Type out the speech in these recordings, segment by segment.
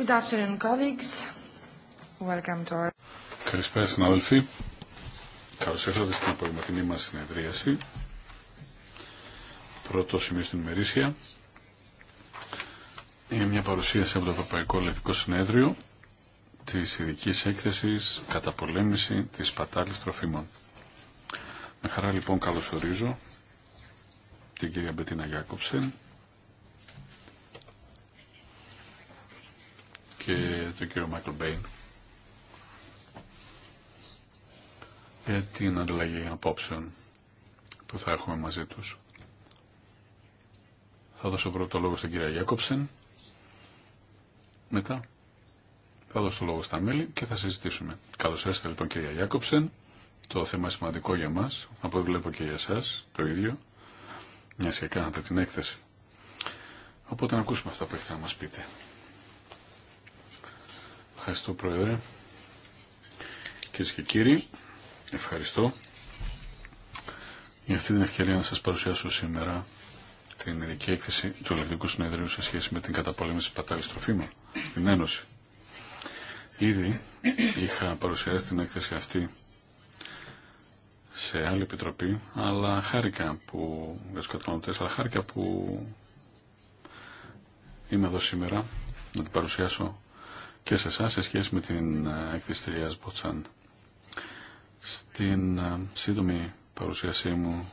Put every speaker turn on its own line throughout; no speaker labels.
Good afternoon, colleagues. Welcome to
Καλησπέρα συνάδελφοι. Καλώ ήρθατε στην απογευματινή μα συνεδρίαση. Πρώτο σημείο στην ημερήσια. Είναι μια παρουσίαση από το Ευρωπαϊκό Ελεκτικό Συνέδριο τη ειδική έκθεση κατά πολέμηση τη πατάλη τροφίμων». Με χαρά λοιπόν καλωσορίζω την κυρία Μπετίνα Γιάκοψεν, και τον κύριο Μάικλ Μπέιν για την ανταλλαγή απόψεων που θα έχουμε μαζί τους. Θα δώσω πρώτο λόγο στον κύριο Γιάκοψεν, μετά θα δώσω το λόγο στα μέλη και θα συζητήσουμε. Καλώ ήρθατε λοιπόν κυρία Γιάκοψεν. Το θέμα σημαντικό για μας, από ό,τι βλέπω και για εσά το ίδιο, μια και κάνατε την έκθεση. Οπότε να ακούσουμε αυτά που έχετε να μας πείτε. Ευχαριστώ Πρόεδρε. Κυρίε και κύριοι, ευχαριστώ για αυτή την ευκαιρία να σας παρουσιάσω σήμερα την ειδική έκθεση του Ελληνικού Συνεδρίου σε σχέση με την καταπολέμηση της πατάλης τροφίμων στην Ένωση. Ήδη είχα παρουσιάσει την έκθεση αυτή σε άλλη επιτροπή, αλλά χάρηκα που, για αλλά χάρηκα που είμαι εδώ σήμερα να την παρουσιάσω και σε εσά σε σχέση με την ε, έκθεση Μποτσάν. Στην ε, σύντομη παρουσίασή μου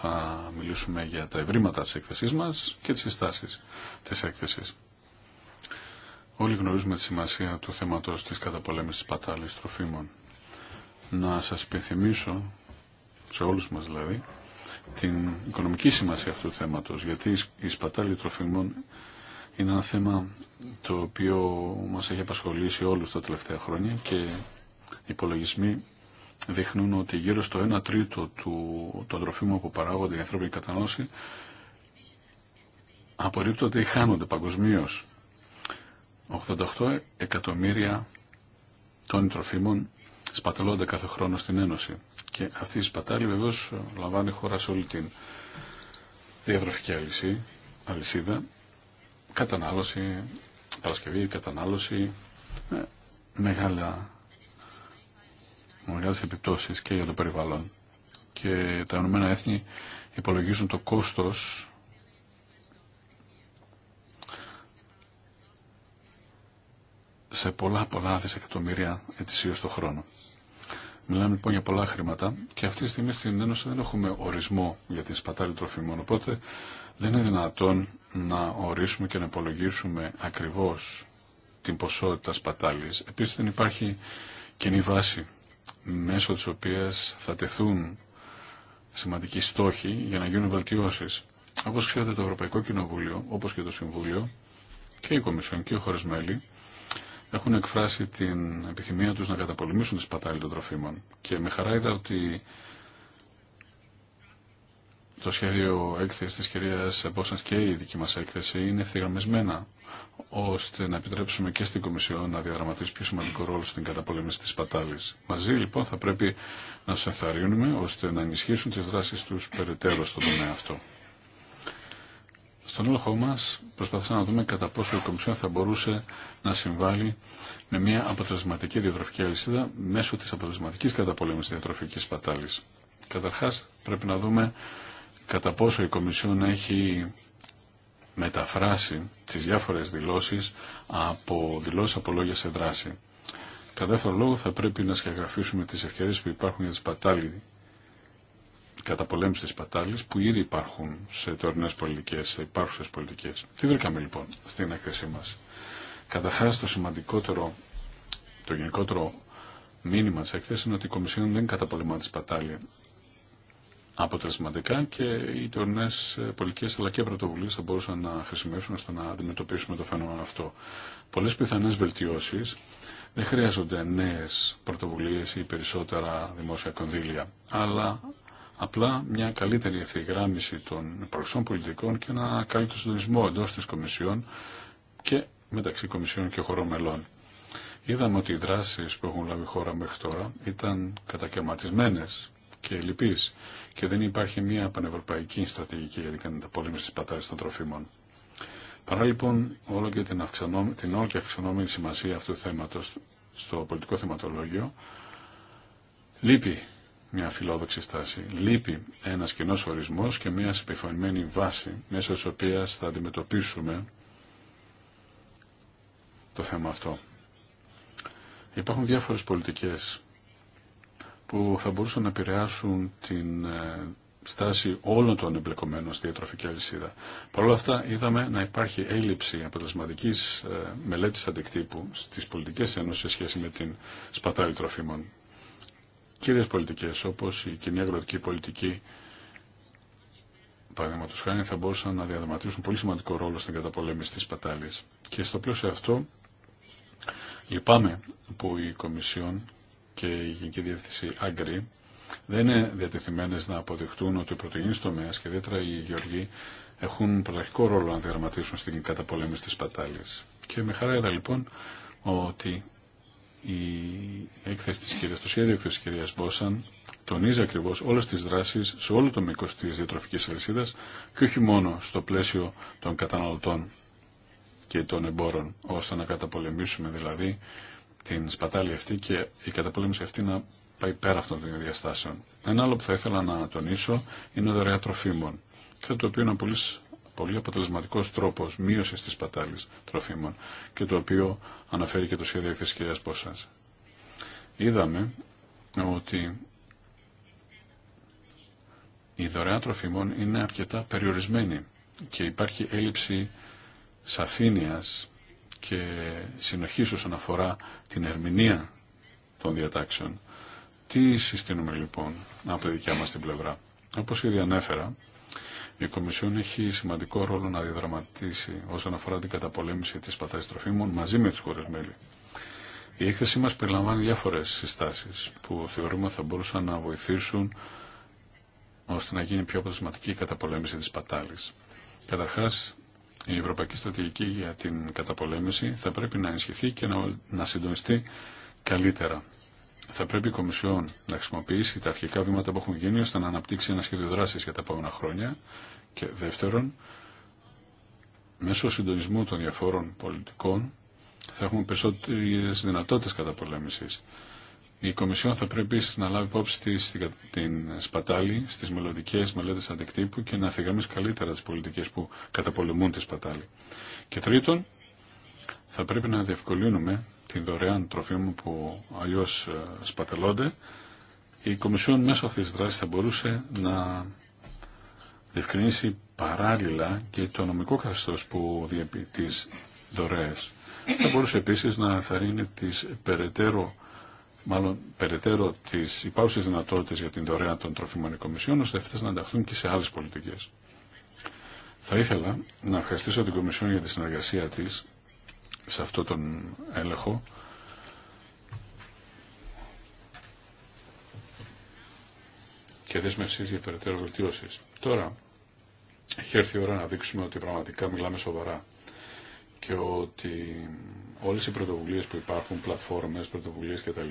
θα μιλήσουμε για τα ευρήματα της έκθεσής μας και τις συστάσεις της έκθεσης. Όλοι γνωρίζουμε τη σημασία του θέματος της καταπολέμησης της πατάλης τροφίμων. Να σας υπενθυμίσω, σε όλους μας δηλαδή, την οικονομική σημασία αυτού του θέματος, γιατί η σπατάλη τροφίμων είναι ένα θέμα το οποίο μας έχει απασχολήσει όλους τα τελευταία χρόνια και οι υπολογισμοί δείχνουν ότι γύρω στο 1 τρίτο του, των τροφίμων που παράγονται για ανθρώπινη κατανόηση απορρίπτονται ή χάνονται παγκοσμίω. 88 εκατομμύρια τόνοι τροφίμων σπαταλώνται κάθε χρόνο στην Ένωση. Και αυτή η σπατάλη βεβαίω λαμβάνει χώρα σε όλη την διατροφική αλυσίδα κατανάλωση, παρασκευή, κατανάλωση, ε, μεγάλα, μεγάλες επιπτώσεις και για το περιβάλλον. Και τα Ηνωμένα Έθνη υπολογίζουν το κόστος σε πολλά πολλά δισεκατομμύρια ετησίως το χρόνο. Μιλάμε λοιπόν για πολλά χρήματα και αυτή τη στιγμή στην Ένωση δεν έχουμε ορισμό για την σπατάλη τροφίμων. Οπότε δεν είναι δυνατόν να ορίσουμε και να υπολογίσουμε ακριβώς την ποσότητα σπατάλης. Επίσης δεν υπάρχει κοινή βάση μέσω της οποίας θα τεθούν σημαντικοί στόχοι για να γίνουν βελτιώσεις. Όπως ξέρετε το Ευρωπαϊκό Κοινοβούλιο, όπως και το Συμβούλιο και η Κομισιόν και ο χώρες μέλη έχουν εκφράσει την επιθυμία τους να καταπολεμήσουν τη σπατάλη των τροφίμων. Και με χαρά είδα ότι το σχέδιο έκθεση τη κυρία Μπόσνας και η δική μα έκθεση είναι ευθυγραμμισμένα ώστε να επιτρέψουμε και στην Κομισιόν να διαδραματίσει πιο σημαντικό ρόλο στην καταπολέμηση τη πατάλη. Μαζί λοιπόν θα πρέπει να του ενθαρρύνουμε ώστε να ενισχύσουν τι δράσει του περαιτέρω στον τομέα αυτό. Στον όλο μα προσπαθήσαμε να δούμε κατά πόσο η Κομισιόν θα μπορούσε να συμβάλλει με μια αποτελεσματική διατροφική αλυσίδα μέσω τη αποτελεσματική καταπολέμησης διατροφική πατάλη. Καταρχά πρέπει να δούμε κατά πόσο η Κομισιόν έχει μεταφράσει τις διάφορες δηλώσεις από δηλώσεις από λόγια σε δράση. Κατά δεύτερο λόγο θα πρέπει να σχεδιαγραφίσουμε τις ευκαιρίες που υπάρχουν για τις κατά πολέμηση της πατάλης που ήδη υπάρχουν σε τωρινές πολιτικές, σε υπάρχουσες πολιτικές. Τι βρήκαμε λοιπόν στην έκθεσή μας. Καταρχά το σημαντικότερο, το γενικότερο μήνυμα της έκθεσης είναι ότι η Κομισιόν δεν καταπολεμά τη σπατάλη, αποτελεσματικά και οι τωρινέ πολιτικέ αλλά και πρωτοβουλίε θα μπορούσαν να χρησιμεύσουν ώστε να αντιμετωπίσουμε το φαινόμενο αυτό. Πολλέ πιθανέ βελτιώσει δεν χρειάζονται νέε πρωτοβουλίε ή περισσότερα δημόσια κονδύλια, αλλά απλά μια καλύτερη ευθυγράμμιση των προξών πολιτικών και ένα καλύτερο συντονισμό εντό τη Κομισιόν και μεταξύ Κομισιόν και χωρών μελών. Είδαμε ότι οι δράσει που έχουν λάβει η χώρα μέχρι τώρα ήταν κατακαιρματισμένε και ενα καλυτερο συντονισμο εντο τη κομισιον και μεταξυ κομισιον και χωρων μελων ειδαμε οτι οι δρασει που εχουν λαβει η χωρα μεχρι τωρα ηταν κατακαιρματισμενε και λυπεις και δεν υπάρχει μια πανευρωπαϊκή στρατηγική για την καταπολέμηση τη πατάρη των τροφίμων. Παρά λοιπόν όλο και την, αυξανόμη, την όλο και αυξανόμενη σημασία αυτού του θέματο στο πολιτικό θεματολόγιο, λείπει μια φιλόδοξη στάση. Λείπει ένα κοινό ορισμό και μια επιφανμένη βάση μέσω τη οποία θα αντιμετωπίσουμε το θέμα αυτό. Υπάρχουν διάφορες πολιτικές που θα μπορούσαν να επηρεάσουν την ε, στάση όλων των εμπλεκομένων στη διατροφική αλυσίδα. Παρ' όλα αυτά είδαμε να υπάρχει έλλειψη αποτελεσματική ε, μελέτη αντικτύπου στι πολιτικέ ένωσε σε σχέση με την σπατάλη τροφίμων. Κύριε πολιτικέ όπω η κοινή αγροτική πολιτική, παραδείγματο χάρη, θα μπορούσαν να διαδραματίσουν πολύ σημαντικό ρόλο στην καταπολέμηση τη σπατάλη. Και στο πλαίσιο αυτό, λυπάμαι που η Κομισιόν και η Γενική Διεύθυνση Άγκρη δεν είναι διατεθειμένε να αποδεχτούν ότι ο πρωτογενή τομέα και ιδιαίτερα οι γεωργοί έχουν πρωταρχικό ρόλο να διαρματίσουν στην καταπολέμηση τη πατάλη. Και με χαρά είδα λοιπόν ότι η έκθεση της κυρίας, το σχέδιο έκθεση τη κυρία Μπόσαν τονίζει ακριβώ όλε τι δράσει σε όλο το μήκο τη διατροφική αλυσίδα και όχι μόνο στο πλαίσιο των καταναλωτών και των εμπόρων, ώστε να καταπολεμήσουμε δηλαδή την σπατάλη αυτή και η καταπολέμηση αυτή να πάει πέρα αυτών των διαστάσεων. Ένα άλλο που θα ήθελα να τονίσω είναι δωρεά τροφίμων. Κάτι το οποίο είναι πολύ, πολύ αποτελεσματικό τρόπο μείωση τη σπατάλη τροφίμων και το οποίο αναφέρει και το σχέδιο τη κυρία Πόσα. Είδαμε ότι η δωρεά τροφίμων είναι αρκετά περιορισμένη και υπάρχει έλλειψη σαφήνειας και συνοχής όσον αφορά την ερμηνεία των διατάξεων. Τι συστήνουμε λοιπόν από τη δικιά μας την πλευρά. Όπως ήδη ανέφερα, η Κομισιόν έχει σημαντικό ρόλο να διαδραματίσει όσον αφορά την καταπολέμηση της πατάτη τροφίμων μαζί με τι χώρες μέλη. Η έκθεσή μας περιλαμβάνει διάφορες συστάσεις που θεωρούμε θα μπορούσαν να βοηθήσουν ώστε να γίνει πιο αποτελεσματική η καταπολέμηση της πατάλης. Καταρχάς, η Ευρωπαϊκή Στρατηγική για την καταπολέμηση θα πρέπει να ενισχυθεί και να, να συντονιστεί καλύτερα. Θα πρέπει η Κομισιόν να χρησιμοποιήσει τα αρχικά βήματα που έχουν γίνει ώστε να αναπτύξει ένα σχέδιο δράση για τα επόμενα χρόνια. Και δεύτερον, μέσω συντονισμού των διαφόρων πολιτικών θα έχουμε περισσότερε δυνατότητε καταπολέμηση. Η Κομισιόν θα πρέπει να λάβει υπόψη τη την σπατάλη στι μελλοντικέ μελέτε αντικτύπου και να θυγαμίσει καλύτερα τι πολιτικέ που καταπολεμούν τη σπατάλη. Και τρίτον, θα πρέπει να διευκολύνουμε την δωρεάν μου που αλλιώ ε, σπατελώνται. Η Κομισιόν μέσω αυτή τη δράση θα μπορούσε να διευκρινίσει παράλληλα και το νομικό καθεστώ που διέπει τι δωρεέ. Θα μπορούσε επίση να θαρρύνει τι περαιτέρω μάλλον περαιτέρω τι υπάρχουσε δυνατότητε για την δωρεά των τροφίμων οικομισιών, ώστε αυτέ να ενταχθούν και σε άλλες πολιτικές. Θα ήθελα να ευχαριστήσω την Κομισιόν για τη συνεργασία τη σε αυτό τον έλεγχο. και δέσμευση για περαιτέρω βελτιώση. Τώρα, έχει έρθει η ώρα να δείξουμε ότι πραγματικά μιλάμε σοβαρά και ότι Όλε οι πρωτοβουλίε που υπάρχουν, πλατφόρμες, πρωτοβουλίε κτλ.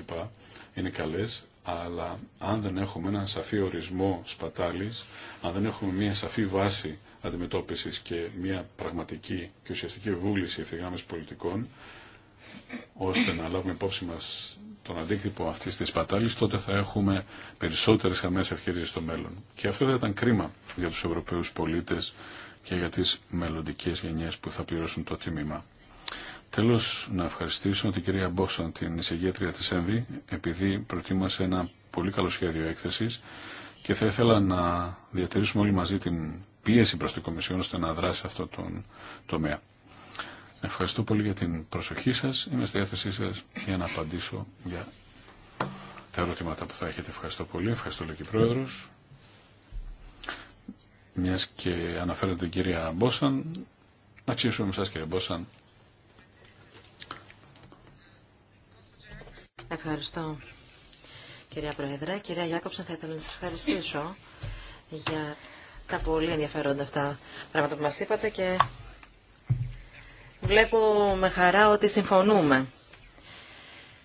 είναι καλέ, αλλά αν δεν έχουμε ένα σαφή ορισμό σπατάλη, αν δεν έχουμε μια σαφή βάση αντιμετώπιση και μια πραγματική και ουσιαστική βούληση ευθυγράμμιση πολιτικών, ώστε να λάβουμε υπόψη μα τον αντίκτυπο αυτή τη σπατάλη, τότε θα έχουμε περισσότερες χαμένες ευκαιρίε στο μέλλον. Και αυτό θα ήταν κρίμα για του Ευρωπαίου πολίτε και για τις μελλοντικέ γενιές που θα πληρώσουν το τίμημα. Τέλος, να ευχαριστήσω την κυρία Μπόσον, την εισηγήτρια της ΕΜΒΗ, επειδή προτίμασε ένα πολύ καλό σχέδιο έκθεσης και θα ήθελα να διατηρήσουμε όλοι μαζί την πίεση προς την Κομισιόν ώστε να δράσει αυτό τον τομέα. Ευχαριστώ πολύ για την προσοχή σας. Είμαι στη διάθεσή σας για να απαντήσω για τα ερωτήματα που θα έχετε. Ευχαριστώ πολύ. Ευχαριστώ Λεκύ Πρόεδρος. Μιας και αναφέρεται την κυρία Μπόσαν, να ξέρουμε εσά κύριε Μπόσαν
Ευχαριστώ. Κυρία Πρόεδρε, κυρία Γιάκοψεν, θα ήθελα να σας ευχαριστήσω για τα πολύ ενδιαφέροντα αυτά πράγματα που μας είπατε και βλέπω με χαρά ότι συμφωνούμε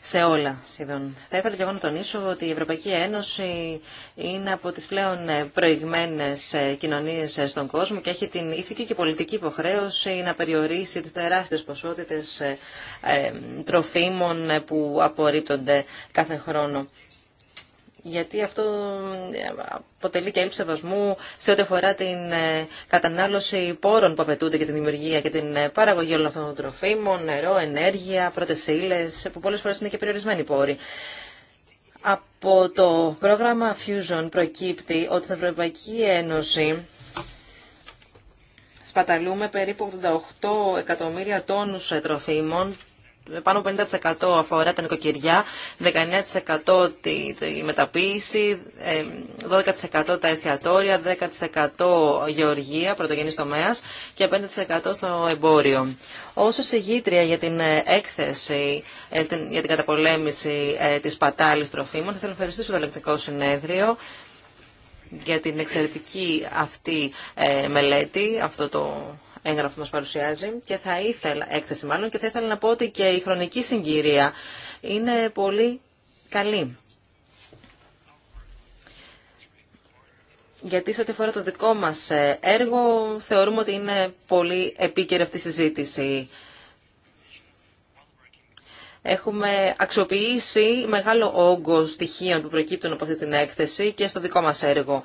σε όλα σχεδόν. Θα ήθελα και εγώ να τονίσω ότι η Ευρωπαϊκή Ένωση είναι από τις πλέον προηγμένες ε, κοινωνίες ε, στον κόσμο και έχει την ηθική και πολιτική υποχρέωση να περιορίσει τις τεράστιες ποσότητες ε, τροφίμων που απορρίπτονται κάθε χρόνο γιατί αυτό ε, αποτελεί και έλλειψη σε ό,τι αφορά την ε, κατανάλωση πόρων που απαιτούνται για την δημιουργία και την ε, παραγωγή όλων αυτών των τροφίμων, νερό, ενέργεια, πρώτε ύλε, που πολλέ φορέ είναι και περιορισμένοι πόροι. Από το πρόγραμμα Fusion προκύπτει ότι στην Ευρωπαϊκή Ένωση σπαταλούμε περίπου 88 εκατομμύρια τόνους τροφίμων πάνω από 50% αφορά τα νοικοκυριά, 19% τη, τη μεταποίηση, 12% τα εστιατόρια, 10% γεωργία, πρωτογενής τομέας και 5% στο εμπόριο. Όσο συγγήτρια για την ε, έκθεση ε, για την καταπολέμηση ε, της πατάλης τροφίμων, θα θέλω να ευχαριστήσω το ελεκτικό συνέδριο για την εξαιρετική αυτή μελέτη, αυτό το έγγραφο που μας παρουσιάζει και θα ήθελα, έκθεση μάλλον, και θα ήθελα να πω ότι και η χρονική συγκυρία είναι πολύ καλή. Γιατί σε ό,τι αφορά το δικό μας ε, έργο θεωρούμε ότι είναι πολύ επίκαιρη αυτή η συζήτηση. Έχουμε αξιοποιήσει μεγάλο όγκο στοιχείων που προκύπτουν από αυτή την έκθεση και στο δικό μας έργο.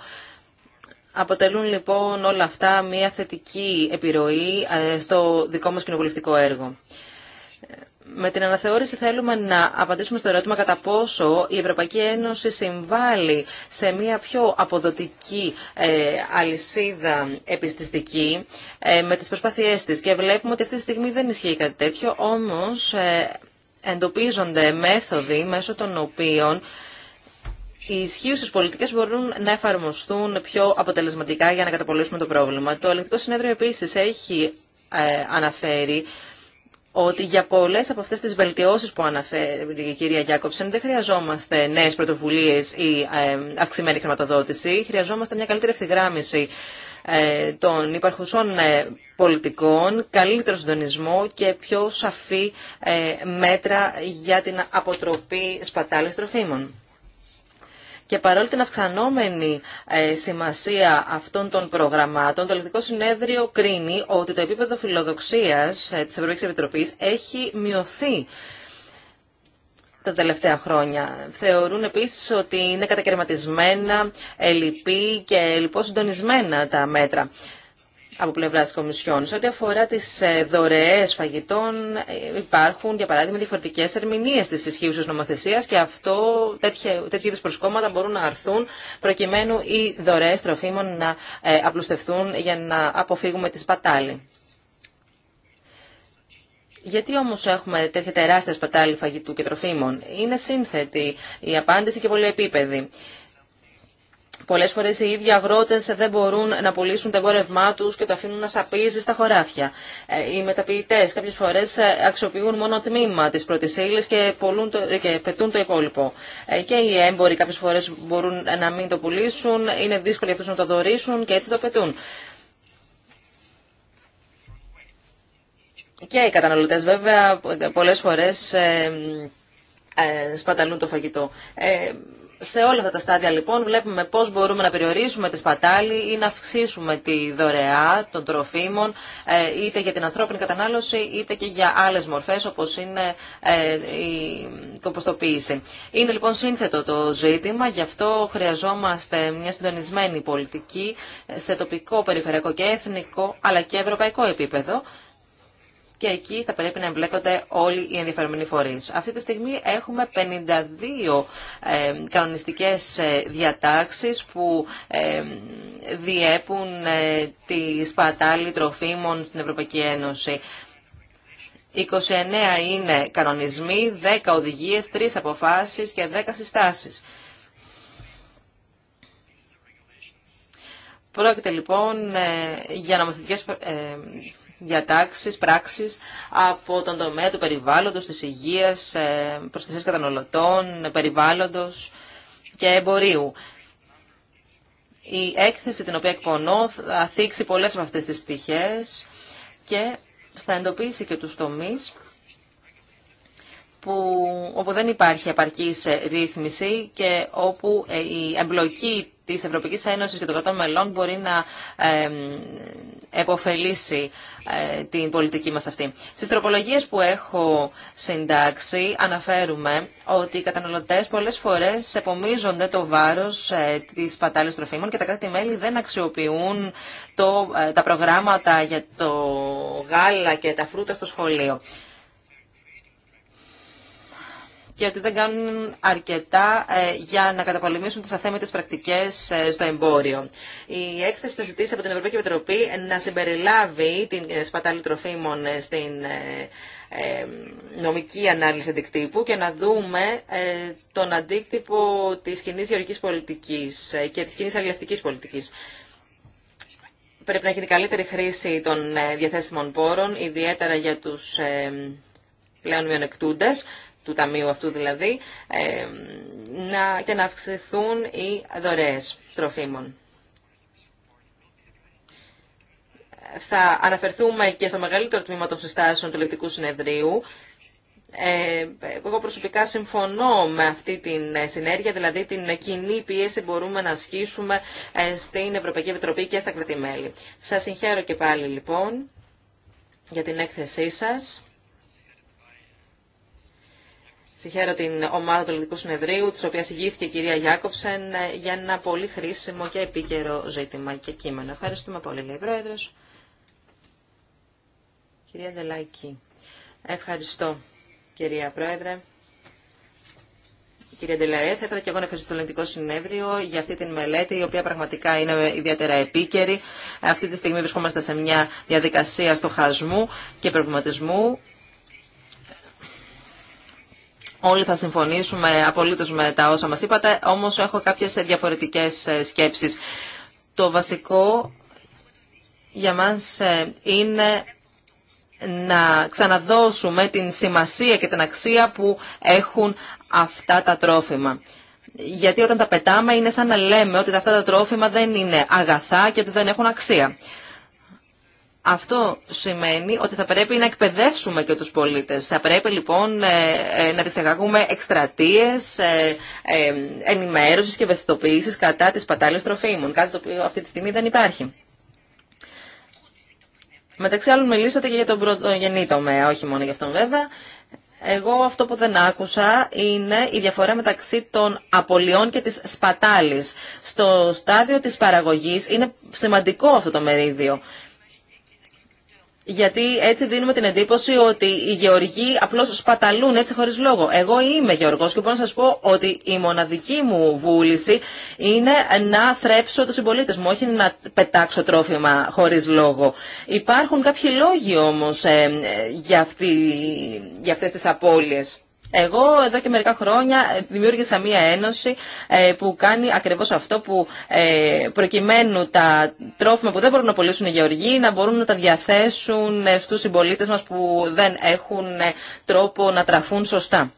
Αποτελούν λοιπόν όλα αυτά μια θετική επιρροή ε, στο δικό μας κοινοβουλευτικό έργο. Με την αναθεώρηση θέλουμε να απαντήσουμε στο ερώτημα κατά πόσο η Ευρωπαϊκή Ένωση συμβάλλει σε μια πιο αποδοτική ε, αλυσίδα επιστηστική ε, με τις προσπάθειές της. Και βλέπουμε ότι αυτή τη στιγμή δεν ισχύει κάτι τέτοιο, όμως εντοπίζονται μέθοδοι μέσω των οποίων οι ισχύουσε πολιτικέ μπορούν να εφαρμοστούν πιο αποτελεσματικά για να καταπολύσουμε το πρόβλημα. Το Ελεκτικό Συνέδριο επίση έχει ε, αναφέρει ότι για πολλέ από αυτέ τι βελτιώσει που αναφέρει η κυρία Γιάκοψεν δεν χρειαζόμαστε νέε πρωτοβουλίε ή ε, αυξημένη χρηματοδότηση. Χρειαζόμαστε μια καλύτερη ευθυγράμμιση ε, των υπαρχουσών πολιτικών, καλύτερο συντονισμό και πιο σαφή μέτρα για την αποτροπή σπατάλης τροφίμων. Και παρόλη την αυξανόμενη ε, σημασία αυτών των προγραμμάτων, το Ελληνικό Συνέδριο κρίνει ότι το επίπεδο φιλοδοξίας ε, τη Ευρωπαϊκή Επιτροπή έχει μειωθεί τα τελευταία χρόνια. Θεωρούν επίσης ότι είναι κατακαιρματισμένα, ελλειπή και λοιπόν συντονισμένα τα μέτρα από πλευρά τη Κομισιόν. Σε ό,τι αφορά τι ε, δωρεέ φαγητών, ε, υπάρχουν για παράδειγμα διαφορετικέ ερμηνείε τη ισχύουσα νομοθεσία και αυτό, τέτοιου τέτοια είδου προσκόμματα μπορούν να αρθούν προκειμένου οι δωρεέ τροφίμων να ε, απλουστευτούν για να αποφύγουμε τη σπατάλη. Γιατί όμως έχουμε τέτοια τεράστια σπατάλη φαγητού και τροφίμων. Είναι σύνθετη η απάντηση και πολύ επίπεδη. Πολλέ φορές οι ίδιοι αγρότε δεν μπορούν να πουλήσουν το εμπόρευμά του και το αφήνουν να σαπίζει στα χωράφια. Ε, οι μεταποιητές κάποιες φορές ε, αξιοποιούν μόνο τμήμα τη πρώτη ύλη και, ε, και πετούν το υπόλοιπο. Και οι έμποροι κάποιες φορές μπορούν να μην το πουλήσουν, είναι δύσκολοι αυτούς να το δωρήσουν και έτσι το πετούν. Και οι καταναλωτέ, βέβαια πολλές φορές σπαταλούν το φαγητό. Σε όλα αυτά τα στάδια λοιπόν βλέπουμε πώς μπορούμε να περιορίσουμε τη σπατάλη ή να αυξήσουμε τη δωρεά των τροφίμων ε, είτε για την ανθρώπινη κατανάλωση είτε και για άλλες μορφές όπως είναι ε, η κομποστοποίηση. Είναι λοιπόν σύνθετο το ζήτημα, γι' αυτό χρειαζόμαστε μια συντονισμένη πολιτική σε τοπικό, περιφερειακό και εθνικό αλλά και ευρωπαϊκό επίπεδο και εκεί θα πρέπει να εμπλέκονται όλοι οι ενδιαφερομενοί φορείς. Αυτή τη στιγμή έχουμε 52 ε, κανονιστικές ε, διατάξεις που ε, διέπουν τη σπατάλη τροφίμων στην Ευρωπαϊκή Ένωση. 29 είναι κανονισμοί, 10 οδηγίες, 3 αποφάσεις και 10 συστάσεις. Πρόκειται λοιπόν για νομοθετικές τάξεις, πράξεις από τον τομέα του περιβάλλοντος, της υγείας, ε, προστασία καταναλωτών, περιβάλλοντος και εμπορίου. Η έκθεση την οποία εκπονώ θα θίξει πολλέ από αυτές τις πτυχέ και θα εντοπίσει και του τομείς που, όπου δεν υπάρχει επαρκής ρύθμιση και όπου ε, η εμπλοκή της Ευρωπαϊκής Ένωσης και των κρατών μελών μπορεί να επωφελήσει ε, την πολιτική μας αυτή. Στις τροπολογίες που έχω συντάξει αναφέρουμε ότι οι καταναλωτές πολλές φορές επομίζονται το βάρος ε, της πατάλης τροφίμων και τα κράτη-μέλη δεν αξιοποιούν το, ε, τα προγράμματα για το γάλα και τα φρούτα στο σχολείο και ότι δεν κάνουν αρκετά ε, για να καταπολεμήσουν τις πρακτικέ πρακτικές ε, στο εμπόριο. Η έκθεση θα ζητήσει από την Ευρωπαϊκή Επιτροπή να συμπεριλάβει την ε, σπατάλη τροφίμων στην νομική ανάλυση αντικτύπου και να δούμε τον αντίκτυπο της κοινή γεωργικής πολιτικής και της κοινή αλληλευτική πολιτικής. Πρέπει να γίνει καλύτερη χρήση των διαθέσιμων πόρων, ιδιαίτερα για τους πλέον μειονεκτούντες του ταμείου αυτού δηλαδή, ε, να, και να αυξηθούν οι δωρεές τροφίμων. Θα αναφερθούμε και στο μεγαλύτερο τμήμα των συστάσεων του Λεπτικού Συνεδρίου. Ε, εγώ προσωπικά συμφωνώ με αυτή την ε, συνέργεια, δηλαδή την κοινή πίεση μπορούμε να ασχίσουμε στην Ευρωπαϊκή Επιτροπή και στα κρατημέλη. Σας συγχαίρω και πάλι λοιπόν για την έκθεσή σας. Συγχαίρω την ομάδα του Ελληνικού Συνεδρίου, τη οποία ηγήθηκε η κυρία Γιάκοψεν, ε, για ένα πολύ χρήσιμο και επίκαιρο ζήτημα και κείμενο. Ευχαριστούμε πολύ, λέει Πρόεδρο. Κυρία Δελάκη. Ευχαριστώ, κυρία Πρόεδρε. Κυρία Ντελαέ, θα ήθελα και εγώ να ευχαριστήσω το Ελληνικό Συνέδριο για αυτή την μελέτη, η οποία πραγματικά είναι ιδιαίτερα επίκαιρη. Αυτή τη στιγμή βρισκόμαστε σε μια διαδικασία στοχασμού και προβληματισμού Όλοι θα συμφωνήσουμε απολύτως με τα όσα μας είπατε, όμως έχω κάποιες διαφορετικές ε, σκέψεις. Το βασικό για μας ε, είναι να ξαναδώσουμε την σημασία και την αξία που έχουν αυτά τα τρόφιμα. Γιατί όταν τα πετάμε είναι σαν να λέμε ότι αυτά τα τρόφιμα δεν είναι αγαθά και ότι δεν έχουν αξία. Αυτό σημαίνει ότι θα πρέπει να εκπαιδεύσουμε και τους πολίτες. Θα πρέπει λοιπόν ε, ε, να διεξαγάγουμε εκστρατείες, ε, ενημέρωσης και ευαισθητοποίησης κατά της πατάλης τροφίμων, κάτι το οποίο αυτή τη στιγμή δεν υπάρχει. Μεταξύ άλλων μιλήσατε και για τον πρωτογενή τομέα, όχι μόνο για αυτόν βέβαια. Εγώ αυτό που δεν άκουσα είναι η διαφορά μεταξύ των απολειών και της σπατάλης. Στο στάδιο της παραγωγής είναι σημαντικό αυτό το μερίδιο. Γιατί έτσι δίνουμε την εντύπωση ότι οι γεωργοί απλώς σπαταλούν έτσι χωρίς λόγο. Εγώ είμαι γεωργός και μπορώ να σας πω ότι η μοναδική μου βούληση είναι να θρέψω του συμπολίτε μου, όχι να πετάξω τρόφιμα χωρίς λόγο. Υπάρχουν κάποιοι λόγοι όμω ε, ε, για, για αυτές τις απώλειες. Εγώ εδώ και μερικά χρόνια ε, δημιούργησα μία ένωση ε, που κάνει ακριβώς αυτό που ε, προκειμένου τα τρόφιμα που δεν μπορούν να πωλήσουν οι γεωργοί να μπορούν να τα διαθέσουν στους συμπολίτες μας που δεν έχουν τρόπο να τραφούν σωστά.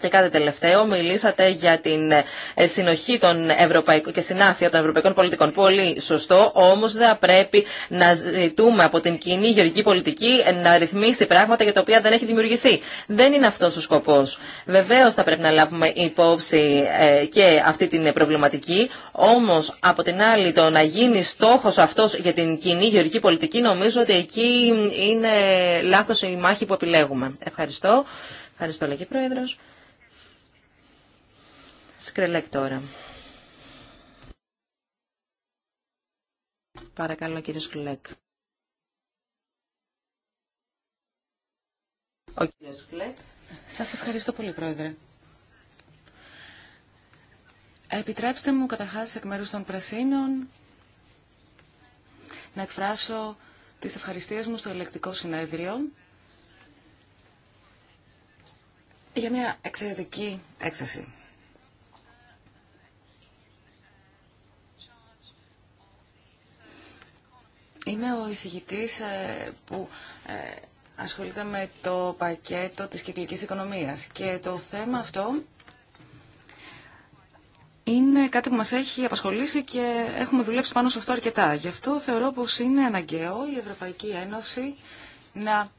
Και κάτι τελευταίο, μιλήσατε για την ε, συνοχή των ευρωπαϊκών και συνάφεια των ευρωπαϊκών πολιτικών. Πολύ σωστό, όμω δεν πρέπει να ζητούμε από την κοινή γεωργική πολιτική να ρυθμίσει πράγματα για τα οποία δεν έχει δημιουργηθεί. Δεν είναι αυτό ο σκοπό. Βεβαίω θα πρέπει να λάβουμε υπόψη ε, και αυτή την προβληματική, όμω από την άλλη το να γίνει στόχο αυτό για την κοινή γεωργική πολιτική νομίζω ότι εκεί είναι λάθο η μάχη που επιλέγουμε. Ευχαριστώ. Ευχαριστώ, Λεκή Πρόεδρος. Σκρελέκ τώρα. Παρακαλώ κύριε Σκρελέκ.
Ο
Σας ευχαριστώ πολύ πρόεδρε. Επιτρέψτε μου καταρχάς εκ μέρους των Πρασίνων να εκφράσω τις ευχαριστίες μου στο ελεκτικό συνέδριο για μια εξαιρετική έκθεση. Είμαι ο εισηγητής ε, που ε, ασχολείται με το πακέτο της κυκλικής οικονομίας και το θέμα αυτό είναι κάτι που μας έχει απασχολήσει και έχουμε δουλέψει πάνω σε αυτό αρκετά. Γι' αυτό θεωρώ πως είναι αναγκαίο η Ευρωπαϊκή Ένωση να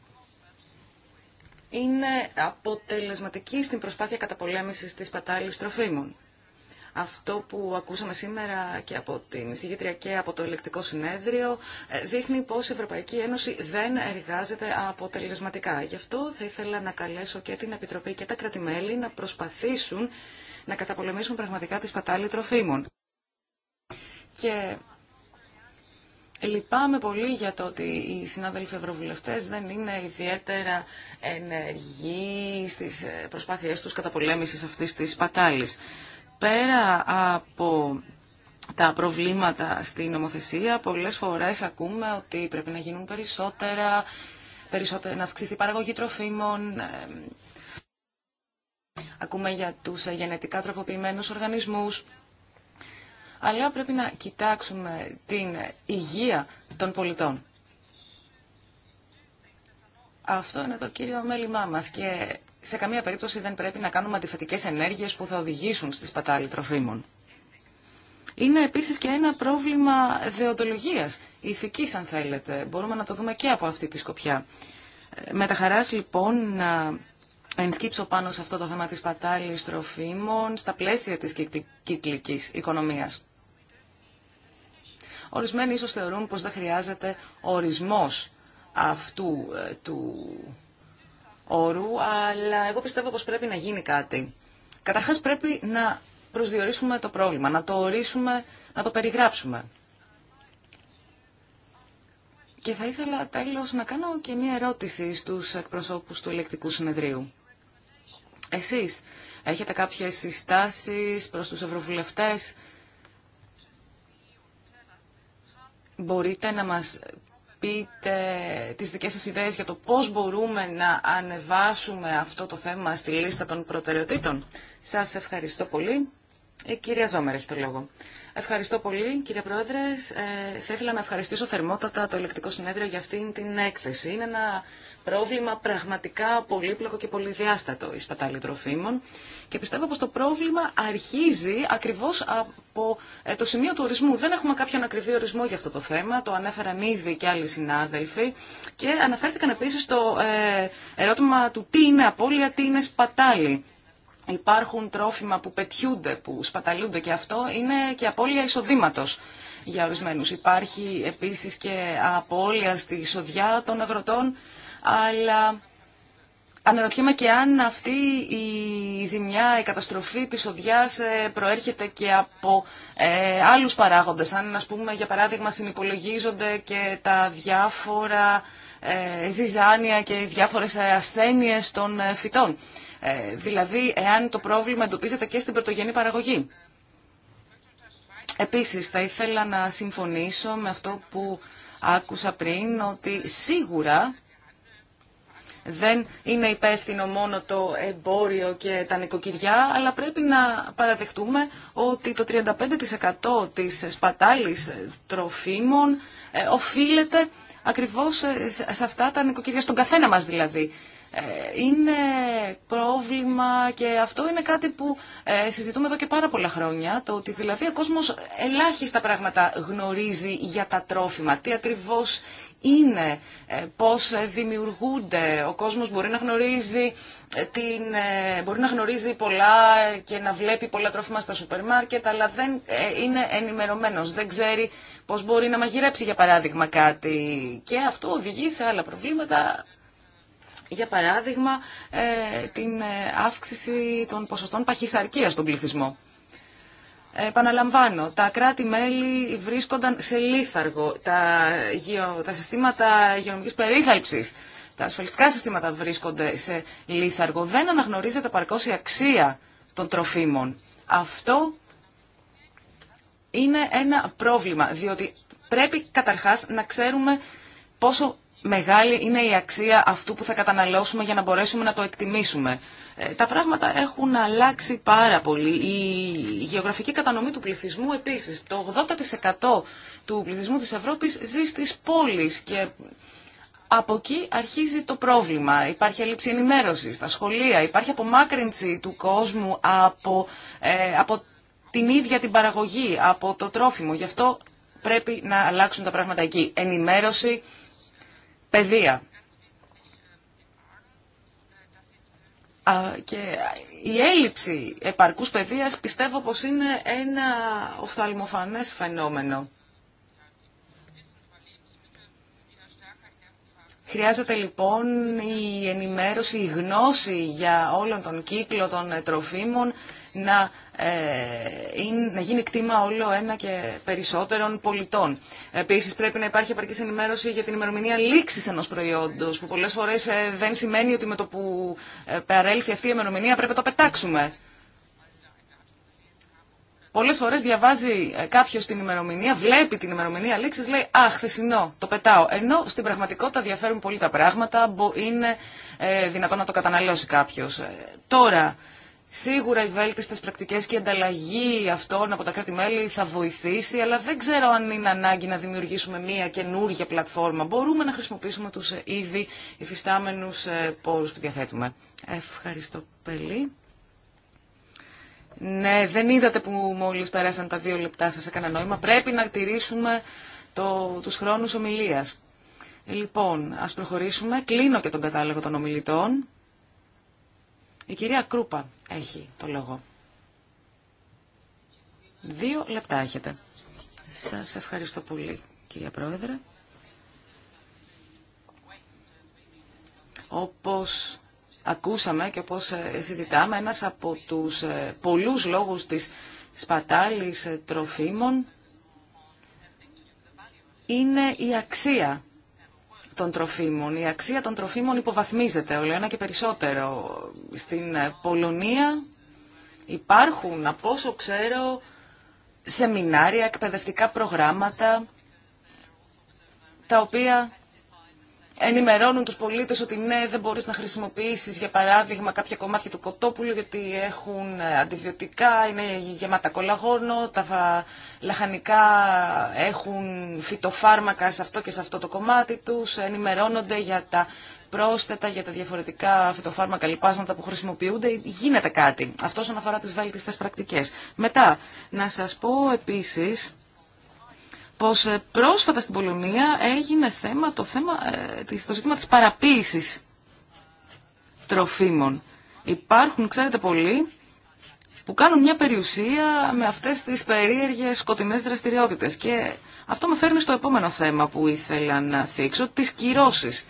είναι αποτελεσματική στην προσπάθεια καταπολέμησης της πατάλης τροφίμων. Αυτό που ακούσαμε σήμερα και από την εισηγήτρια και από το ελεκτικό συνέδριο ε, δείχνει πως η Ευρωπαϊκή Ένωση δεν εργάζεται αποτελεσματικά. Γι' αυτό θα ήθελα να καλέσω και την Επιτροπή και τα κρατημέλη να προσπαθήσουν να καταπολεμήσουν πραγματικά τις σπατάλη τροφίμων. Και Λυπάμαι πολύ για το ότι οι συνάδελφοι ευρωβουλευτές δεν είναι ιδιαίτερα ενεργοί στις ε, προσπάθειές τους καταπολέμησης αυτής της πατάλης πέρα από τα προβλήματα στην νομοθεσία, πολλές φορές ακούμε ότι πρέπει να γίνουν περισσότερα, περισσότερα να αυξηθεί η παραγωγή τροφίμων, ε, ακούμε για τους ε, γενετικά τροποποιημένους οργανισμούς, αλλά πρέπει να κοιτάξουμε την υγεία των πολιτών. Αυτό είναι το κύριο μέλημά μας και σε καμία περίπτωση δεν πρέπει να κάνουμε αντιφατικέ ενέργειες που θα οδηγήσουν στη σπατάλη τροφίμων. Είναι επίσης και ένα πρόβλημα δεοντολογίας, ηθικής αν θέλετε. Μπορούμε να το δούμε και από αυτή τη σκοπιά. Ε, με τα χαράς λοιπόν να ενσκύψω πάνω σε αυτό το θέμα της πατάλης τροφίμων στα πλαίσια της κυκλικής οικονομίας. Ορισμένοι ίσως θεωρούν πως δεν χρειάζεται ορισμός αυτού ε, του όρου, αλλά εγώ πιστεύω πως πρέπει να γίνει κάτι. Καταρχάς πρέπει να προσδιορίσουμε το πρόβλημα, να το ορίσουμε, να το περιγράψουμε. Και θα ήθελα τέλος να κάνω και μία ερώτηση στους εκπροσώπους του Ελεκτικού Συνεδρίου. Εσείς έχετε κάποιες συστάσεις προς τους ευρωβουλευτές. Μπορείτε να μας πείτε τις δικές σας ιδέες για το πώς μπορούμε να ανεβάσουμε αυτό το θέμα στη λίστα των προτεραιοτήτων. Σας ευχαριστώ πολύ. Η ε, κυρία Ζόμερ έχει το λόγο. Ευχαριστώ πολύ, κύριε Πρόεδρε. Ε, θα ήθελα να ευχαριστήσω θερμότατα το Ελεκτικό Συνέδριο για αυτήν την έκθεση. Είναι ένα πρόβλημα πραγματικά πολύπλοκο και πολυδιάστατο η σπατάλη τροφίμων και πιστεύω πως το πρόβλημα αρχίζει ακριβώς από ε, το σημείο του ορισμού. Δεν έχουμε κάποιον ακριβή ορισμό για αυτό το θέμα, το ανέφεραν ήδη και άλλοι συνάδελφοι και αναφέρθηκαν επίση στο ε, ερώτημα του τι είναι απώλεια, τι είναι σπατάλη υπάρχουν τρόφιμα που πετιούνται, που σπαταλούνται και αυτό είναι και απώλεια εισοδήματο για ορισμένους. Υπάρχει επίσης και απώλεια στη εισοδιά των αγροτών, αλλά αναρωτιέμαι και αν αυτή η ζημιά, η καταστροφή της οδιάς ε, προέρχεται και από ε, άλλους παράγοντες. Αν, πούμε, για παράδειγμα, συνυπολογίζονται και τα διάφορα ε, ζυζάνια και οι διάφορες ε, ασθένειες των ε, φυτών. Ε, δηλαδή εάν το πρόβλημα εντοπίζεται και στην πρωτογενή παραγωγή. Επίσης, θα ήθελα να συμφωνήσω με αυτό που άκουσα πριν, ότι σίγουρα δεν είναι υπεύθυνο μόνο το εμπόριο και τα νοικοκυριά, αλλά πρέπει να παραδεχτούμε ότι το 35% της σπατάλης τροφίμων ε, οφείλεται ακριβώς σε αυτά τα νοικοκυριά, στον καθένα μας δηλαδή. Ε, είναι πρόβλημα και αυτό είναι κάτι που ε, συζητούμε εδώ και πάρα πολλά χρόνια, το ότι δηλαδή ο κόσμος ελάχιστα πράγματα γνωρίζει για τα τρόφιμα, τι ακριβώς είναι, ε, πώς δημιουργούνται. Ο κόσμος μπορεί να γνωρίζει, την, μπορεί να γνωρίζει πολλά και να βλέπει πολλά τρόφιμα στα σούπερ μάρκετ, αλλά δεν είναι ενημερωμένος, δεν ξέρει πώς μπορεί να μαγειρέψει για παράδειγμα κάτι και αυτό οδηγεί σε άλλα προβλήματα για παράδειγμα, ε, την ε, αύξηση των ποσοστών παχυσαρκίας στον πληθυσμό. Ε, επαναλαμβάνω, τα κράτη-μέλη βρίσκονταν σε λίθαργο, τα, τα συστήματα υγειονομικής περίθαλψης, τα ασφαλιστικά συστήματα βρίσκονται σε λίθαργο. Δεν αναγνωρίζεται παρκώς η αξία των τροφίμων. Αυτό είναι ένα πρόβλημα, διότι πρέπει καταρχάς να ξέρουμε πόσο μεγάλη είναι η αξία αυτού που θα καταναλώσουμε για να μπορέσουμε να το εκτιμήσουμε. Ε, τα πράγματα έχουν αλλάξει πάρα πολύ. Η γεωγραφική κατανομή του πληθυσμού επίσης. Το 80% του πληθυσμού της Ευρώπης ζει στις πόλεις και από εκεί αρχίζει το πρόβλημα. Υπάρχει έλλειψη ενημέρωσης στα σχολεία, υπάρχει απομάκρυνση του κόσμου από, ε, από την ίδια την παραγωγή, από το τρόφιμο. Γι' αυτό πρέπει να αλλάξουν τα πράγματα εκεί. Ενημέρωση, παιδεία. Και η έλλειψη επαρκούς παιδείας πιστεύω πως είναι ένα οφθαλμοφανές φαινόμενο. Χρειάζεται λοιπόν η ενημέρωση, η γνώση για όλον τον κύκλο των τροφίμων να, ε, να γίνει κτήμα όλο ένα και περισσότερων πολιτών. Επίσης πρέπει να υπάρχει επαρκή ενημέρωση για την ημερομηνία λήξης ενός προϊόντος που πολλές φορές ε, δεν σημαίνει ότι με το που ε, παρέλθει αυτή η ημερομηνία πρέπει να το πετάξουμε. Πολλέ φορέ διαβάζει κάποιο την ημερομηνία, βλέπει την ημερομηνία λήξη, λέει Αχ, χθεσινό, το πετάω. Ενώ στην πραγματικότητα διαφέρουν πολύ τα πράγματα, είναι ε, δυνατόν να το καταναλώσει κάποιο. τώρα, Σίγουρα οι βέλτιστε πρακτικέ και η ανταλλαγή αυτών από τα κράτη-μέλη θα βοηθήσει, αλλά δεν ξέρω αν είναι ανάγκη να δημιουργήσουμε μία καινούργια πλατφόρμα. Μπορούμε να χρησιμοποιήσουμε τους ε, ήδη υφιστάμενους ε, πόρους που διαθέτουμε. Ευχαριστώ πολύ. Ναι, δεν είδατε που μόλι περάσαν τα δύο λεπτά σας κανένα νόημα. Πρέπει να τηρήσουμε το, τους χρόνους ομιλίας. Λοιπόν, α προχωρήσουμε. Κλείνω και τον κατάλογο των ομιλητών. Η κυρία Κρούπα έχει το λόγο. Δύο λεπτά έχετε. Σας ευχαριστώ πολύ, κυρία Πρόεδρε. Όπως ακούσαμε και όπως ε, συζητάμε, ένας από τους ε, πολλούς λόγους της σπατάλης ε, τροφίμων είναι η αξία των τροφίμων. Η αξία των τροφίμων υποβαθμίζεται όλο ένα και περισσότερο. Στην Πολωνία υπάρχουν, από όσο ξέρω, σεμινάρια, εκπαιδευτικά προγράμματα, τα οποία ενημερώνουν τους πολίτες ότι ναι, δεν μπορείς να χρησιμοποιήσεις για παράδειγμα κάποια κομμάτια του κοτόπουλου γιατί έχουν ε, αντιβιωτικά, είναι γεμάτα κολαγόνο, τα λαχανικά έχουν φυτοφάρμακα σε αυτό και σε αυτό το κομμάτι τους, ενημερώνονται για τα πρόσθετα, για τα διαφορετικά φυτοφάρμακα λοιπάσματα που χρησιμοποιούνται, γίνεται κάτι. Αυτό όσον αφορά τις βέλτιστες πρακτικές. Μετά, να σας πω επίσης πως ε, πρόσφατα στην Πολωνία έγινε θέμα, το, θέμα, ε, το ζήτημα της παραποίησης τροφίμων. Υπάρχουν, ξέρετε πολλοί που κάνουν μια περιουσία με αυτές τις περίεργες σκοτεινές δραστηριότητες. Και αυτό με φέρνει στο επόμενο θέμα που ήθελα να θίξω, τις κυρώσεις.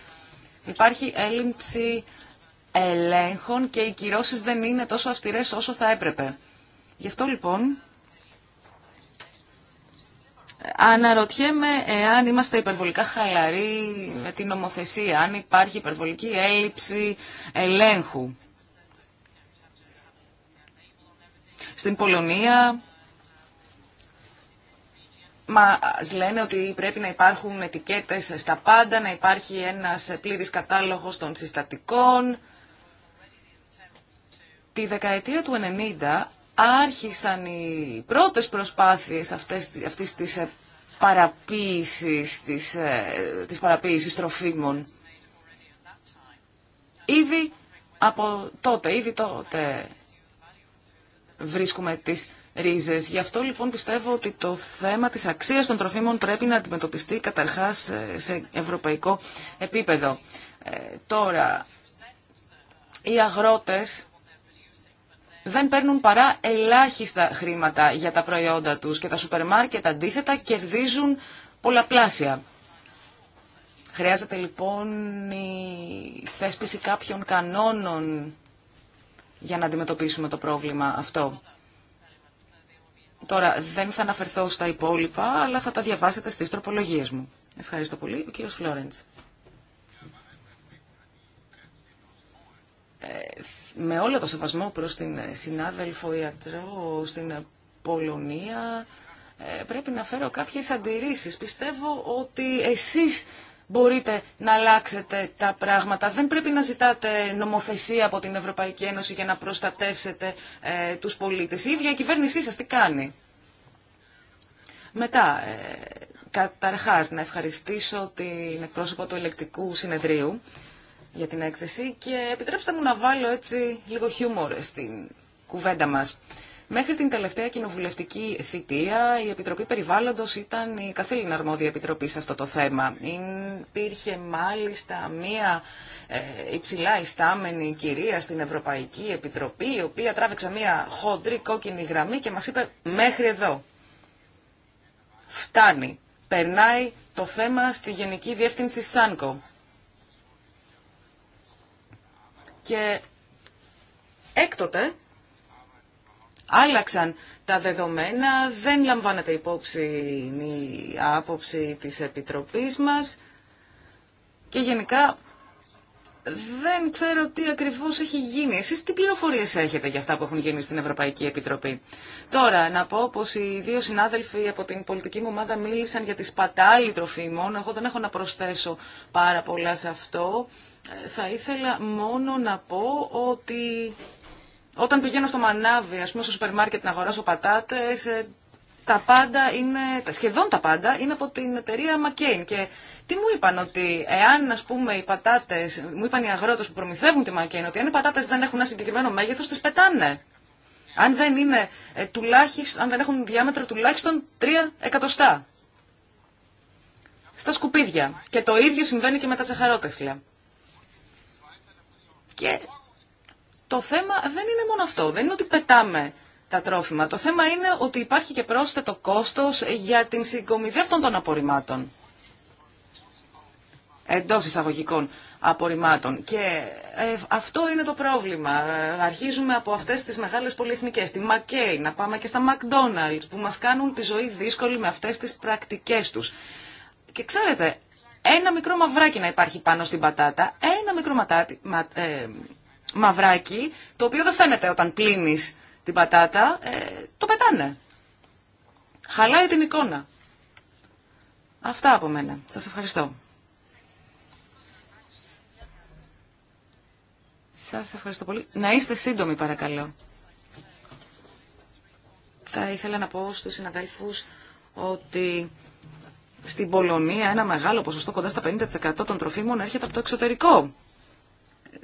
Υπάρχει έλλειψη ελέγχων και οι κυρώσεις δεν είναι τόσο αυστηρές όσο θα έπρεπε. Γι' αυτό λοιπόν Αναρωτιέμαι εάν είμαστε υπερβολικά χαλαροί με την νομοθεσία, αν υπάρχει υπερβολική έλλειψη ελέγχου. Στην Πολωνία μα λένε ότι πρέπει να υπάρχουν ετικέτες στα πάντα, να υπάρχει ένας πλήρης κατάλογος των συστατικών. Τη δεκαετία του 90 άρχισαν οι πρώτες προσπάθειες αυτές, αυτής της ε, παραποίησης, της, ε, της τροφίμων. Ήδη από τότε, ήδη τότε βρίσκουμε τις ρίζες. Γι' αυτό λοιπόν πιστεύω ότι το θέμα της αξίας των τροφίμων πρέπει να αντιμετωπιστεί καταρχάς ε, σε ευρωπαϊκό επίπεδο. τώρα, οι αγρότες δεν παίρνουν παρά ελάχιστα χρήματα για τα προϊόντα τους και τα σούπερ μάρκετ αντίθετα κερδίζουν πολλαπλάσια. Χρειάζεται λοιπόν η θέσπιση κάποιων κανόνων για να αντιμετωπίσουμε το πρόβλημα αυτό. Τώρα δεν θα αναφερθώ στα υπόλοιπα, αλλά θα τα διαβάσετε στις τροπολογίες μου. Ευχαριστώ πολύ. Ο κύριος Φλόρεντς. Ε, με όλο το σεβασμό προς την συνάδελφο ιατρό στην Πολωνία, ε, πρέπει να φέρω κάποιες αντιρρήσεις. Πιστεύω ότι εσείς μπορείτε να αλλάξετε τα πράγματα. Δεν πρέπει να ζητάτε νομοθεσία από την Ευρωπαϊκή Ένωση για να προστατεύσετε ε, τους πολίτες. Η ίδια η κυβέρνησή σας τι κάνει. Μετά, καταρχάς, να ευχαριστήσω την εκπρόσωπο του Ελεκτικού Συνεδρίου για την έκθεση και επιτρέψτε μου να βάλω έτσι λίγο χιούμορ στην κουβέντα μας. Μέχρι την τελευταία κοινοβουλευτική θητεία η Επιτροπή Περιβάλλοντος ήταν η καθήλυνα αρμόδια επιτροπή σε αυτό το θέμα. Υπήρχε μάλιστα μία ε, υψηλά ιστάμενη κυρία στην Ευρωπαϊκή Επιτροπή η οποία τράβηξε μία χοντρή κόκκινη γραμμή και μας είπε μέχρι εδώ. Φτάνει. Περνάει το θέμα στη Γενική Διεύθυνση ΣΑΝΚΟ. Και έκτοτε άλλαξαν τα δεδομένα, δεν λαμβάνεται υπόψη η άποψη της Επιτροπής μας και γενικά δεν ξέρω τι ακριβώς έχει γίνει. Εσείς τι πληροφορίες έχετε για αυτά που έχουν γίνει στην Ευρωπαϊκή Επιτροπή. Τώρα, να πω πως οι δύο συνάδελφοι από την πολιτική μου ομάδα μίλησαν για τη σπατάλη μόνο. Εγώ δεν έχω να προσθέσω πάρα πολλά σε αυτό θα ήθελα μόνο να πω ότι όταν πηγαίνω στο μανάβι, ας πούμε στο σούπερ μάρκετ να αγοράσω πατάτες, ε, τα πάντα είναι, σχεδόν τα πάντα είναι από την εταιρεία McCain. Και τι μου είπαν ότι εάν ας πούμε οι πατάτες, μου είπαν οι αγρότες που προμηθεύουν τη McCain, ότι αν οι πατάτες δεν έχουν ένα συγκεκριμένο μέγεθος, τις πετάνε. Αν δεν, είναι, ε, αν δεν έχουν διάμετρο τουλάχιστον 3 εκατοστά. Στα σκουπίδια. Και το ίδιο συμβαίνει και με τα σαχαρότεφλια. Και το θέμα δεν είναι μόνο αυτό. Δεν είναι ότι πετάμε τα τρόφιμα. Το θέμα είναι ότι υπάρχει και πρόσθετο κόστος για την συγκομιδή αυτών των απορριμμάτων. Εντό εισαγωγικών απορριμμάτων. Και ε, αυτό είναι το πρόβλημα. Ε, αρχίζουμε από αυτές τις μεγάλες πολυεθνικές, τη Μακέι, να πάμε και στα McDonald's που μας κάνουν τη ζωή δύσκολη με αυτές τις πρακτικές τους. Και ξέρετε, ένα μικρό μαυράκι να υπάρχει πάνω στην πατάτα, ένα μικρό ματάτι, ε, μαυράκι, το οποίο δεν φαίνεται όταν πλύνεις την πατάτα, ε, το πετάνε. Χαλάει την εικόνα. Αυτά από μένα. Σας ευχαριστώ. Σας ευχαριστώ πολύ. Να είστε σύντομοι παρακαλώ. Θα ήθελα να πω στους συναδέλφους ότι στην Πολωνία ένα μεγάλο ποσοστό, κοντά στα 50% των τροφίμων, έρχεται από το εξωτερικό.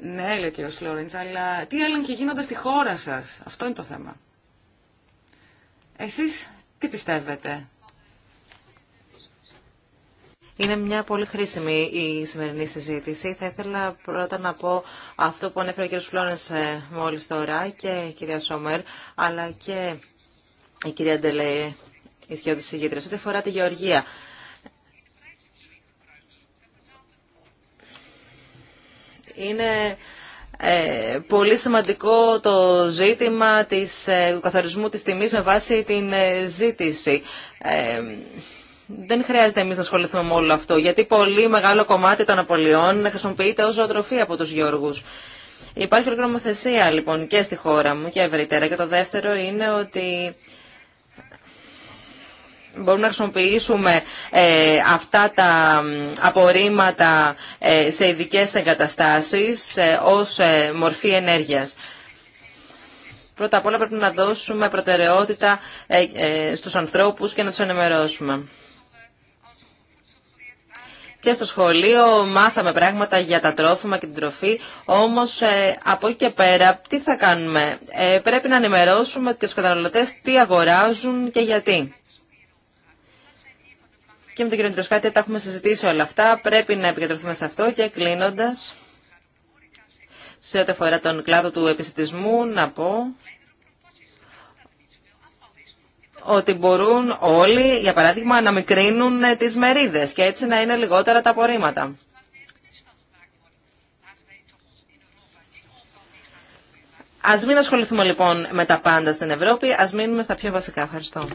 Ναι, λέει ο κύριο Φλόρεντ, αλλά τι έλεγχοι γίνονται στη χώρα σα. Αυτό είναι το θέμα. Εσεί
τι πιστεύετε. Είναι μια πολύ χρήσιμη η σημερινή συζήτηση. Θα ήθελα πρώτα να πω αυτό που ανέφερε ο κύριος Φλόρενς ε, μόλις τώρα και η κυρία Σόμερ, αλλά και η κυρία Ντελέ, η σχεδόν της Ό,τι αφορά τη Γεωργία, Είναι ε, πολύ σημαντικό το ζήτημα της, ε, του καθορισμού της τιμής με βάση την ε, ζήτηση. Ε, δεν χρειάζεται εμείς να ασχοληθούμε με όλο αυτό, γιατί πολύ μεγάλο κομμάτι των απολειών χρησιμοποιείται ω ζωοτροφή από τους Γιώργους. Υπάρχει ορκνομοθεσία λοιπόν και στη χώρα μου και ευρύτερα. Και το δεύτερο είναι ότι μπορούμε να χρησιμοποιήσουμε ε, αυτά τα απορρίμματα ε, σε ειδικέ εγκαταστάσεις ε, ως μορφή ενέργειας. Πρώτα απ' όλα πρέπει να δώσουμε προτεραιότητα στους ανθρώπους και να τους ενημερώσουμε. Και στο σχολείο μάθαμε πράγματα για τα τρόφιμα και την τροφή, όμως από εκεί και πέρα τι θα κάνουμε. Πρέπει να ενημερώσουμε και τους καταναλωτές τι αγοράζουν και γιατί και με τον κύριο Ντροσκάτη τα έχουμε συζητήσει όλα αυτά. Πρέπει να επικεντρωθούμε σε αυτό και κλείνοντα. Σε ό,τι αφορά τον κλάδο του επιστημισμού, να πω ότι μπορούν όλοι, για παράδειγμα, να μικρύνουν τις μερίδες και έτσι να είναι λιγότερα τα απορρίμματα. Ας μην ασχοληθούμε λοιπόν με τα πάντα στην Ευρώπη, ας μείνουμε στα πιο βασικά. Ευχαριστώ.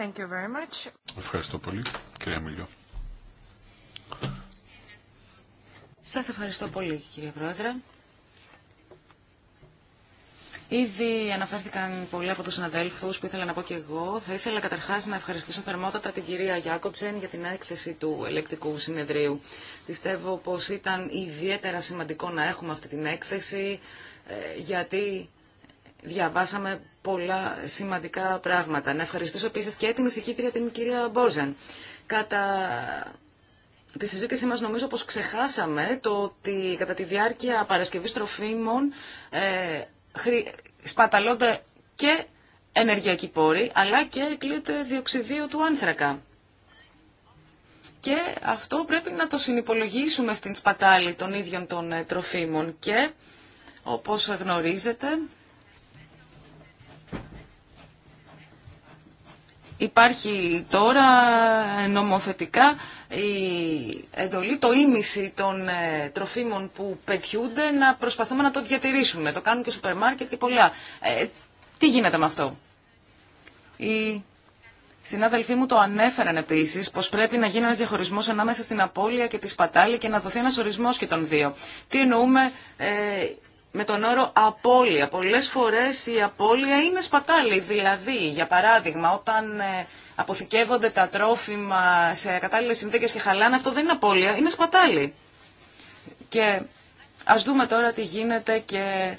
Thank you very much.
Ευχαριστώ πολύ, κυρία Μιλιό.
Σας ευχαριστώ πολύ, κύριε Πρόεδρε. Ήδη αναφέρθηκαν πολλοί από τους συναδέλφους που ήθελα να πω και εγώ. Θα ήθελα καταρχάς να ευχαριστήσω θερμότατα την κυρία Γιάκοψεν για την έκθεση του ελεκτικού συνεδρίου. Πιστεύω πως ήταν ιδιαίτερα σημαντικό να έχουμε αυτή την έκθεση ε, γιατί διαβάσαμε πολλά σημαντικά πράγματα. Να ευχαριστήσω επίσης και την εισηγήτρια την κυρία Μπόζαν. Κατά τη συζήτησή μας νομίζω πως ξεχάσαμε το ότι κατά τη διάρκεια παρασκευής τροφίμων ε, σπαταλώνται και ενεργειακοί πόροι αλλά και εκλείται διοξιδίου του άνθρακα. Και αυτό πρέπει να το συνυπολογίσουμε στην σπατάλη των ίδιων των ε, τροφίμων και όπως γνωρίζετε Υπάρχει τώρα νομοθετικά η εντολή, το ίμιση των ε, τροφίμων που πετιούνται να προσπαθούμε να το διατηρήσουμε. Το κάνουν και σούπερ μάρκετ και πολλά. Ε, τι γίνεται με αυτό. Οι συνάδελφοί μου το ανέφεραν επίσης πως πρέπει να γίνει ένας διαχωρισμός ανάμεσα στην απώλεια και τη σπατάλη και να δοθεί ένας ορισμός και των δύο. Τι εννοούμε ε, με τον όρο απώλεια. Πολλές φορές η απώλεια είναι σπατάλη. Δηλαδή, για παράδειγμα, όταν ε, αποθηκεύονται τα τρόφιμα σε κατάλληλες συνθήκες και χαλάνε, αυτό δεν είναι απώλεια, είναι σπατάλη. Και ας δούμε τώρα τι γίνεται και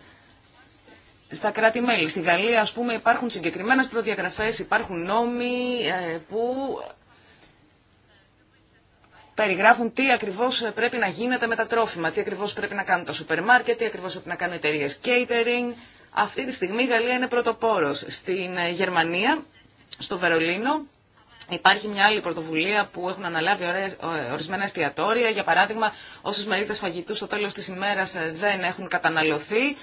στα κράτη-μέλη. Στη Γαλλία, ας πούμε, υπάρχουν συγκεκριμένες προδιαγραφές, υπάρχουν νόμοι ε, που περιγράφουν τι ακριβώς πρέπει να γίνεται με τα τρόφιμα, τι ακριβώς πρέπει να κάνουν τα σούπερ μάρκετ, τι ακριβώς πρέπει να κάνουν εταιρείε catering. Αυτή τη στιγμή η Γαλλία είναι πρωτοπόρο. Στην ε, Γερμανία, στο Βερολίνο, Υπάρχει μια άλλη πρωτοβουλία που έχουν αναλάβει ε, ορισμένα εστιατόρια. Για παράδειγμα, όσε μερίδε φαγητού στο τέλο τη ημέρα ε, δεν έχουν καταναλωθεί,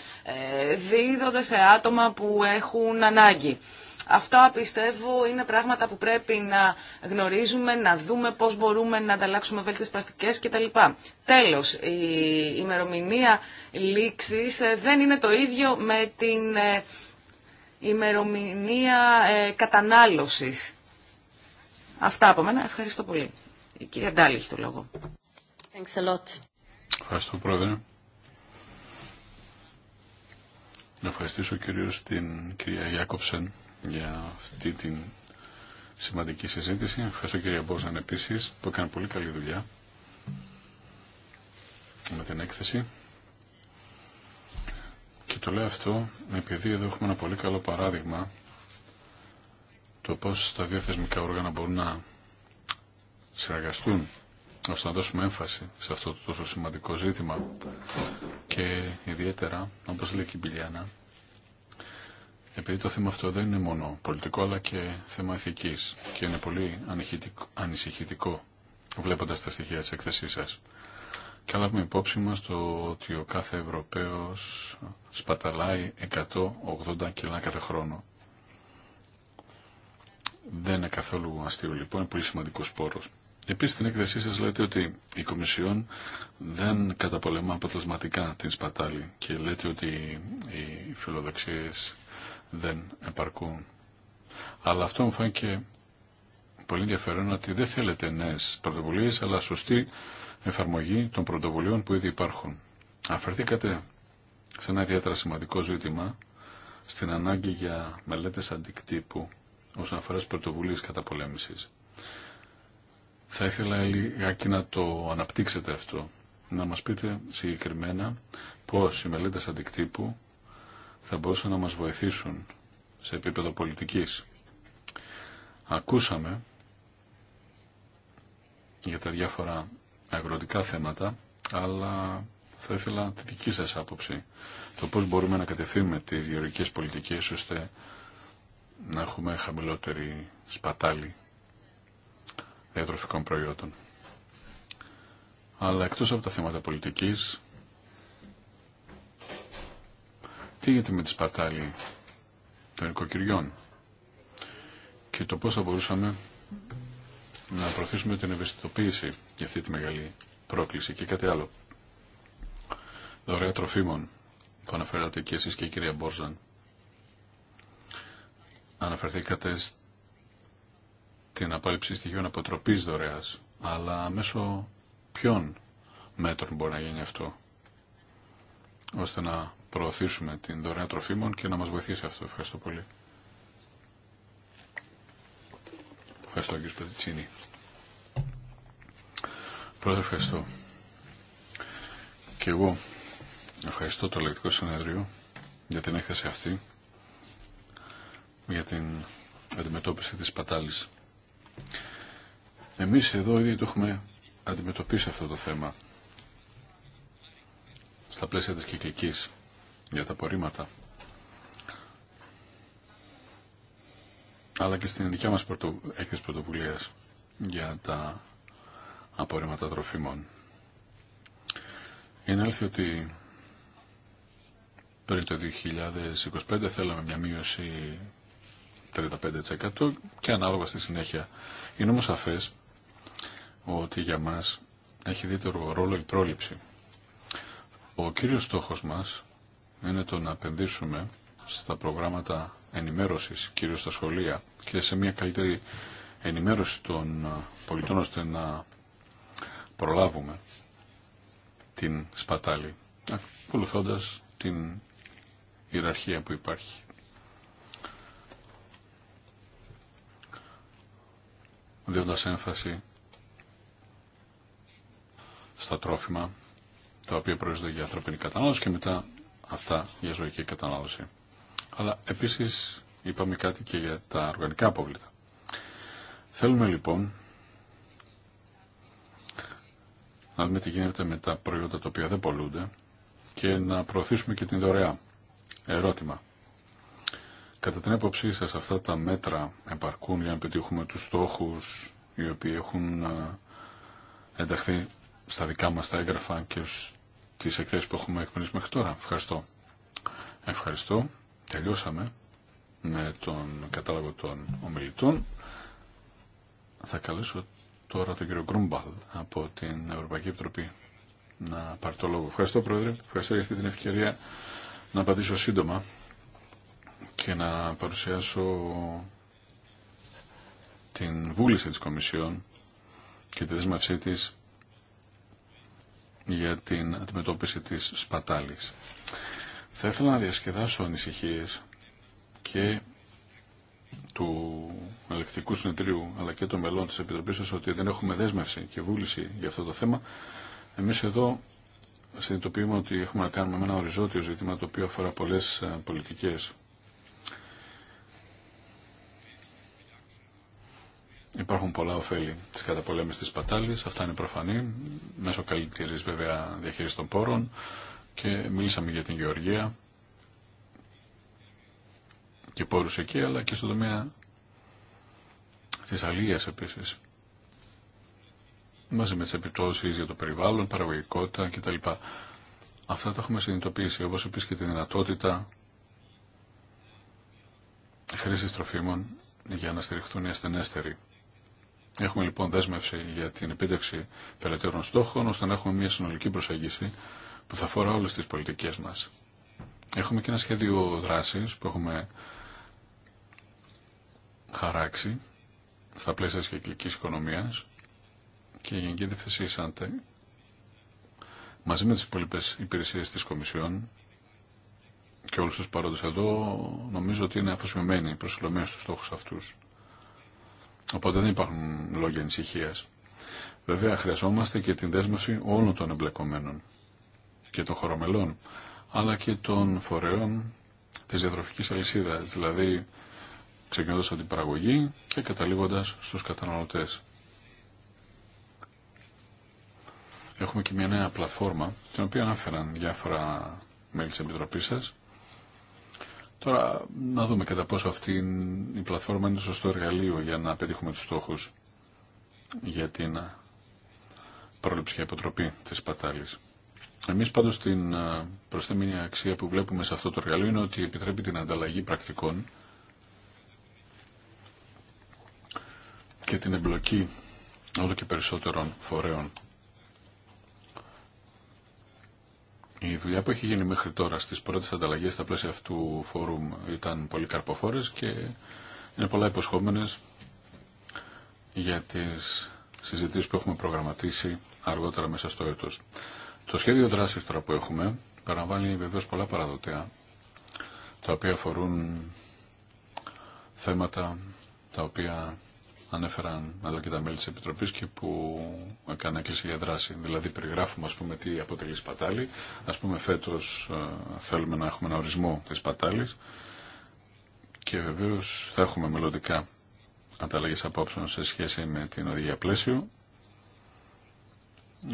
δίδονται σε άτομα που έχουν ανάγκη. Αυτά πιστεύω είναι πράγματα που πρέπει να γνωρίζουμε, να δούμε πώς μπορούμε να ανταλλάξουμε βέλτιες πρακτικές κτλ. Τέλος, η ημερομηνία λήξης ε, δεν είναι το ίδιο με την ε, ημερομηνία ε, κατανάλωσης. Αυτά από μένα. Ευχαριστώ πολύ. Η κυρία Ντάλη έχει το λόγο. Thanks a lot.
Ευχαριστώ πρόεδρε. Να ευχαριστήσω κυρίως την κυρία Γιάκοψεν για αυτή την σημαντική συζήτηση. Ευχαριστώ κύριε Μπόζαν επίσης που έκανε πολύ καλή δουλειά με την έκθεση. Και το λέω αυτό επειδή εδώ έχουμε ένα πολύ καλό παράδειγμα το πώς τα δύο θεσμικά όργανα μπορούν να συνεργαστούν ώστε να δώσουμε έμφαση σε αυτό το τόσο σημαντικό ζήτημα και ιδιαίτερα, όπως λέει και η Μπιλιάνα, επειδή το θέμα αυτό δεν είναι μόνο πολιτικό αλλά και θέμα ηθικής και είναι πολύ ανησυχητικό βλέποντας τα στοιχεία της έκθεσής σας. Και λάβουμε υπόψη μας το ότι ο κάθε Ευρωπαίος σπαταλάει 180 κιλά κάθε χρόνο. Δεν είναι καθόλου αστείο λοιπόν, είναι πολύ σημαντικό πόρος. Επίσης στην έκθεσή σας λέτε ότι η Κομισιόν δεν καταπολεμά αποτελεσματικά την σπατάλη και λέτε ότι οι φιλοδοξίες δεν επαρκούν. Αλλά αυτό μου φάνηκε πολύ ενδιαφέρον ότι δεν θέλετε νέε πρωτοβουλίε, αλλά σωστή εφαρμογή των πρωτοβουλίων που ήδη υπάρχουν. Αφερθήκατε σε ένα ιδιαίτερα σημαντικό ζήτημα στην ανάγκη για μελέτες αντικτύπου όσον αφορά τι πρωτοβουλίε πολέμηση. Θα ήθελα λιγάκι να το αναπτύξετε αυτό, να μας πείτε συγκεκριμένα πώς οι μελέτες αντικτύπου θα μπορούσαν να μας βοηθήσουν σε επίπεδο πολιτικής. Ακούσαμε για τα διάφορα αγροτικά θέματα, αλλά θα ήθελα τη δική σας άποψη. Το πώς μπορούμε να κατευθύνουμε τις γεωργικές πολιτικές, ώστε να έχουμε χαμηλότερη σπατάλη διατροφικών προϊόντων. Αλλά εκτός από τα θέματα πολιτικής, Τι γίνεται με τη σπατάλη των οικοκυριών και το πώς θα μπορούσαμε να προωθήσουμε την ευαισθητοποίηση για αυτή τη μεγάλη πρόκληση και κάτι άλλο. Δωρεά τροφίμων που αναφέρατε και εσείς και η κυρία Μπόρζαν. Αναφερθήκατε στην απάλληψη στοιχείων αποτροπής δωρεάς, αλλά μέσω ποιων μέτρων μπορεί να γίνει αυτό, ώστε να προωθήσουμε την δωρεά τροφίμων και να μας βοηθήσει αυτό. Ευχαριστώ πολύ. Ευχαριστώ κύριε Πατητσίνη. Πρώτα ευχαριστώ. Και εγώ ευχαριστώ το Ελεκτικό Συνεδρίο για την έκθεση αυτή, για την αντιμετώπιση της πατάλης. Εμείς εδώ ήδη το έχουμε αντιμετωπίσει αυτό το θέμα στα πλαίσια της κυκλικής για τα απορρίμματα. Αλλά και στην δικιά μας πρωτο... έκθεση πρωτοβουλία για τα απορρίμματα τροφίμων. Είναι αλήθεια ότι πριν το 2025 θέλαμε μια μείωση 35% και ανάλογα στη συνέχεια. Είναι όμως σαφές ότι για μας έχει δίτερο ρόλο η πρόληψη. Ο κύριος στόχος μας είναι το να επενδύσουμε στα προγράμματα ενημέρωσης, κυρίως στα σχολεία και σε μια καλύτερη ενημέρωση των ε, πολιτών ώστε να προλάβουμε την σπατάλη, ακολουθώντα την ιεραρχία που υπάρχει. Δίνοντας έμφαση στα τρόφιμα τα οποία προέρχονται για ανθρώπινη κατανάλωση και μετά αυτά για ζωική κατανάλωση. Αλλά επίσης είπαμε κάτι και για τα οργανικά απόβλητα. Θέλουμε λοιπόν να δούμε τι γίνεται με τα προϊόντα τα οποία δεν πολλούνται και να προωθήσουμε και την δωρεά. Ερώτημα. Κατά την έποψή σας αυτά τα μέτρα επαρκούν για να πετύχουμε τους στόχους οι οποίοι έχουν ε, ενταχθεί στα δικά μας τα έγγραφα και τις εκθέσεις που έχουμε εκπαιδεύσει μέχρι τώρα. Ευχαριστώ. Ευχαριστώ. Τελειώσαμε με τον κατάλογο των ομιλητών. Θα καλέσω τώρα τον κύριο Γκρούμπαλ από την Ευρωπαϊκή Επιτροπή να πάρει το λόγο. Ευχαριστώ Πρόεδρε, ευχαριστώ για αυτή την ευκαιρία να απαντήσω σύντομα και να παρουσιάσω την βούληση της Κομισιόν και τη δέσμευσή της για την αντιμετώπιση της σπατάλης. Θα ήθελα να διασκεδάσω ανησυχίε και του ελεκτικού συνεδρίου αλλά και των μελών της Επιτροπής σας ότι δεν έχουμε δέσμευση και βούληση για αυτό το θέμα. Εμείς εδώ συνειδητοποιούμε ότι έχουμε να κάνουμε με ένα οριζόντιο ζήτημα το οποίο αφορά πολλές ε, πολιτικές Υπάρχουν πολλά ωφέλη τη καταπολέμηση τη πατάλη, αυτά είναι προφανή, μέσω καλύτερη βέβαια διαχείριση των πόρων και μιλήσαμε για την γεωργία και πόρου εκεί, αλλά και στον τομέα τη αλληλεία επίση. Μαζί με τι επιπτώσει για το περιβάλλον, παραγωγικότητα κτλ. Αυτά τα έχουμε συνειδητοποιήσει, όπω επίση και τη δυνατότητα χρήση τροφίμων για να στηριχτούν οι ασθενέστεροι. Έχουμε λοιπόν δέσμευση για την επίτευξη περαιτέρων στόχων, ώστε να έχουμε μια συνολική προσέγγιση που θα αφορά όλες τις πολιτικές μας. Έχουμε και ένα σχέδιο δράσης που έχουμε χαράξει στα πλαίσια τη κυκλική οικονομία και η Γενική Διευθυνσία ΣΑΝΤΕ μαζί με τι υπόλοιπε υπηρεσίες τη Κομισιόν και όλου του παρόντε εδώ νομίζω ότι είναι αφοσιωμένοι προσυλλομένοι στους στόχου αυτού. Οπότε δεν υπάρχουν λόγια ανησυχία. Βέβαια χρειαζόμαστε και την δέσμευση όλων των εμπλεκομένων και των χωρομελών αλλά και των φορέων της διατροφική αλυσίδας, δηλαδή ξεκινώντας από την παραγωγή και καταλήγοντας στους καταναλωτές. Έχουμε και μια νέα πλατφόρμα, την οποία αναφέραν διάφορα μέλη τη Επιτροπή σας, Τώρα να δούμε κατά πόσο αυτή η πλατφόρμα είναι σωστό εργαλείο για να πετύχουμε τους στόχους για την πρόληψη και αποτροπή της πατάλης. Εμείς πάντως την ε, προσθέμενη αξία που βλέπουμε σε αυτό το εργαλείο είναι ότι επιτρέπει την ανταλλαγή πρακτικών και την εμπλοκή όλο και περισσότερων φορέων Η δουλειά που έχει γίνει μέχρι τώρα στις πρώτες ανταλλαγές στα πλαίσια αυτού φόρουμ ήταν πολύ καρποφόρες και είναι πολλά υποσχόμενες για τις συζητήσεις που έχουμε προγραμματίσει αργότερα μέσα στο έτος. Το σχέδιο δράσης τώρα που έχουμε παραβάλλει βεβαίως πολλά παραδοτέα τα οποία αφορούν θέματα τα οποία ανέφεραν εδώ και τα μέλη τη Επιτροπής και που έκανε έκκληση για δράση. Δηλαδή περιγράφουμε ας πούμε τι αποτελεί σπατάλη. Α πούμε φέτος ε, θέλουμε να έχουμε ένα ορισμό τη σπατάλη και βεβαίω θα έχουμε μελλοντικά ανταλλαγές απόψεων σε σχέση με την οδηγία πλαίσιο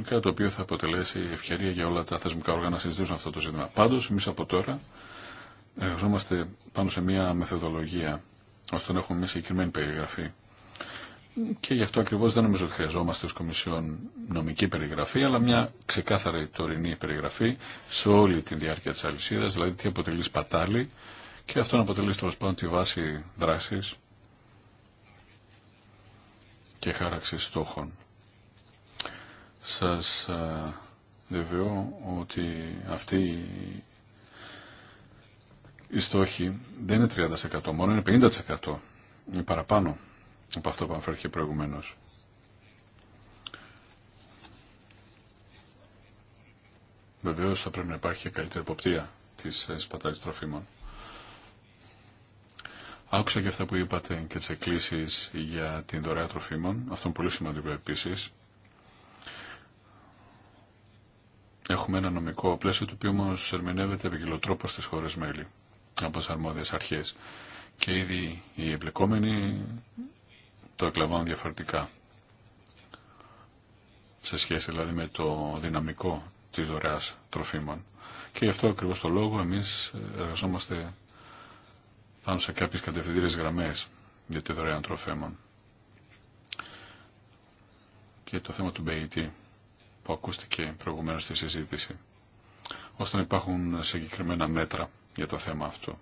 κάτι το οποίο θα αποτελέσει ευκαιρία για όλα τα θεσμικά όργανα να συζητήσουν αυτό το ζήτημα. Πάντω, εμεί από τώρα εργαζόμαστε πάνω σε μια μεθοδολογία ώστε να έχουμε μια συγκεκριμένη περιγραφή και γι' αυτό ακριβώ δεν νομίζω ότι χρειαζόμαστε ω Κομισιόν νομική περιγραφή, αλλά μια ξεκάθαρη τωρινή περιγραφή σε όλη τη διάρκεια τη αλυσίδα, δηλαδή τι αποτελεί σπατάλη και αυτό να αποτελεί τέλο πάντων τη βάση δράση και χάραξη στόχων. Σα ε, βεβαιώ ότι αυτή η στόχη δεν είναι 30% μόνο, είναι 50% ή παραπάνω από αυτό που αναφέρθηκε προηγουμένω. Βεβαίω θα πρέπει να υπάρχει καλύτερη εποπτεία της ε, σπατάλη τροφίμων. Άκουσα και αυτά που είπατε και τις εκκλήσεις για την δωρεά τροφίμων. Αυτό είναι πολύ σημαντικό επίση. Έχουμε ένα νομικό πλαίσιο το οποίο όμω ερμηνεύεται τρόπο στι χώρε μέλη από τι αρμόδιε αρχέ. Και ήδη οι εμπλεκόμενοι το εκλαμβάνουν διαφορετικά. Σε σχέση δηλαδή με το δυναμικό της δωρεάς τροφίμων. Και γι' αυτό ακριβώς το λόγο εμείς εργαζόμαστε πάνω σε κάποιες κατευθυντήρες γραμμές για τη δωρεάν τροφέμων. Και το θέμα του μπειτή e που ακούστηκε προηγουμένως στη συζήτηση ώστε να υπάρχουν συγκεκριμένα μέτρα για το θέμα αυτό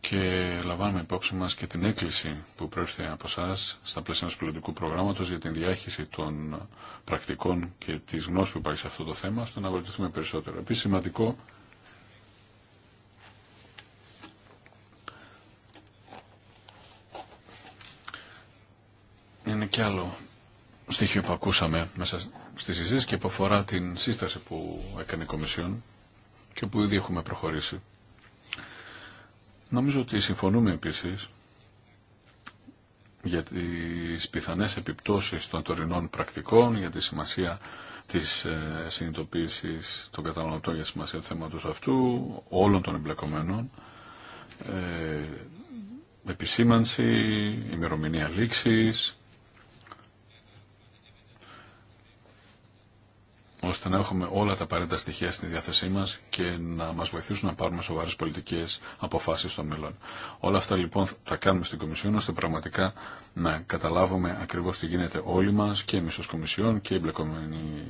και λαμβάνουμε υπόψη μας και την έκκληση που προέρχεται από εσά στα πλαίσια ενός πολιτικού προγράμματος για την διάχυση των πρακτικών και της γνώσης που υπάρχει σε αυτό το θέμα, ώστε να βοηθηθούμε περισσότερο. Επίσης σημαντικό είναι και άλλο στοιχείο που ακούσαμε μέσα στη συζήτηση και που αφορά την σύσταση που έκανε η Κομισιόν και που ήδη έχουμε προχωρήσει. Νομίζω ότι συμφωνούμε επίσης για τις πιθανές επιπτώσεις των τωρινών πρακτικών, για τη σημασία της ε, συνειδητοποίησης των καταναλωτών για τη σημασία του θέματος αυτού, όλων των εμπλεκομένων, ε, επισήμανση, ημερομηνία λήξης, ώστε να έχουμε όλα τα απαραίτητα στοιχεία στη διάθεσή μα και να μα βοηθήσουν να πάρουμε σοβαρέ πολιτικέ αποφάσει στο μέλλον. Όλα αυτά λοιπόν τα κάνουμε στην Κομισιόν ώστε πραγματικά να καταλάβουμε ακριβώ τι γίνεται όλοι μα και εμεί ω Κομισιόν και οι εμπλεκόμενοι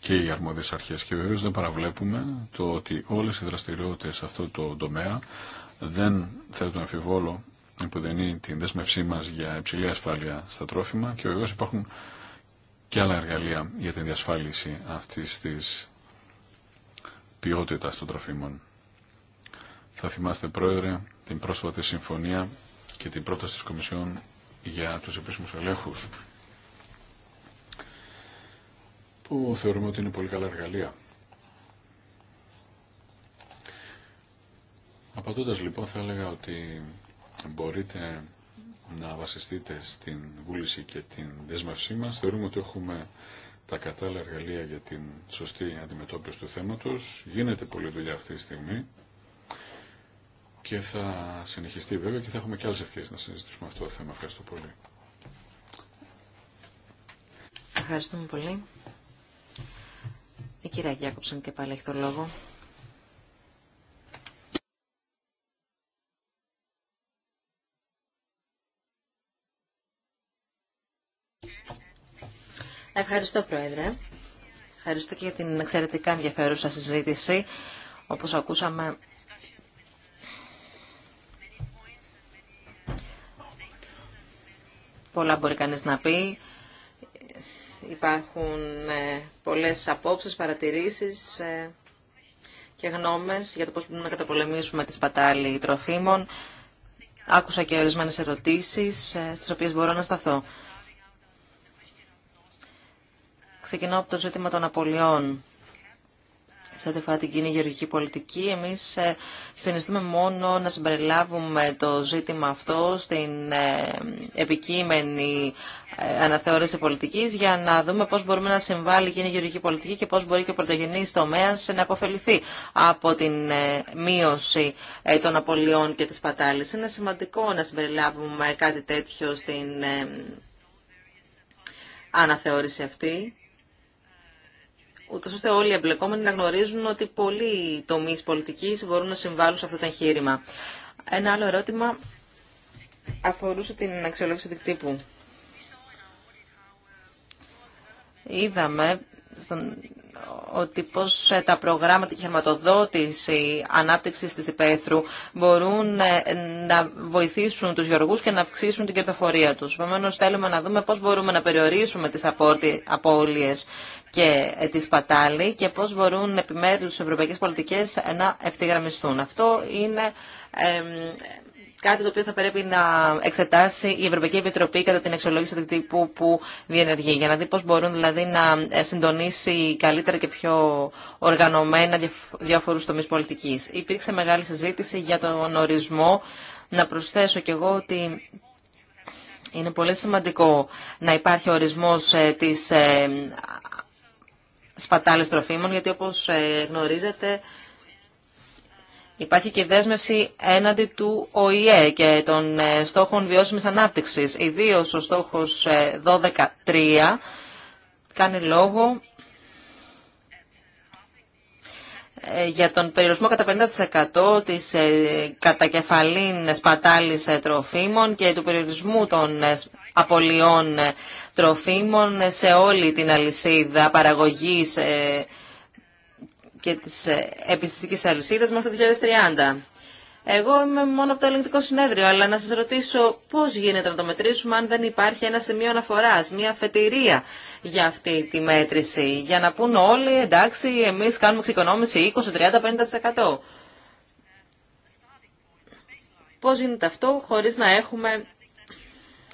και οι αρμόδιε αρχέ. Και βεβαίω δεν παραβλέπουμε το ότι όλε οι δραστηριότητε σε αυτό το τομέα δεν θέτουν αμφιβόλο είναι την δέσμευσή μα για υψηλή ασφάλεια στα τρόφιμα και βεβαίω υπάρχουν και άλλα εργαλεία για την διασφάλιση αυτής της ποιότητας των τροφίμων. Θα θυμάστε, Πρόεδρε, την πρόσφατη συμφωνία και την πρόταση της Κομισιόν για τους επίσημους ελέγχους που θεωρούμε ότι είναι πολύ καλά εργαλεία. Απαντώντας λοιπόν θα έλεγα ότι μπορείτε να βασιστείτε στην βούληση και την δέσμευσή μας. Θεωρούμε ότι έχουμε τα κατάλληλα εργαλεία για την σωστή αντιμετώπιση του θέματος. Γίνεται πολλή δουλειά αυτή τη στιγμή και θα συνεχιστεί βέβαια και θα έχουμε και άλλες ευκαιρίες να συζητήσουμε αυτό το θέμα. Ευχαριστώ πολύ.
Ευχαριστούμε πολύ. Η κυρία Γιάκοψαν και πάλι έχει το λόγο. Ευχαριστώ, Πρόεδρε. Ευχαριστώ και για την εξαιρετικά ενδιαφέρουσα συζήτηση. Όπως ακούσαμε, πολλά μπορεί κανείς να πει. Υπάρχουν ε, πολλές απόψεις, παρατηρήσεις ε, και γνώμες για το πώς μπορούμε να καταπολεμήσουμε τη σπατάλη τροφίμων. Άκουσα και ορισμένες ερωτήσεις, ε, στις οποίες μπορώ να σταθώ. Ξεκινώ από το ζήτημα των απολειών. Σε ό,τι αφορά την κοινή γεωργική πολιτική, Εμεί ε, συνιστούμε μόνο να συμπεριλάβουμε το ζήτημα αυτό στην ε, επικείμενη ε, αναθεώρηση πολιτική, για να δούμε πώ μπορούμε να συμβάλλει η κοινή γεωργική πολιτική και πώ μπορεί και ο πρωτογενή τομέα να αποφεληθεί από την μείωση των απολειών και τη πατάλη. Είναι σημαντικό να συμπεριλάβουμε κάτι τέτοιο στην αναθεώρηση αυτή ούτως ώστε όλοι οι εμπλεκόμενοι να γνωρίζουν ότι πολλοί τομείς πολιτική μπορούν να συμβάλλουν σε αυτό το εγχείρημα. Ένα άλλο ερώτημα αφορούσε την αξιολόγηση δικτύπου. Είδαμε στον ότι πώς ε, τα προγράμματα και η χρηματοδότηση ανάπτυξης της υπαίθρου μπορούν ε, να βοηθήσουν τους γεωργούς και να αυξήσουν την κερδοφορία τους. Επομένω, θέλουμε να δούμε πώς μπορούμε να περιορίσουμε τις απώλειες και ε, τη σπατάλη και πώς μπορούν επιμέρους τις ευρωπαϊκές πολιτικές να ευθυγραμμιστούν. Αυτό είναι κάτι το οποίο θα πρέπει να εξετάσει η Ευρωπαϊκή Επιτροπή κατά την εξολόγηση του τύπου που διενεργεί, για να δει πώς μπορούν δηλαδή να ε, συντονίσει καλύτερα και πιο οργανωμένα διάφορους τομείς πολιτικής. Υπήρξε μεγάλη συζήτηση για τον ορισμό. Να προσθέσω κι εγώ ότι είναι πολύ σημαντικό να υπάρχει ορισμός ε, της ε, σπατάλης τροφίμων, γιατί όπως γνωρίζετε Υπάρχει και δέσμευση έναντι του ΟΗΕ και των ε, στόχων βιώσιμης ανάπτυξης. Ιδίως ο στόχος 12.3 ε, κάνει λόγο ε, για τον περιορισμό κατά 50% της κατακεφαλήν σπατάλης τροφίμων και του περιορισμού των απολειών τροφίμων σε όλη την αλυσίδα παραγωγής και τη ε, επιστημική αλυσίδα μέχρι το 2030. Εγώ είμαι μόνο από το ελληνικό συνέδριο, αλλά να σας ρωτήσω πώς γίνεται να το μετρήσουμε αν δεν υπάρχει ένα σημείο αναφορά, μια αφετηρία για αυτή τη μέτρηση, για να πούν όλοι, εντάξει, εμείς κάνουμε εξοικονόμηση 20, 30, 50%. Πώς γίνεται αυτό χωρίς να έχουμε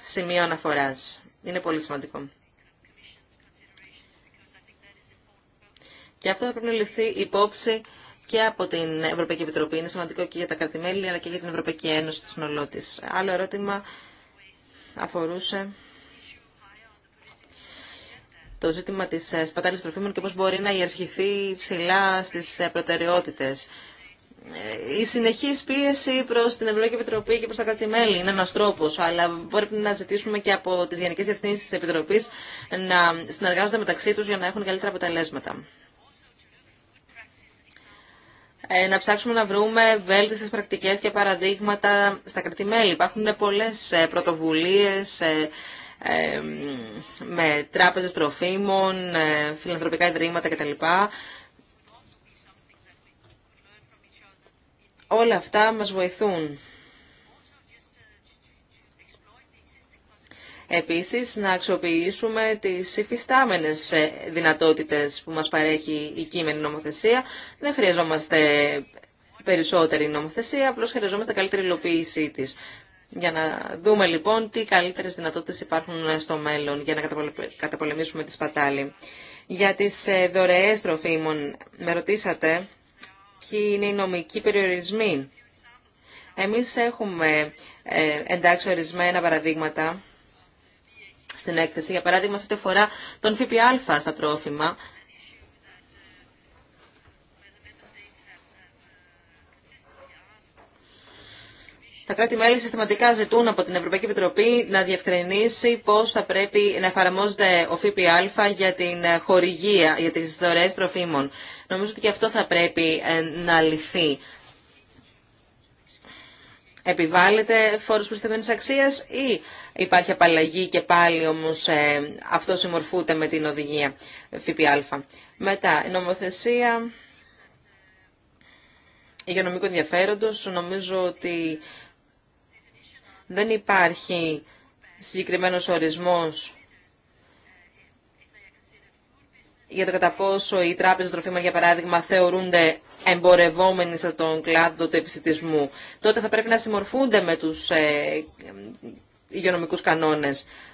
σημείο αναφοράς. Είναι πολύ σημαντικό. Και αυτό θα πρέπει να ληφθεί υπόψη και από την Ευρωπαϊκή Επιτροπή. Είναι σημαντικό και για τα κρατημέλη αλλά και για την Ευρωπαϊκή Ένωση της συνολό Άλλο ερώτημα αφορούσε το ζήτημα της ε, σπατάλης τροφίμων και πώς μπορεί να ιερχηθεί ψηλά στις ε, προτεραιότητες. Ε, η συνεχής πίεση προ την Ευρωπαϊκή Επιτροπή και προ τα κρατη είναι ένα τρόπο, αλλά πρέπει να ζητήσουμε και από τι γενικέ διευθύνσει της να συνεργάζονται μεταξύ του για να έχουν καλύτερα αποτελέσματα. Ε, να ψάξουμε να βρούμε βέλτιστες πρακτικές και παραδείγματα στα κρατημέλη. Υπάρχουν ε, πολλές ε, πρωτοβουλίες με τράπεζες τροφίμων, φιλανθρωπικά ιδρύματα κτλ. Όλα αυτά μας βοηθούν Επίσης, να αξιοποιήσουμε τις υφιστάμενες ε, δυνατότητες που μας παρέχει η κείμενη νομοθεσία. Δεν χρειαζόμαστε περισσότερη νομοθεσία, απλώς χρειαζόμαστε καλύτερη υλοποίησή της. Για να δούμε λοιπόν τι καλύτερες δυνατότητες υπάρχουν ε, στο μέλλον για να καταπολεμήσουμε τη σπατάλη. Για τις ε, δωρεές τροφίμων, με ρωτήσατε ποιοι είναι οι νομικοί περιορισμοί. Εμείς έχουμε εντάξει ορισμένα παραδείγματα στην έκθεση. Για παράδειγμα, σε ό,τι αφορά τον ΦΠΑ στα τρόφιμα. Τα κράτη-μέλη συστηματικά ζητούν από την Ευρωπαϊκή Επιτροπή να διευκρινίσει πώς θα πρέπει να εφαρμόζεται ο ΦΠΑ για την χορηγία, για τις δωρεέ τροφίμων. Νομίζω ότι και αυτό θα πρέπει ε, να λυθεί επιβάλλεται φόρος προστιθέμενης αξίας ή υπάρχει απαλλαγή και πάλι όμως ε, αυτό συμμορφούται με την οδηγία ΦΠΑ. Μετά, η νομοθεσία υγειονομικού ενδιαφέροντος. Νομίζω ότι δεν υπάρχει συγκεκριμένος ορισμός για το κατά πόσο οι τράπεζε τροφίμων, για παράδειγμα, θεωρούνται εμπορευόμενοι σε τον κλάδο του επιστημισμού, τότε θα πρέπει να συμμορφούνται με του ε, υγειονομικού κανόνε.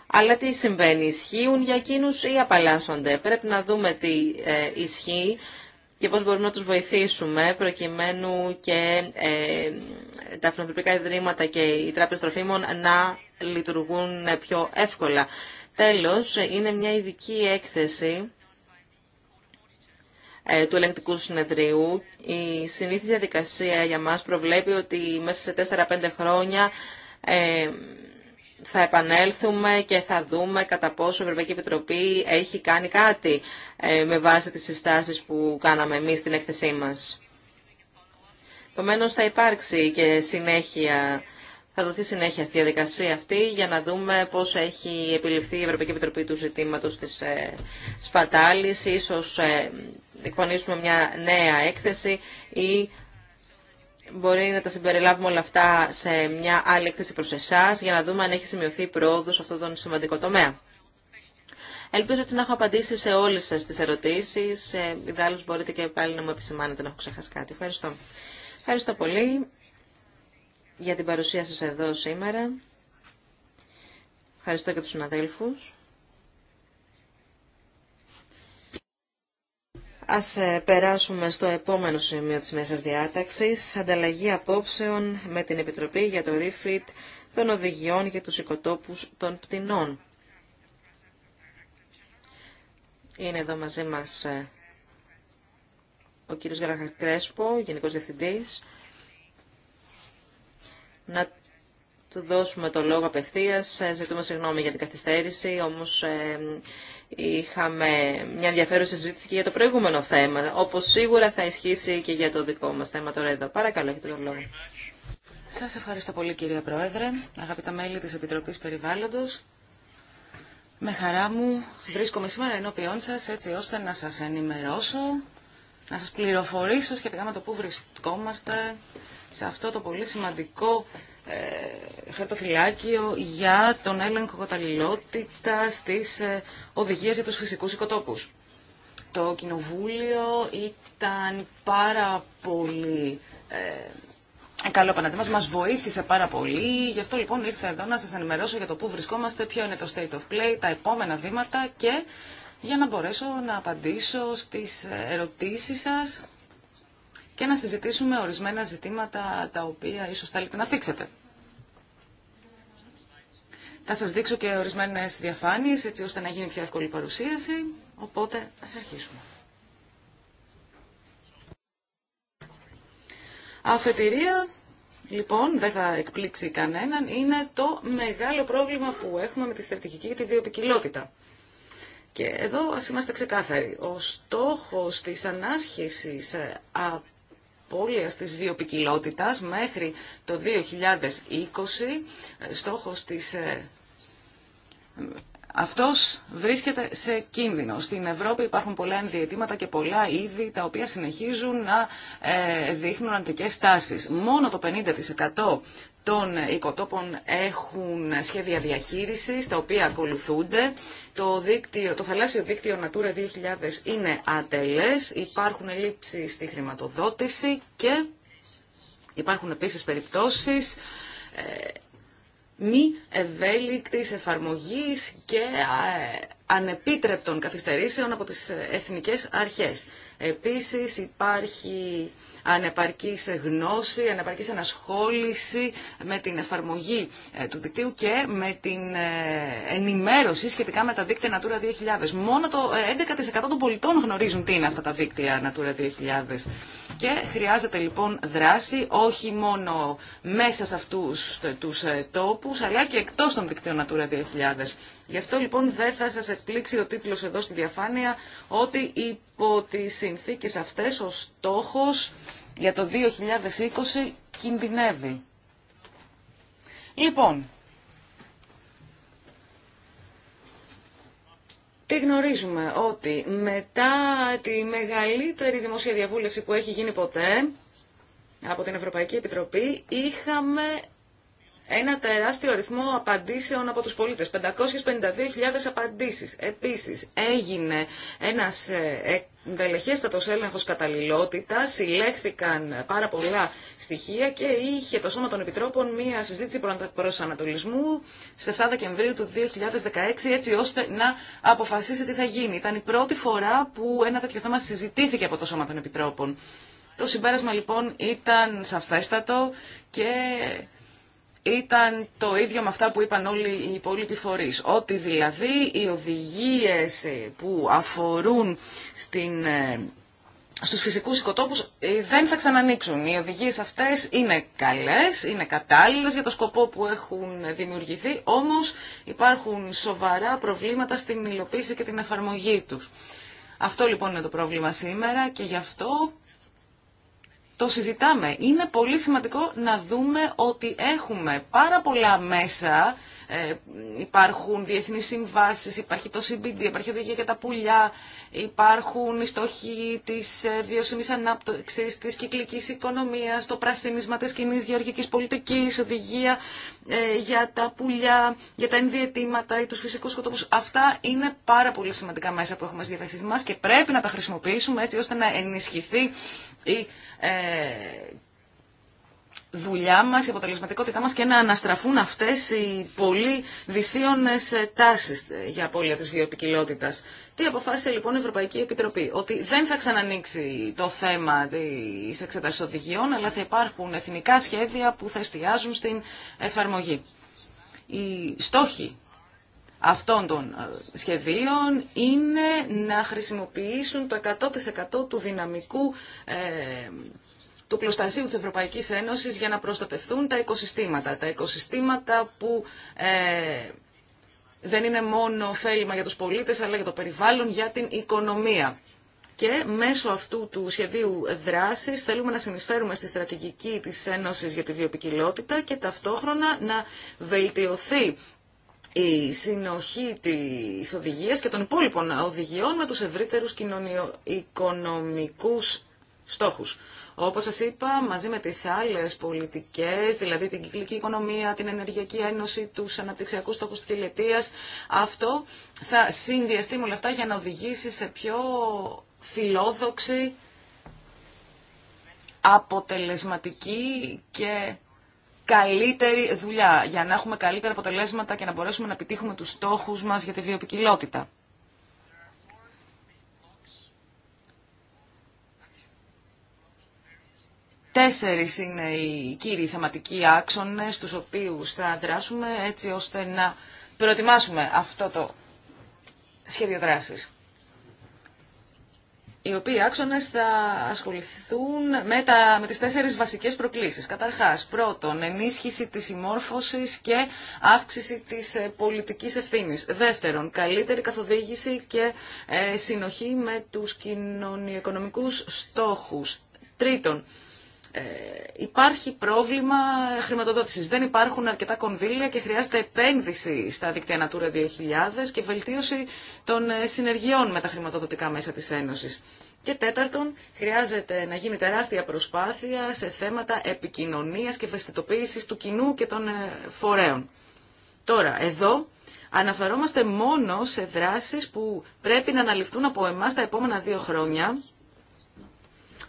Αλλά τι συμβαίνει, ισχύουν για εκείνου ή απαλλάσσονται. Πρέπει να δούμε τι ε, ισχύει και πώς μπορούμε να τους βοηθήσουμε προκειμένου και ε, τα φιλανθρωπικά ιδρύματα και οι τράπεζες τροφίμων να λειτουργούν πιο εύκολα. Τέλος, είναι μια ειδική έκθεση ε, του ελεγκτικού συνεδρίου. Η συνήθιση διαδικασία για μας προβλέπει ότι μέσα σε 4-5 χρόνια ε, θα επανέλθουμε και θα δούμε κατά πόσο η Ευρωπαϊκή Επιτροπή έχει κάνει κάτι ε, με βάση τις συστάσεις που κάναμε εμείς στην έκθεσή μας. Επομένω θα υπάρξει και συνέχεια, θα δοθεί συνέχεια στη διαδικασία αυτή για να δούμε πώς έχει επιληφθεί η Ευρωπαϊκή Επιτροπή του ζητήματος της σπατάλης, ίσως εκπονήσουμε μια νέα έκθεση ή μπορεί να τα συμπεριλάβουμε όλα αυτά σε μια άλλη έκθεση προς εσάς για να δούμε αν έχει σημειωθεί πρόοδο σε αυτόν τον σημαντικό τομέα. Ελπίζω έτσι να έχω απαντήσει σε όλες σας τις ερωτήσεις. Ε, μπορείτε και πάλι να μου επισημάνετε να έχω ξεχάσει κάτι. Ευχαριστώ. Ευχαριστώ πολύ για την παρουσία σας εδώ σήμερα. Ευχαριστώ και τους συναδέλφους. Ας ε, περάσουμε στο επόμενο σημείο της μέσας διάταξης, ανταλλαγή απόψεων με την Επιτροπή για το Refit των Οδηγιών για τους Οικοτόπους των Πτηνών. Είναι εδώ μαζί μας ε, ο κύριος Κρέσπο, Γενικός Διευθυντής. Να του δώσουμε το λόγο απευθείας. Ε, ζητούμε συγγνώμη για την καθυστέρηση, όμως είχαμε μια ενδιαφέρουσα συζήτηση και για το προηγούμενο θέμα, όπως σίγουρα θα ισχύσει και για το δικό μας θέμα τώρα εδώ. Παρακαλώ, έχετε τον λόγο.
Σας ευχαριστώ πολύ κυρία Πρόεδρε, αγαπητά μέλη της Επιτροπής Περιβάλλοντος. Με χαρά μου βρίσκομαι σήμερα ενώπιόν σας έτσι ώστε να σας ενημερώσω, να σας πληροφορήσω σχετικά με το που βρισκόμαστε σε αυτό το πολύ σημαντικό ε, χαρτοφυλάκιο για τον έλεγχο καταλληλότητα στις ε, οδηγίες για του φυσικούς οικοτόπου. Το Κοινοβούλιο ήταν πάρα πολύ ε, καλό απέναντί μας, βοήθησε πάρα πολύ. Γι' αυτό λοιπόν ήρθα εδώ να σας ενημερώσω για το πού βρισκόμαστε, ποιο είναι το state of play, τα επόμενα βήματα και για να μπορέσω να απαντήσω στις ερωτήσεις σας και να συζητήσουμε ορισμένα ζητήματα τα οποία ίσως θέλετε να θίξετε. Θα σας δείξω και ορισμένες διαφάνειες έτσι ώστε να γίνει πιο εύκολη παρουσίαση, οπότε ας αρχίσουμε. Αφετηρία, λοιπόν, δεν θα εκπλήξει κανέναν, είναι το μεγάλο πρόβλημα που έχουμε με τη στρατηγική και τη βιοπικιλότητα. Και εδώ ας είμαστε ξεκάθαροι. Ο στόχος της ανάσχεσης ε, απώλειας της βιοπικιλότητας μέχρι το 2020. Στόχος της... Ε, αυτός βρίσκεται σε κίνδυνο. Στην Ευρώπη υπάρχουν πολλά ενδιαιτήματα και πολλά είδη τα οποία συνεχίζουν να ε, δείχνουν αντικές τάσεις. Μόνο το 50% των οικοτόπων έχουν σχέδια διαχείρισης, τα οποία ακολουθούνται. Το, δίκτυο, το θαλάσσιο δίκτυο Natura 2000 είναι ατελές, υπάρχουν ελλείψεις στη χρηματοδότηση και υπάρχουν επίσης περιπτώσεις ε, μη ευέλικτης εφαρμογής και ε, ανεπίτρεπτων καθυστερήσεων από τις ε, εθνικές αρχές. Επίσης υπάρχει σε γνώση, σε ανασχόληση με την εφαρμογή ε, του δικτύου και με την ε, ενημέρωση σχετικά με τα δίκτυα Natura 2000. Μόνο το 11% ε, των πολιτών γνωρίζουν τι είναι αυτά τα δίκτυα Natura 2000. Και χρειάζεται λοιπόν δράση όχι μόνο μέσα σε αυτούς τους τόπους αλλά και εκτός των δικτύων Natura 2000. Γι' αυτό λοιπόν δεν θα σας εκπλήξει ο τίτλος εδώ στη διαφάνεια ότι υπό τις συνθήκες αυτές ο στόχος για το 2020 κινδυνεύει. Λοιπόν, Τι γνωρίζουμε ότι μετά τη μεγαλύτερη δημοσία διαβούλευση που έχει γίνει ποτέ από την Ευρωπαϊκή Επιτροπή είχαμε ένα τεράστιο αριθμό απαντήσεων από τους πολίτες, 552.000 απαντήσεις. Επίσης, έγινε ένας ε, δελεχέστατος έλεγχος καταλληλότητας, συλλέχθηκαν πάρα πολλά στοιχεία και είχε το Σώμα των Επιτρόπων μία συζήτηση ανατολισμού σε 7 Δεκεμβρίου του 2016, έτσι ώστε να αποφασίσει τι θα γίνει. Ήταν η πρώτη φορά που ένα τέτοιο θέμα συζητήθηκε από το Σώμα των Επιτρόπων. Το συμπέρασμα λοιπόν ήταν σαφέστατο και ήταν το ίδιο με αυτά που είπαν όλοι οι υπόλοιποι φορεί. Ότι δηλαδή οι οδηγίες ε, που αφορούν στην, ε, στους φυσικούς οικοτόπους ε, δεν θα ξανανοίξουν. Οι οδηγίες αυτές είναι καλές, είναι κατάλληλες για το σκοπό που έχουν δημιουργηθεί, όμως υπάρχουν σοβαρά προβλήματα στην υλοποίηση και την εφαρμογή τους. Αυτό λοιπόν είναι το πρόβλημα σήμερα και γι' αυτό το συζητάμε. Είναι πολύ σημαντικό να δούμε ότι έχουμε πάρα πολλά μέσα ε, υπάρχουν διεθνεί συμβάσει, υπάρχει το CBD, υπάρχει οδηγία για τα πουλιά, υπάρχουν οι στόχοι της ε, βιώσιμη ανάπτυξη, τη κύκλική οικονομία, το πρασίνισμα τη κοινή γεωργική πολιτική, οδηγία ε, για τα πουλιά, για τα ενδιαιτήματα ή του φυσικού σκοτώπου. Αυτά είναι πάρα πολύ σημαντικά μέσα που έχουμε στις διαθέσεις μα και πρέπει να τα χρησιμοποιήσουμε έτσι ώστε να ενισχυθεί η ε, δουλειά η αποτελεσματικότητά μα και να αναστραφούν αυτέ οι πολύ δυσίωνες ε, τάσει ε, για απώλεια τη βιοπικιλότητα. Τι αποφάσισε λοιπόν η Ευρωπαϊκή Επιτροπή, ότι δεν θα ξανανοίξει το θέμα τη εξέταση οδηγιών, αλλά θα υπάρχουν εθνικά σχέδια που θα εστιάζουν στην εφαρμογή. Οι στόχοι αυτών των ε, σχεδίων είναι να χρησιμοποιήσουν το 100% του δυναμικού ε, του πλωστασίου της Ευρωπαϊκής Ένωσης για να προστατευτούν τα οικοσυστήματα. Τα οικοσυστήματα που ε, δεν είναι μόνο ωφέλιμα για τους πολίτες, αλλά για το περιβάλλον, για την οικονομία. Και μέσω αυτού του σχεδίου δράσης θέλουμε να συνεισφέρουμε στη στρατηγική της Ένωσης για τη βιοπικιλότητα και ταυτόχρονα να βελτιωθεί η συνοχή της οδηγίας και των υπόλοιπων οδηγιών με τους ευρύτερους κοινωνιο-οικονομικούς στόχους. Όπω σα είπα, μαζί με τις άλλες πολιτικές, δηλαδή την κυκλική οικονομία, την ενεργειακή ένωση, του αναπτυξιακού στόχου τη αυτό θα συνδυαστεί με όλα αυτά για να οδηγήσει σε πιο φιλόδοξη, αποτελεσματική και καλύτερη δουλειά, για να έχουμε καλύτερα αποτελέσματα και να μπορέσουμε να επιτύχουμε τους στόχους μας για τη βιοπικιλότητα. Τέσσερις είναι οι κύριοι θεματικοί άξονες, τους οποίους θα δράσουμε έτσι ώστε να προετοιμάσουμε αυτό το σχέδιο δράσης. Οι οποίοι άξονες θα ασχοληθούν με, τα, με τις τέσσερις βασικές προκλήσεις. Καταρχάς, πρώτον, ενίσχυση της συμμόρφωσης και αύξηση της ε, πολιτικής ευθύνης. Δεύτερον, καλύτερη καθοδήγηση και ε, συνοχή με τους κοινωνιοοικονομικούς στόχους. Τρίτον, ε, υπάρχει πρόβλημα χρηματοδότηση. Δεν υπάρχουν αρκετά κονδύλια και χρειάζεται επένδυση στα δίκτυα Natura 2000 και βελτίωση των ε, συνεργειών με τα χρηματοδοτικά μέσα τη Ένωση. Και τέταρτον, χρειάζεται να γίνει τεράστια προσπάθεια σε θέματα επικοινωνία και ευαισθητοποίηση του κοινού και των ε, φορέων. Τώρα, εδώ αναφερόμαστε μόνο σε δράσεις που πρέπει να αναλυφθούν από εμάς τα επόμενα δύο χρόνια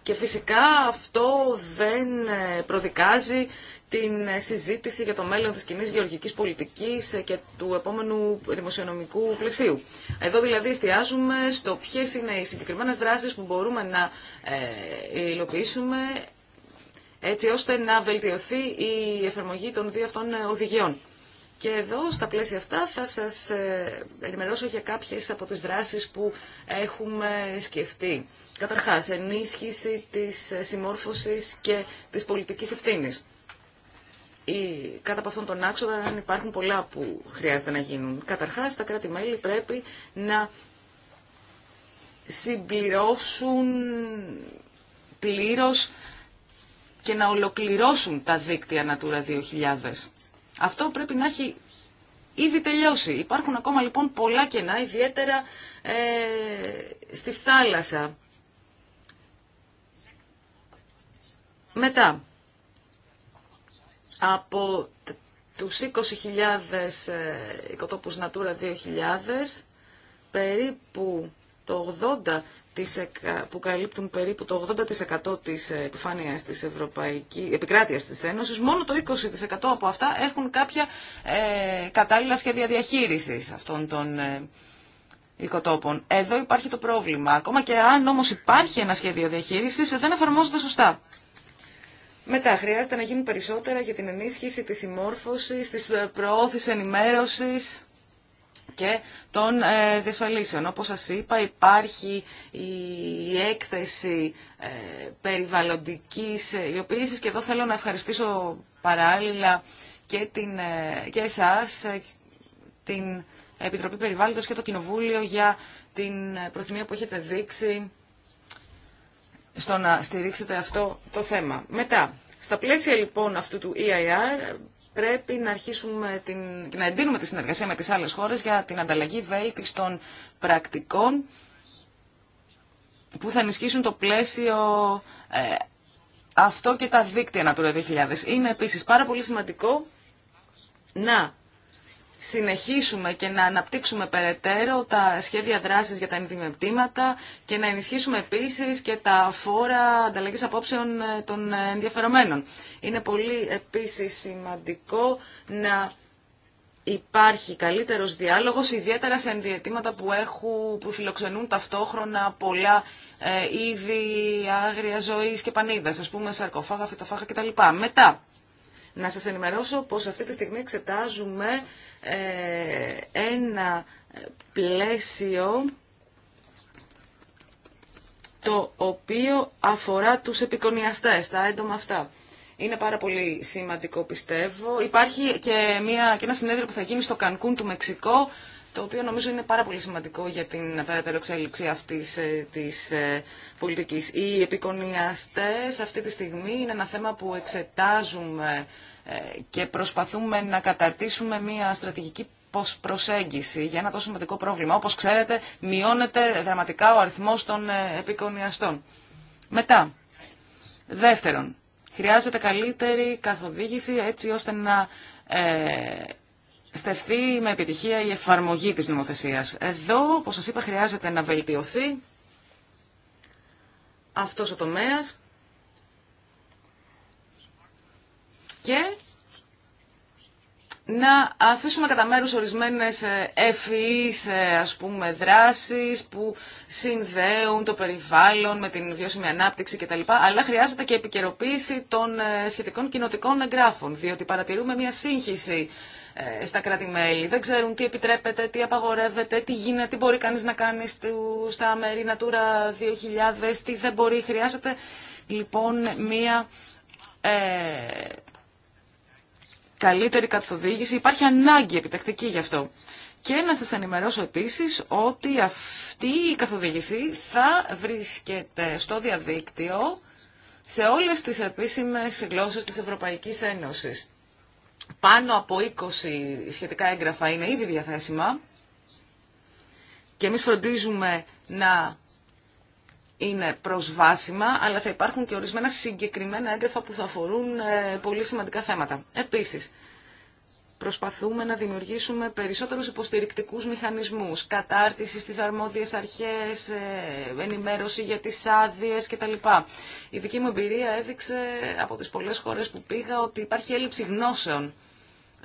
και φυσικά αυτό δεν ε, προδικάζει την ε, συζήτηση για το μέλλον της κοινή γεωργικής πολιτικής ε, και του επόμενου δημοσιονομικού πλαισίου. Εδώ δηλαδή εστιάζουμε στο ποιε είναι οι συγκεκριμένες δράσεις που μπορούμε να υλοποιήσουμε έτσι ώστε να βελτιωθεί η εφαρμογή των δύο αυτών οδηγιών. Και εδώ, στα πλαίσια αυτά, θα σας ε, ενημερώσω για κάποιες από τις δράσεις που έχουμε σκεφτεί. Καταρχάς, ενίσχυση της συμμόρφωσης και της πολιτικής ευθύνης. Ή, κάτω από αυτόν τον άξονα υπάρχουν πολλά που χρειάζεται να γίνουν. Καταρχάς, τα κράτη-μέλη πρέπει να συμπληρώσουν πλήρως και να ολοκληρώσουν τα δίκτυα Natura 2000. Αυτό πρέπει να έχει ήδη τελειώσει. Υπάρχουν ακόμα λοιπόν πολλά κενά, ιδιαίτερα ε, στη θάλασσα. Μετά, από τους 20.000 ε, οικοτόπους Natura 2000, περίπου το 80 που καλύπτουν περίπου το 80% της επιφάνειας της Ευρωπαϊκής επικράτειας της Ένωσης, μόνο το 20% από αυτά έχουν κάποια ε, κατάλληλα σχέδια διαχείρισης αυτών των ε, οικοτόπων. Εδώ υπάρχει το πρόβλημα. Ακόμα και αν όμως υπάρχει ένα σχέδιο διαχείρισης, δεν εφαρμόζεται σωστά. Μετά, χρειάζεται να γίνουν περισσότερα για την ενίσχυση της συμμόρφωσης, της ε, προώθησης ενημέρωσης και των ε, διασφαλίσεων. Όπως σας είπα υπάρχει η έκθεση ε, περιβαλλοντικής ε, υλοποίησης και εδώ θέλω να ευχαριστήσω παράλληλα και, την, ε, και εσάς, ε, την Επιτροπή Περιβάλλοντος και το Κοινοβούλιο για την προθυμία που έχετε δείξει στο να στηρίξετε αυτό το θέμα. Μετά, στα πλαίσια λοιπόν αυτού του EIR πρέπει να αρχίσουμε την, να εντείνουμε τη συνεργασία με τις άλλες χώρες για την ανταλλαγή βέλτιστων πρακτικών που θα ενισχύσουν το πλαίσιο ε, αυτό και τα δίκτυα Natura 2000. Είναι επίσης πάρα πολύ σημαντικό να συνεχίσουμε και να αναπτύξουμε περαιτέρω τα σχέδια δράσης για τα ενδυμεπτήματα και να ενισχύσουμε επίσης και τα φόρα ανταλλαγής απόψεων ε, των ε, ενδιαφερομένων. Είναι πολύ επίσης σημαντικό να υπάρχει καλύτερος διάλογος, ιδιαίτερα σε ενδιαιτήματα που, έχουν, που φιλοξενούν ταυτόχρονα πολλά ε, είδη άγρια ζωής και πανίδας, ας πούμε σαρκοφάγα, φυτοφάγα κτλ. Μετά, να σας ενημερώσω πως αυτή τη στιγμή εξετάζουμε ε, ένα πλαίσιο το οποίο αφορά τους επικονιαστές, τα έντομα αυτά. Είναι πάρα πολύ σημαντικό πιστεύω. Υπάρχει και, μια, και ένα συνέδριο που θα γίνει στο Κανκούν του Μεξικό, το οποίο νομίζω είναι πάρα πολύ σημαντικό για την περαιτέρω εξέλιξη αυτής ε, της ε, πολιτικής. Οι επικονιαστές αυτή τη στιγμή είναι ένα θέμα που εξετάζουμε και προσπαθούμε να καταρτήσουμε μια στρατηγική προσέγγιση για ένα τόσο σημαντικό πρόβλημα. Όπως ξέρετε, μειώνεται δραματικά ο αριθμός των ε, επικονιαστών. Μετά, δεύτερον, χρειάζεται καλύτερη καθοδήγηση έτσι ώστε να ε, στεφθεί με επιτυχία η εφαρμογή της νομοθεσίας. Εδώ, όπως σας είπα, χρειάζεται να βελτιωθεί αυτός ο τομέας και να αφήσουμε κατά μέρους ορισμένες ε, ευφυείς ε, ας πούμε δράσεις που συνδέουν το περιβάλλον με την βιώσιμη ανάπτυξη κτλ. Αλλά χρειάζεται και επικαιροποίηση των ε, σχετικών κοινοτικών εγγράφων, διότι παρατηρούμε μια σύγχυση στα κράτη-μέλη. Δεν ξέρουν τι επιτρέπεται, τι απαγορεύεται, τι γίνεται, τι μπορεί κανείς να κάνει στα μέρη Natura 2000, τι δεν μπορεί. Χρειάζεται λοιπόν μια καλύτερη καθοδήγηση. Υπάρχει ανάγκη επιτακτική γι' αυτό. Και να σας ενημερώσω επίσης ότι αυτή η καθοδήγηση θα βρίσκεται στο διαδίκτυο σε όλες τις επίσημες γλώσσες της Ευρωπαϊκής Ένωσης. Πάνω από 20 σχετικά έγγραφα είναι ήδη διαθέσιμα και εμείς φροντίζουμε να είναι προσβάσιμα, αλλά θα υπάρχουν και ορισμένα συγκεκριμένα έγγραφα που θα αφορούν ε, πολύ σημαντικά θέματα. Επίσης, προσπαθούμε να δημιουργήσουμε περισσότερους υποστηρικτικούς μηχανισμούς, κατάρτιση στις αρμόδιες αρχές, ε, ενημέρωση για τις άδειες κτλ. Η δική μου εμπειρία έδειξε από τις πολλές χώρες που πήγα ότι υπάρχει έλλειψη γνώσεων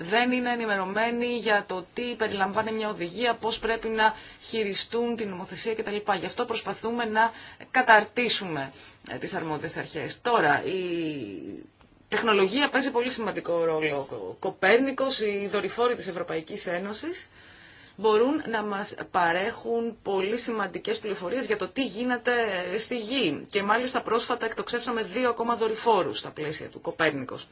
δεν είναι ενημερωμένοι για το τι περιλαμβάνει μια οδηγία, πώς πρέπει να χειριστούν την νομοθεσία κτλ. Γι' αυτό προσπαθούμε να καταρτήσουμε ε, τις αρμόδιες αρχές. Τώρα, η τεχνολογία παίζει πολύ σημαντικό ρόλο. Ο Κοπέρνικος, οι δορυφόροι της Ευρωπαϊκής Ένωσης, μπορούν να μας παρέχουν πολύ σημαντικές πληροφορίες για το τι γίνεται ε, στη Γη. Και μάλιστα πρόσφατα εκτοξεύσαμε δύο ακόμα δορυφόρους στα πλαίσια του Κοπέρνικος.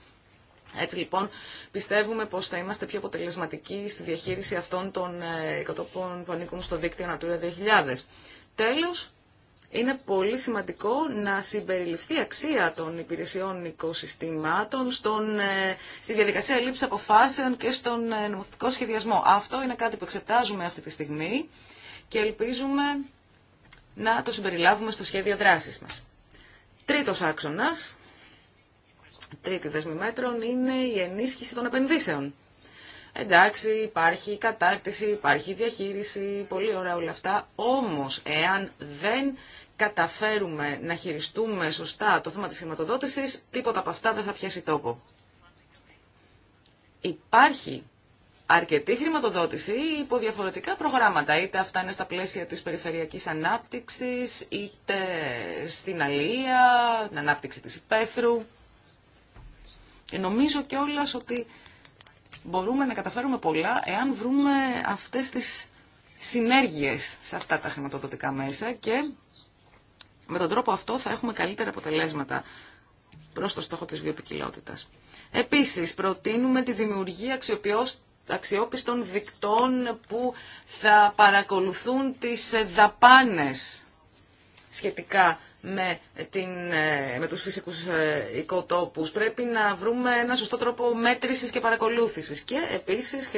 Έτσι λοιπόν πιστεύουμε πως θα είμαστε πιο αποτελεσματικοί στη διαχείριση αυτών των εκατόπων που ανήκουν στο δίκτυο Natura 2000. Τέλος, είναι πολύ σημαντικό να συμπεριληφθεί αξία των υπηρεσιών οικοσυστημάτων στον, ε, στη διαδικασία λήψη αποφάσεων και στον ε, νομοθετικό σχεδιασμό. Αυτό είναι κάτι που εξετάζουμε αυτή τη στιγμή και ελπίζουμε να το συμπεριλάβουμε στο σχέδιο δράσης μας. Τρίτος άξονας τρίτη δεσμή μέτρων είναι η ενίσχυση των επενδύσεων. Εντάξει, υπάρχει κατάρτιση, υπάρχει διαχείριση, πολύ ωραία όλα αυτά. Όμως, εάν δεν καταφέρουμε να χειριστούμε σωστά το θέμα της χρηματοδότησης, τίποτα από αυτά δεν θα πιάσει τόπο. Υπάρχει αρκετή χρηματοδότηση υπό διαφορετικά προγράμματα, είτε αυτά είναι στα πλαίσια της περιφερειακής ανάπτυξης, είτε στην αλία, την ανάπτυξη της υπαίθρου. Νομίζω κιόλα ότι μπορούμε να καταφέρουμε πολλά εάν βρούμε αυτές τις συνέργειες σε αυτά τα χρηματοδοτικά μέσα και με τον τρόπο αυτό θα έχουμε καλύτερα αποτελέσματα προς το στόχο της βιοπικιλότητας. Επίσης, προτείνουμε τη δημιουργία αξιόπιστων δικτών που θα παρακολουθούν τις δαπάνες σχετικά με, την, ε, με τους φυσικούς ε, οικοτόπους. Πρέπει να βρούμε ένα σωστό τρόπο μέτρησης και παρακολούθησης. Και επίσης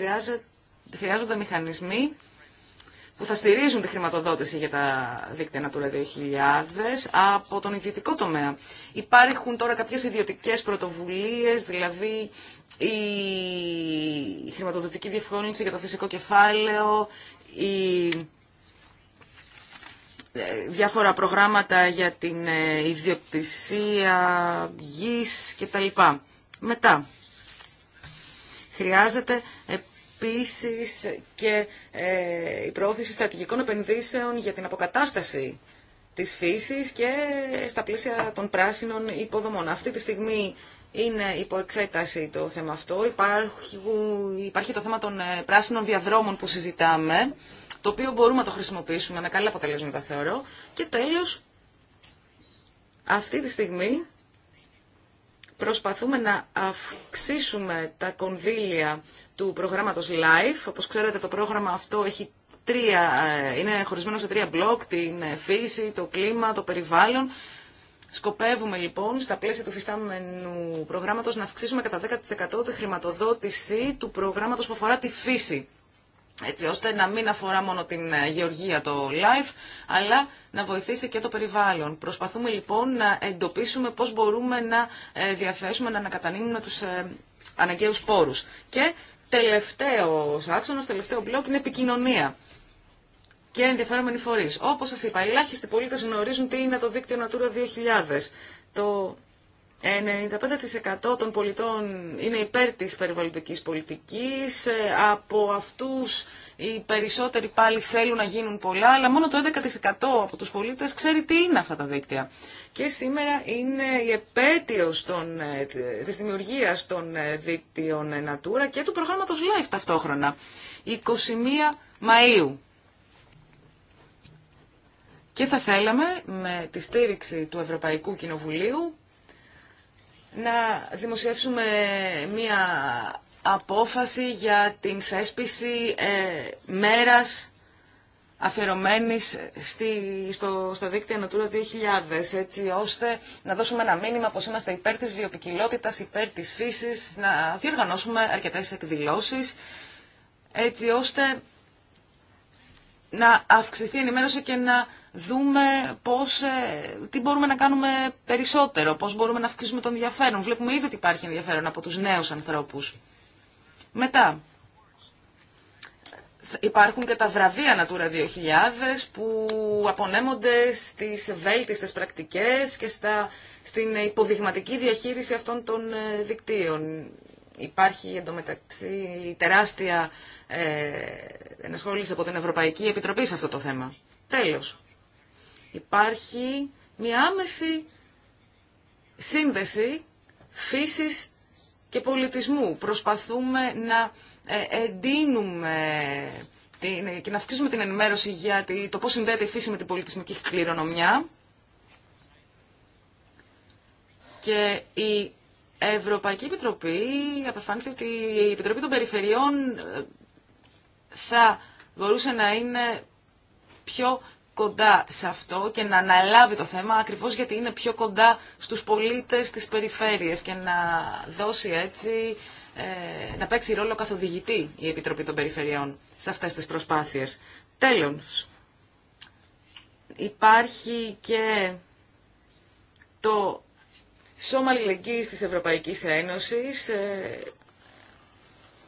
χρειάζονται μηχανισμοί που θα στηρίζουν τη χρηματοδότηση για τα δίκτυα Natura 2000 από τον ιδιωτικό τομέα. Υπάρχουν τώρα κάποιες ιδιωτικές πρωτοβουλίες, δηλαδή η χρηματοδοτική διευκόλυνση για το φυσικό κεφάλαιο, η διάφορα προγράμματα για την ε, ιδιοκτησία γης κτλ. Μετά, χρειάζεται επίσης και ε, η προώθηση στρατηγικών επενδύσεων για την αποκατάσταση της φύσης και στα πλαίσια των πράσινων υποδομών. Αυτή τη στιγμή είναι υπό εξέταση το θέμα αυτό. Υπάρχει, υπάρχει το θέμα των ε, πράσινων διαδρόμων που συζητάμε το οποίο μπορούμε να το χρησιμοποιήσουμε με καλά αποτελέσματα θεωρώ. Και τέλος, αυτή τη στιγμή προσπαθούμε να αυξήσουμε τα κονδύλια του προγράμματος LIFE. Όπως ξέρετε το πρόγραμμα αυτό έχει τρία, ε, είναι χωρισμένο σε τρία μπλοκ, την φύση, το κλίμα, το περιβάλλον. Σκοπεύουμε λοιπόν στα πλαίσια του φυστάμενου προγράμματος να αυξήσουμε κατά 10% τη χρηματοδότηση του προγράμματος που αφορά τη φύση έτσι ώστε να μην αφορά μόνο την ε, γεωργία το live, αλλά να βοηθήσει και το περιβάλλον. Προσπαθούμε λοιπόν να εντοπίσουμε πώς μπορούμε να ε, διαθέσουμε, να ανακατανύμουμε τους ε, αναγκαίους πόρους. Και τελευταίο άξονα, τελευταίο μπλοκ είναι επικοινωνία και ενδιαφέρομενοι φορεί. Όπως σας είπα, ελάχιστοι πολίτες γνωρίζουν τι είναι το δίκτυο Natura 2000. Το 95% των πολιτών είναι υπέρ της περιβαλλοντικής πολιτικής, ε, από αυτούς οι περισσότεροι πάλι θέλουν να γίνουν πολλά, αλλά μόνο το 11% από τους πολίτες ξέρει τι είναι αυτά τα δίκτυα. Και σήμερα είναι η επέτειος των, ε, της δημιουργίας των ε, δίκτυων Natura και του προγράμματος Life ταυτόχρονα, 21 Μαΐου. Και θα θέλαμε με τη στήριξη του Ευρωπαϊκού Κοινοβουλίου να δημοσιεύσουμε μία απόφαση για την θέσπιση ε, μέρας αφιερωμένης στη, στο, στα δίκτυα Natura 2000, έτσι ώστε να δώσουμε ένα μήνυμα πως είμαστε υπέρ της βιοπικιλότητας, υπέρ της φύσης, να διοργανώσουμε αρκετές εκδηλώσεις, έτσι ώστε να αυξηθεί η ενημέρωση και να δούμε πώς, ε, τι μπορούμε να κάνουμε περισσότερο, πώς μπορούμε να αυξήσουμε τον ενδιαφέρον. Βλέπουμε ήδη ότι υπάρχει ενδιαφέρον από τους νέους ανθρώπους. Μετά, υπάρχουν και τα βραβεία Natura 2000 που απονέμονται στις ευέλτιστες πρακτικές και στα, στην υποδειγματική διαχείριση αυτών των ε, δικτύων. Υπάρχει εντωμεταξύ τεράστια ε, ενασχόληση από την Ευρωπαϊκή Επιτροπή σε αυτό το θέμα. Τέλος. Υπάρχει μια άμεση σύνδεση φύσης και πολιτισμού. Προσπαθούμε να ε, εντείνουμε ε, και να αυξήσουμε την ενημέρωση για το πώς συνδέεται η φύση με την πολιτισμική κληρονομιά. Και η Ευρωπαϊκή Επιτροπή απεφάνθηκε ότι η Επιτροπή των Περιφερειών ε, θα μπορούσε να είναι πιο κοντά σε αυτό και να αναλάβει το θέμα ακριβώς γιατί είναι πιο κοντά στους πολίτες της περιφέρειας και να δώσει έτσι, ε, να παίξει ρόλο καθοδηγητή η Επιτροπή των Περιφερειών σε αυτές τις προσπάθειες. Τέλος, υπάρχει και το Σώμα Αλληλεγγύης της Ευρωπαϊκής Ένωσης, ε,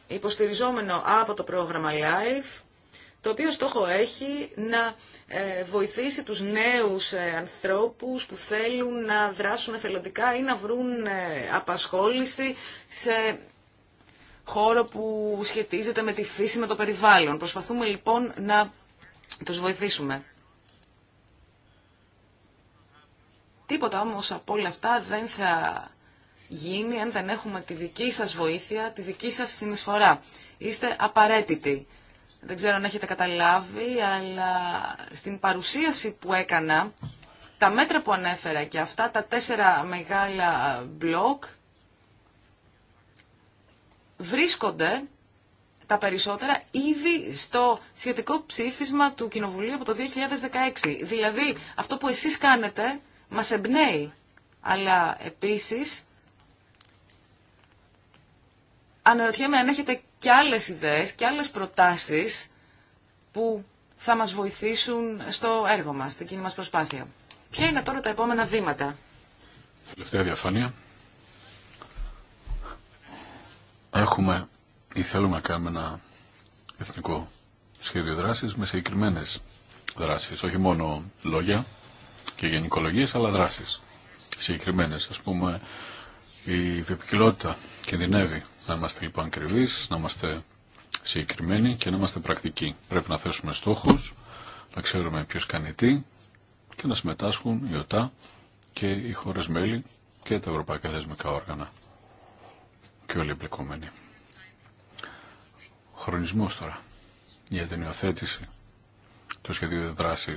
υποστηριζόμενο από το πρόγραμμα LIFE, το οποίο στόχο έχει να ε, βοηθήσει τους νέους ε, ανθρώπους που θέλουν να δράσουν εθελοντικά ή να βρουν ε, απασχόληση σε χώρο που σχετίζεται με τη φύση, με το περιβάλλον. Προσπαθούμε λοιπόν να τους βοηθήσουμε. Τίποτα όμως από όλα αυτά δεν θα γίνει αν δεν έχουμε τη δική σας βοήθεια, τη δική σας συνεισφορά. Είστε απαραίτητοι δεν ξέρω αν έχετε καταλάβει, αλλά στην παρουσίαση που έκανα, τα μέτρα που ανέφερα και αυτά τα τέσσερα μεγάλα μπλοκ βρίσκονται τα περισσότερα ήδη στο σχετικό ψήφισμα του Κοινοβουλίου από το 2016. Δηλαδή, αυτό που εσείς κάνετε μας εμπνέει, αλλά επίσης αναρωτιέμαι αν έχετε και άλλες ιδέες και άλλες προτάσεις που θα μας βοηθήσουν στο έργο μας, στην κοινή μας προσπάθεια. Ποια είναι τώρα τα επόμενα βήματα.
Τελευταία διαφάνεια. Έχουμε ή θέλουμε να κάνουμε ένα εθνικό σχέδιο δράσης με συγκεκριμένε δράσεις. Όχι μόνο λόγια και γενικολογίες, αλλά δράσεις συγκεκριμένες. Ας πούμε, η βιοπικιλότητα Κινδυνεύει να είμαστε λοιπόν ακριβεί, να είμαστε συγκεκριμένοι και να είμαστε πρακτικοί. Πρέπει να θέσουμε στόχους, να ξέρουμε ποιο κάνει τι και να συμμετάσχουν οι ΟΤΑ και οι χώρε μέλη και τα ευρωπαϊκά θεσμικά όργανα και όλοι οι εμπλεκόμενοι. χρονισμό τώρα για την υιοθέτηση του σχεδίου δράση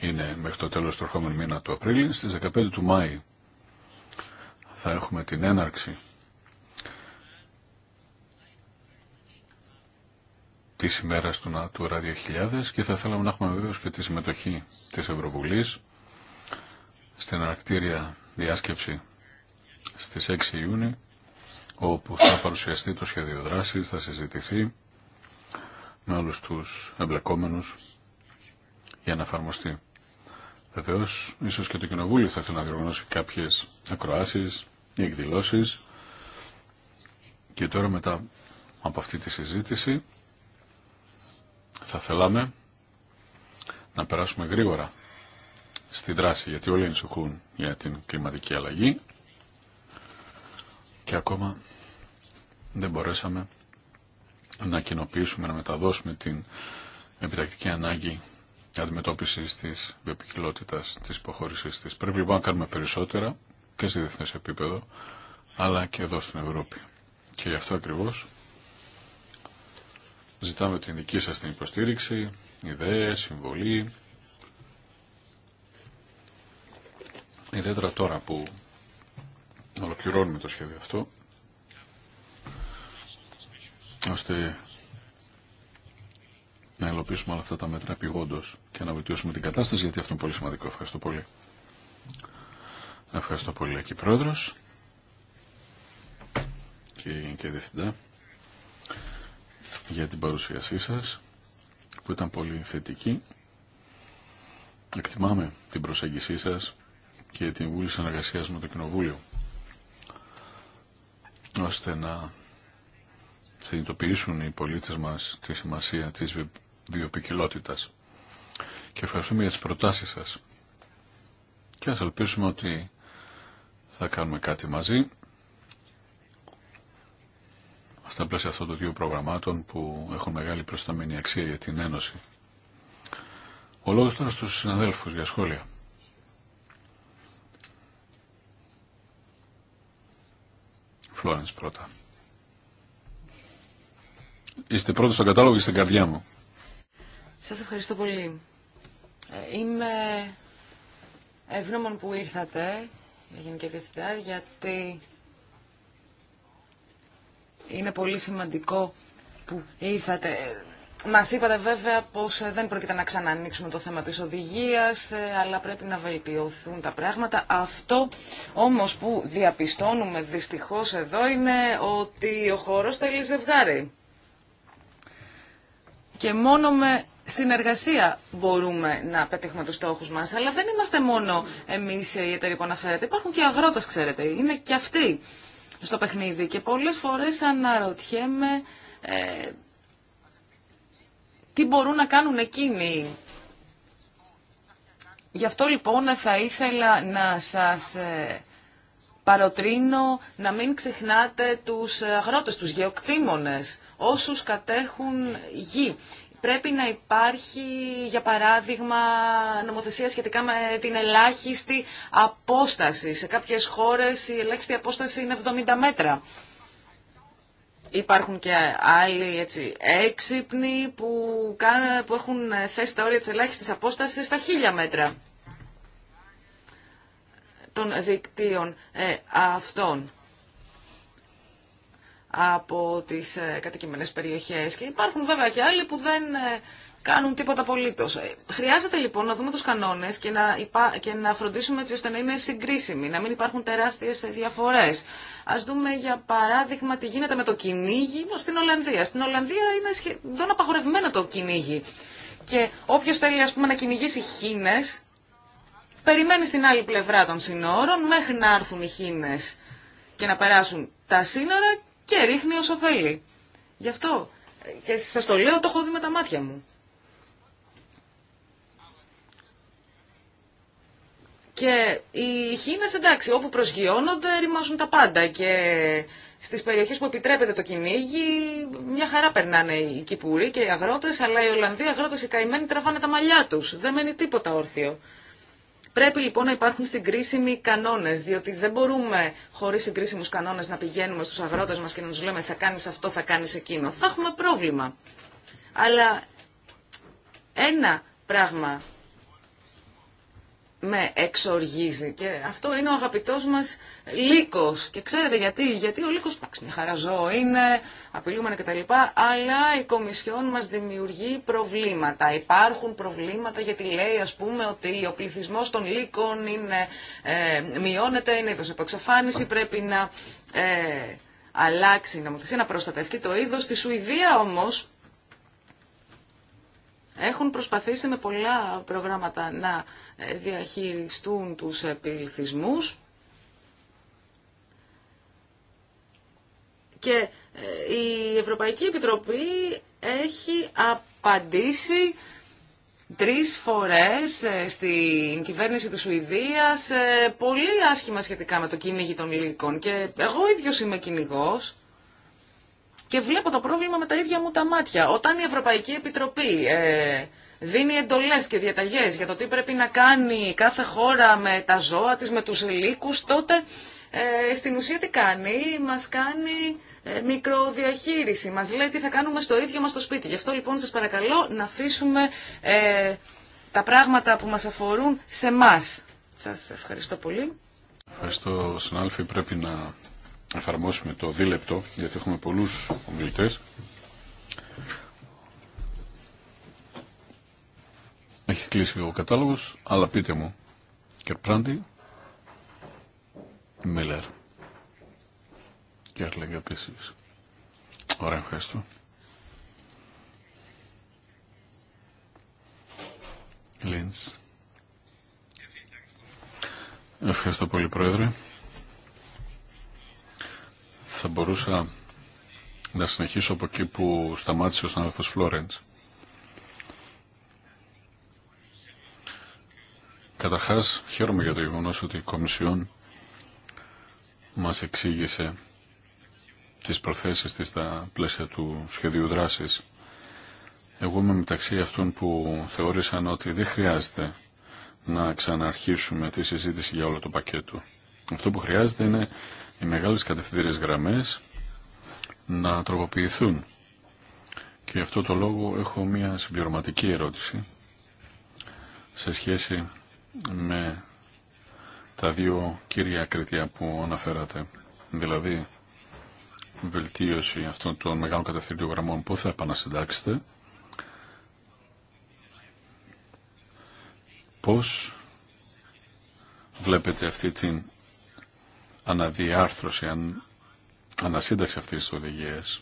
είναι μέχρι το τέλο του ερχόμενου μήνα του Απρίλη. Στι 15 του Μάη θα έχουμε την έναρξη τη ημέρα του Natura 2000 και θα θέλαμε να έχουμε βεβαίω και τη συμμετοχή τη Ευρωβουλή στην ανακτήρια διάσκεψη στι 6 Ιούνιου όπου θα παρουσιαστεί το σχέδιο δράση, θα συζητηθεί με όλους τους εμπλεκόμενους για να εφαρμοστεί. Βεβαίω, ίσως και το Κοινοβούλιο θα θέλει να διοργανώσει κάποιες ακροάσεις ή εκδηλώσεις και τώρα μετά από αυτή τη συζήτηση θα θέλαμε να περάσουμε γρήγορα στη δράση, γιατί όλοι ενσυχούν για την κλιματική αλλαγή και ακόμα δεν μπορέσαμε να κοινοποιήσουμε, να μεταδώσουμε την επιτακτική ανάγκη αντιμετώπιση τη βιοπικιλότητα τη υποχώρηση τη. Πρέπει λοιπόν να κάνουμε περισσότερα και σε διεθνές επίπεδο, αλλά και εδώ στην Ευρώπη. Και γι' αυτό ακριβώ Ζητάμε την δική σας την υποστήριξη, ιδέες, συμβολή. Ιδιαίτερα τώρα που ολοκληρώνουμε το σχέδιο αυτό, ώστε να υλοποιήσουμε όλα αυτά τα μέτρα επιγόντως και να βελτιώσουμε την κατάσταση, γιατί αυτό είναι πολύ σημαντικό. Ευχαριστώ πολύ. Ευχαριστώ πολύ, εκεί πρόεδρος και, και διευθυντά για την παρουσίασή σας που ήταν πολύ θετική. Εκτιμάμε την προσέγγισή σας και την Βούλη συνεργασίας με το Κοινοβούλιο ώστε να συνειδητοποιήσουν οι πολίτες μας τη σημασία της βιοπικιλότητας. Και ευχαριστούμε για τις προτάσεις σας. Και ας ελπίσουμε ότι θα κάνουμε κάτι μαζί στα πλαίσια αυτών των δύο προγραμμάτων που έχουν μεγάλη προσταμένη αξία για την Ένωση. Ο λόγος τώρα στους συναδέλφους για σχόλια. Φλόρενς πρώτα. Είστε πρώτος στον κατάλογο και στην καρδιά μου.
Σας ευχαριστώ πολύ. Ε, είμαι ευγνώμων που ήρθατε, Γενική Διευθυντά, γιατί είναι πολύ σημαντικό που ήρθατε. Μα είπατε βέβαια πω ε, δεν πρόκειται να ξανανοίξουμε το θέμα τη οδηγία, ε, αλλά πρέπει να βελτιωθούν τα πράγματα. Αυτό όμω που διαπιστώνουμε δυστυχώ εδώ είναι ότι ο χώρο θέλει ζευγάρι. Και μόνο με συνεργασία μπορούμε να πετύχουμε τους στόχους μας. Αλλά δεν είμαστε μόνο εμείς ε, οι εταιροί που αναφέρετε. Υπάρχουν και αγρότες, ξέρετε. Είναι και αυτοί στο παιχνίδι. Και πολλές φορές αναρωτιέμαι ε, τι μπορούν να κάνουν εκείνοι. Γι' αυτό λοιπόν θα ήθελα να σας ε, παροτρύνω να μην ξεχνάτε τους ε, αγρότες, τους γεωκτήμονες, όσους κατέχουν γη. Πρέπει να υπάρχει, για παράδειγμα, νομοθεσία σχετικά με την ελάχιστη απόσταση. Σε κάποιες χώρες η ελάχιστη απόσταση είναι 70 μέτρα. Υπάρχουν και άλλοι έτσι, έξυπνοι που, που έχουν θέσει τα όρια της ελάχιστης απόστασης στα 1000 μέτρα των δικτύων ε, αυτών από τις ε, κατοικημένες περιοχές και υπάρχουν βέβαια και άλλοι που δεν ε, κάνουν τίποτα απολύτω. Ε, χρειάζεται λοιπόν να δούμε τους κανόνες και να, και να φροντίσουμε έτσι ώστε να είναι συγκρίσιμοι, να μην υπάρχουν τεράστιες διαφορές. Ας δούμε για παράδειγμα τι γίνεται με το κυνήγι στην Ολλανδία. Στην Ολλανδία είναι σχεδόν απαγορευμένο το κυνήγι. Και όποιος θέλει ας πούμε, να κυνηγήσει χήνες, περιμένει στην άλλη πλευρά των συνόρων μέχρι να έρθουν οι χήνες και να περάσουν τα σύνορα και ρίχνει όσο θέλει. Γι' αυτό και σας το λέω, το έχω δει με τα μάτια μου. Και οι χήνες εντάξει, όπου προσγειώνονται ρημάζουν τα πάντα και στις περιοχές που επιτρέπεται το κυνήγι μια χαρά περνάνε οι κυπουροί και οι αγρότες, αλλά οι Ολλανδοί αγρότες οι καημένοι τραβάνε τα μαλλιά τους, δεν μένει τίποτα όρθιο. Πρέπει λοιπόν να υπάρχουν συγκρίσιμοι κανόνε, διότι δεν μπορούμε χωρί συγκρίσιμου κανόνε να πηγαίνουμε στου αγρότε μα και να του λέμε θα κάνει αυτό, θα κάνει εκείνο. Θα έχουμε πρόβλημα. Αλλά ένα πράγμα με εξοργίζει και αυτό είναι ο αγαπητός μας λύκος. Και ξέρετε γιατί, γιατί ο λύκος πάξε, μια χαρά είναι, απειλούμενο κτλ. Αλλά η Κομισιόν μας δημιουργεί προβλήματα. Υπάρχουν προβλήματα γιατί λέει ας πούμε ότι ο πληθυσμός των λύκων είναι, ε, μειώνεται, είναι είδος εξαφάνιση, πρέπει να... Ε, αλλάξει η νομοθεσία, να προστατευτεί το είδος. Στη Σουηδία όμως έχουν προσπαθήσει με πολλά προγράμματα να ε, διαχειριστούν τους επιληθισμούς και ε, η Ευρωπαϊκή Επιτροπή έχει απαντήσει τρεις φορές ε, στην κυβέρνηση της Σουηδίας πολύ άσχημα σχετικά με το κυνήγι των λύκων και εγώ ίδιος είμαι κυνηγός και βλέπω το πρόβλημα με τα ίδια μου τα μάτια. Όταν η Ευρωπαϊκή Επιτροπή ε, δίνει εντολές και διαταγές για το τι πρέπει να κάνει κάθε χώρα με τα ζώα της, με τους λύκους, τότε ε, στην ουσία τι κάνει, μας κάνει ε, μικροδιαχείριση, μας λέει τι θα κάνουμε στο ίδιο μας το σπίτι. Γι' αυτό λοιπόν σας παρακαλώ να αφήσουμε ε, τα πράγματα που μας αφορούν σε εμά. Σας ευχαριστώ πολύ.
Ευχαριστώ πρέπει να εφαρμόσουμε το δίλεπτο, γιατί έχουμε πολλούς ομιλητές. Έχει κλείσει ο κατάλογος, αλλά πείτε μου. Κερπράντι, Μίλλερ και έλεγα επίσης. Ωραία, ευχαριστώ. Ευχαριστώ πολύ, Πρόεδρε θα μπορούσα να συνεχίσω από εκεί που σταμάτησε ο συνάδελφος Φλόρεντς. Καταρχάς, χαίρομαι για το γεγονό ότι η Κομισιόν μας εξήγησε τις προθέσεις της στα πλαίσια του σχεδίου δράσης. Εγώ είμαι μεταξύ αυτών που θεώρησαν ότι δεν χρειάζεται να ξαναρχίσουμε τη συζήτηση για όλο το πακέτο. Αυτό που χρειάζεται είναι οι μεγάλες κατευθυντήριες γραμμές να τροποποιηθούν. Και γι' αυτό το λόγο έχω μία συμπληρωματική ερώτηση σε σχέση με τα δύο κύρια κριτία που αναφέρατε. Δηλαδή, βελτίωση αυτών των μεγάλων κατευθυντήρων γραμμών που θα επανασυντάξετε. Πώς βλέπετε αυτή την αναδιάρθρωση, αν, ανασύνταξη αυτής της οδηγίας,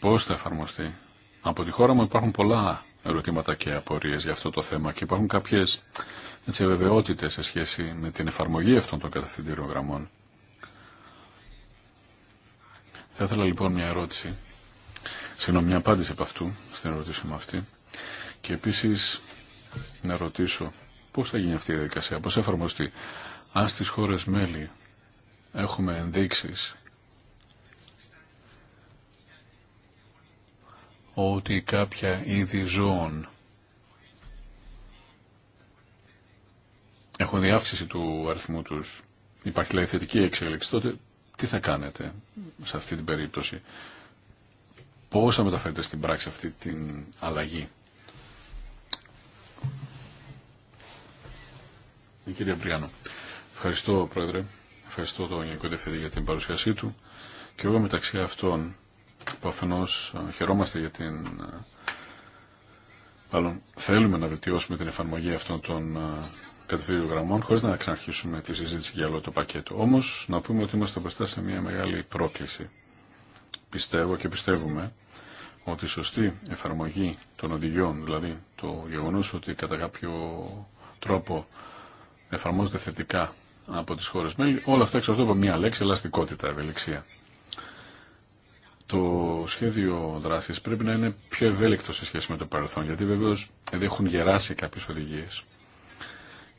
πώς θα εφαρμοστεί. Από τη χώρα μου υπάρχουν πολλά ερωτήματα και απορίες για αυτό το θέμα και υπάρχουν κάποιες έτσι, βεβαιότητες σε σχέση με την εφαρμογή αυτών των καταθυντήριων γραμμών. Θα ήθελα λοιπόν μια ερώτηση, συγγνώμη μια απάντηση από αυτού, στην ερώτηση μου αυτή και επίσης να ρωτήσω πώς θα γίνει αυτή η διαδικασία, πώς θα εφαρμοστεί. Αν στις χώρες μέλη έχουμε ενδείξεις ότι κάποια είδη ζώων έχουν διάυξηση του αριθμού τους, υπάρχει δηλαδή θετική εξέλιξη, τότε τι θα κάνετε σε αυτή την περίπτωση. Πώς θα μεταφέρετε στην πράξη αυτή την αλλαγή. Η κυρία Μπριάνο. Ευχαριστώ, Πρόεδρε. Ευχαριστώ τον Γενικό Διευθυντή για την παρουσίασή του. Και εγώ μεταξύ αυτών που αφενό ε, χαιρόμαστε για την... Ε, μάλλον θέλουμε να βελτιώσουμε την εφαρμογή αυτών των ε, κατευθύνων γραμμών χωρί να ξαναρχίσουμε τη συζήτηση για όλο το πακέτο. Όμω να πούμε ότι είμαστε μπροστά σε μια μεγάλη πρόκληση. Πιστεύω και πιστεύουμε ότι η σωστή εφαρμογή των οδηγιών, δηλαδή το γεγονό ότι κατά κάποιο τρόπο εφαρμόζεται θετικά από τις χώρες μέλη. Όλα αυτά εξαρτώ από μία λέξη, ελαστικότητα, ευελιξία. Το σχέδιο δράσης πρέπει να είναι πιο ευέλικτο σε σχέση με το παρελθόν, γιατί βεβαίως έχουν γεράσει κάποιες οδηγίες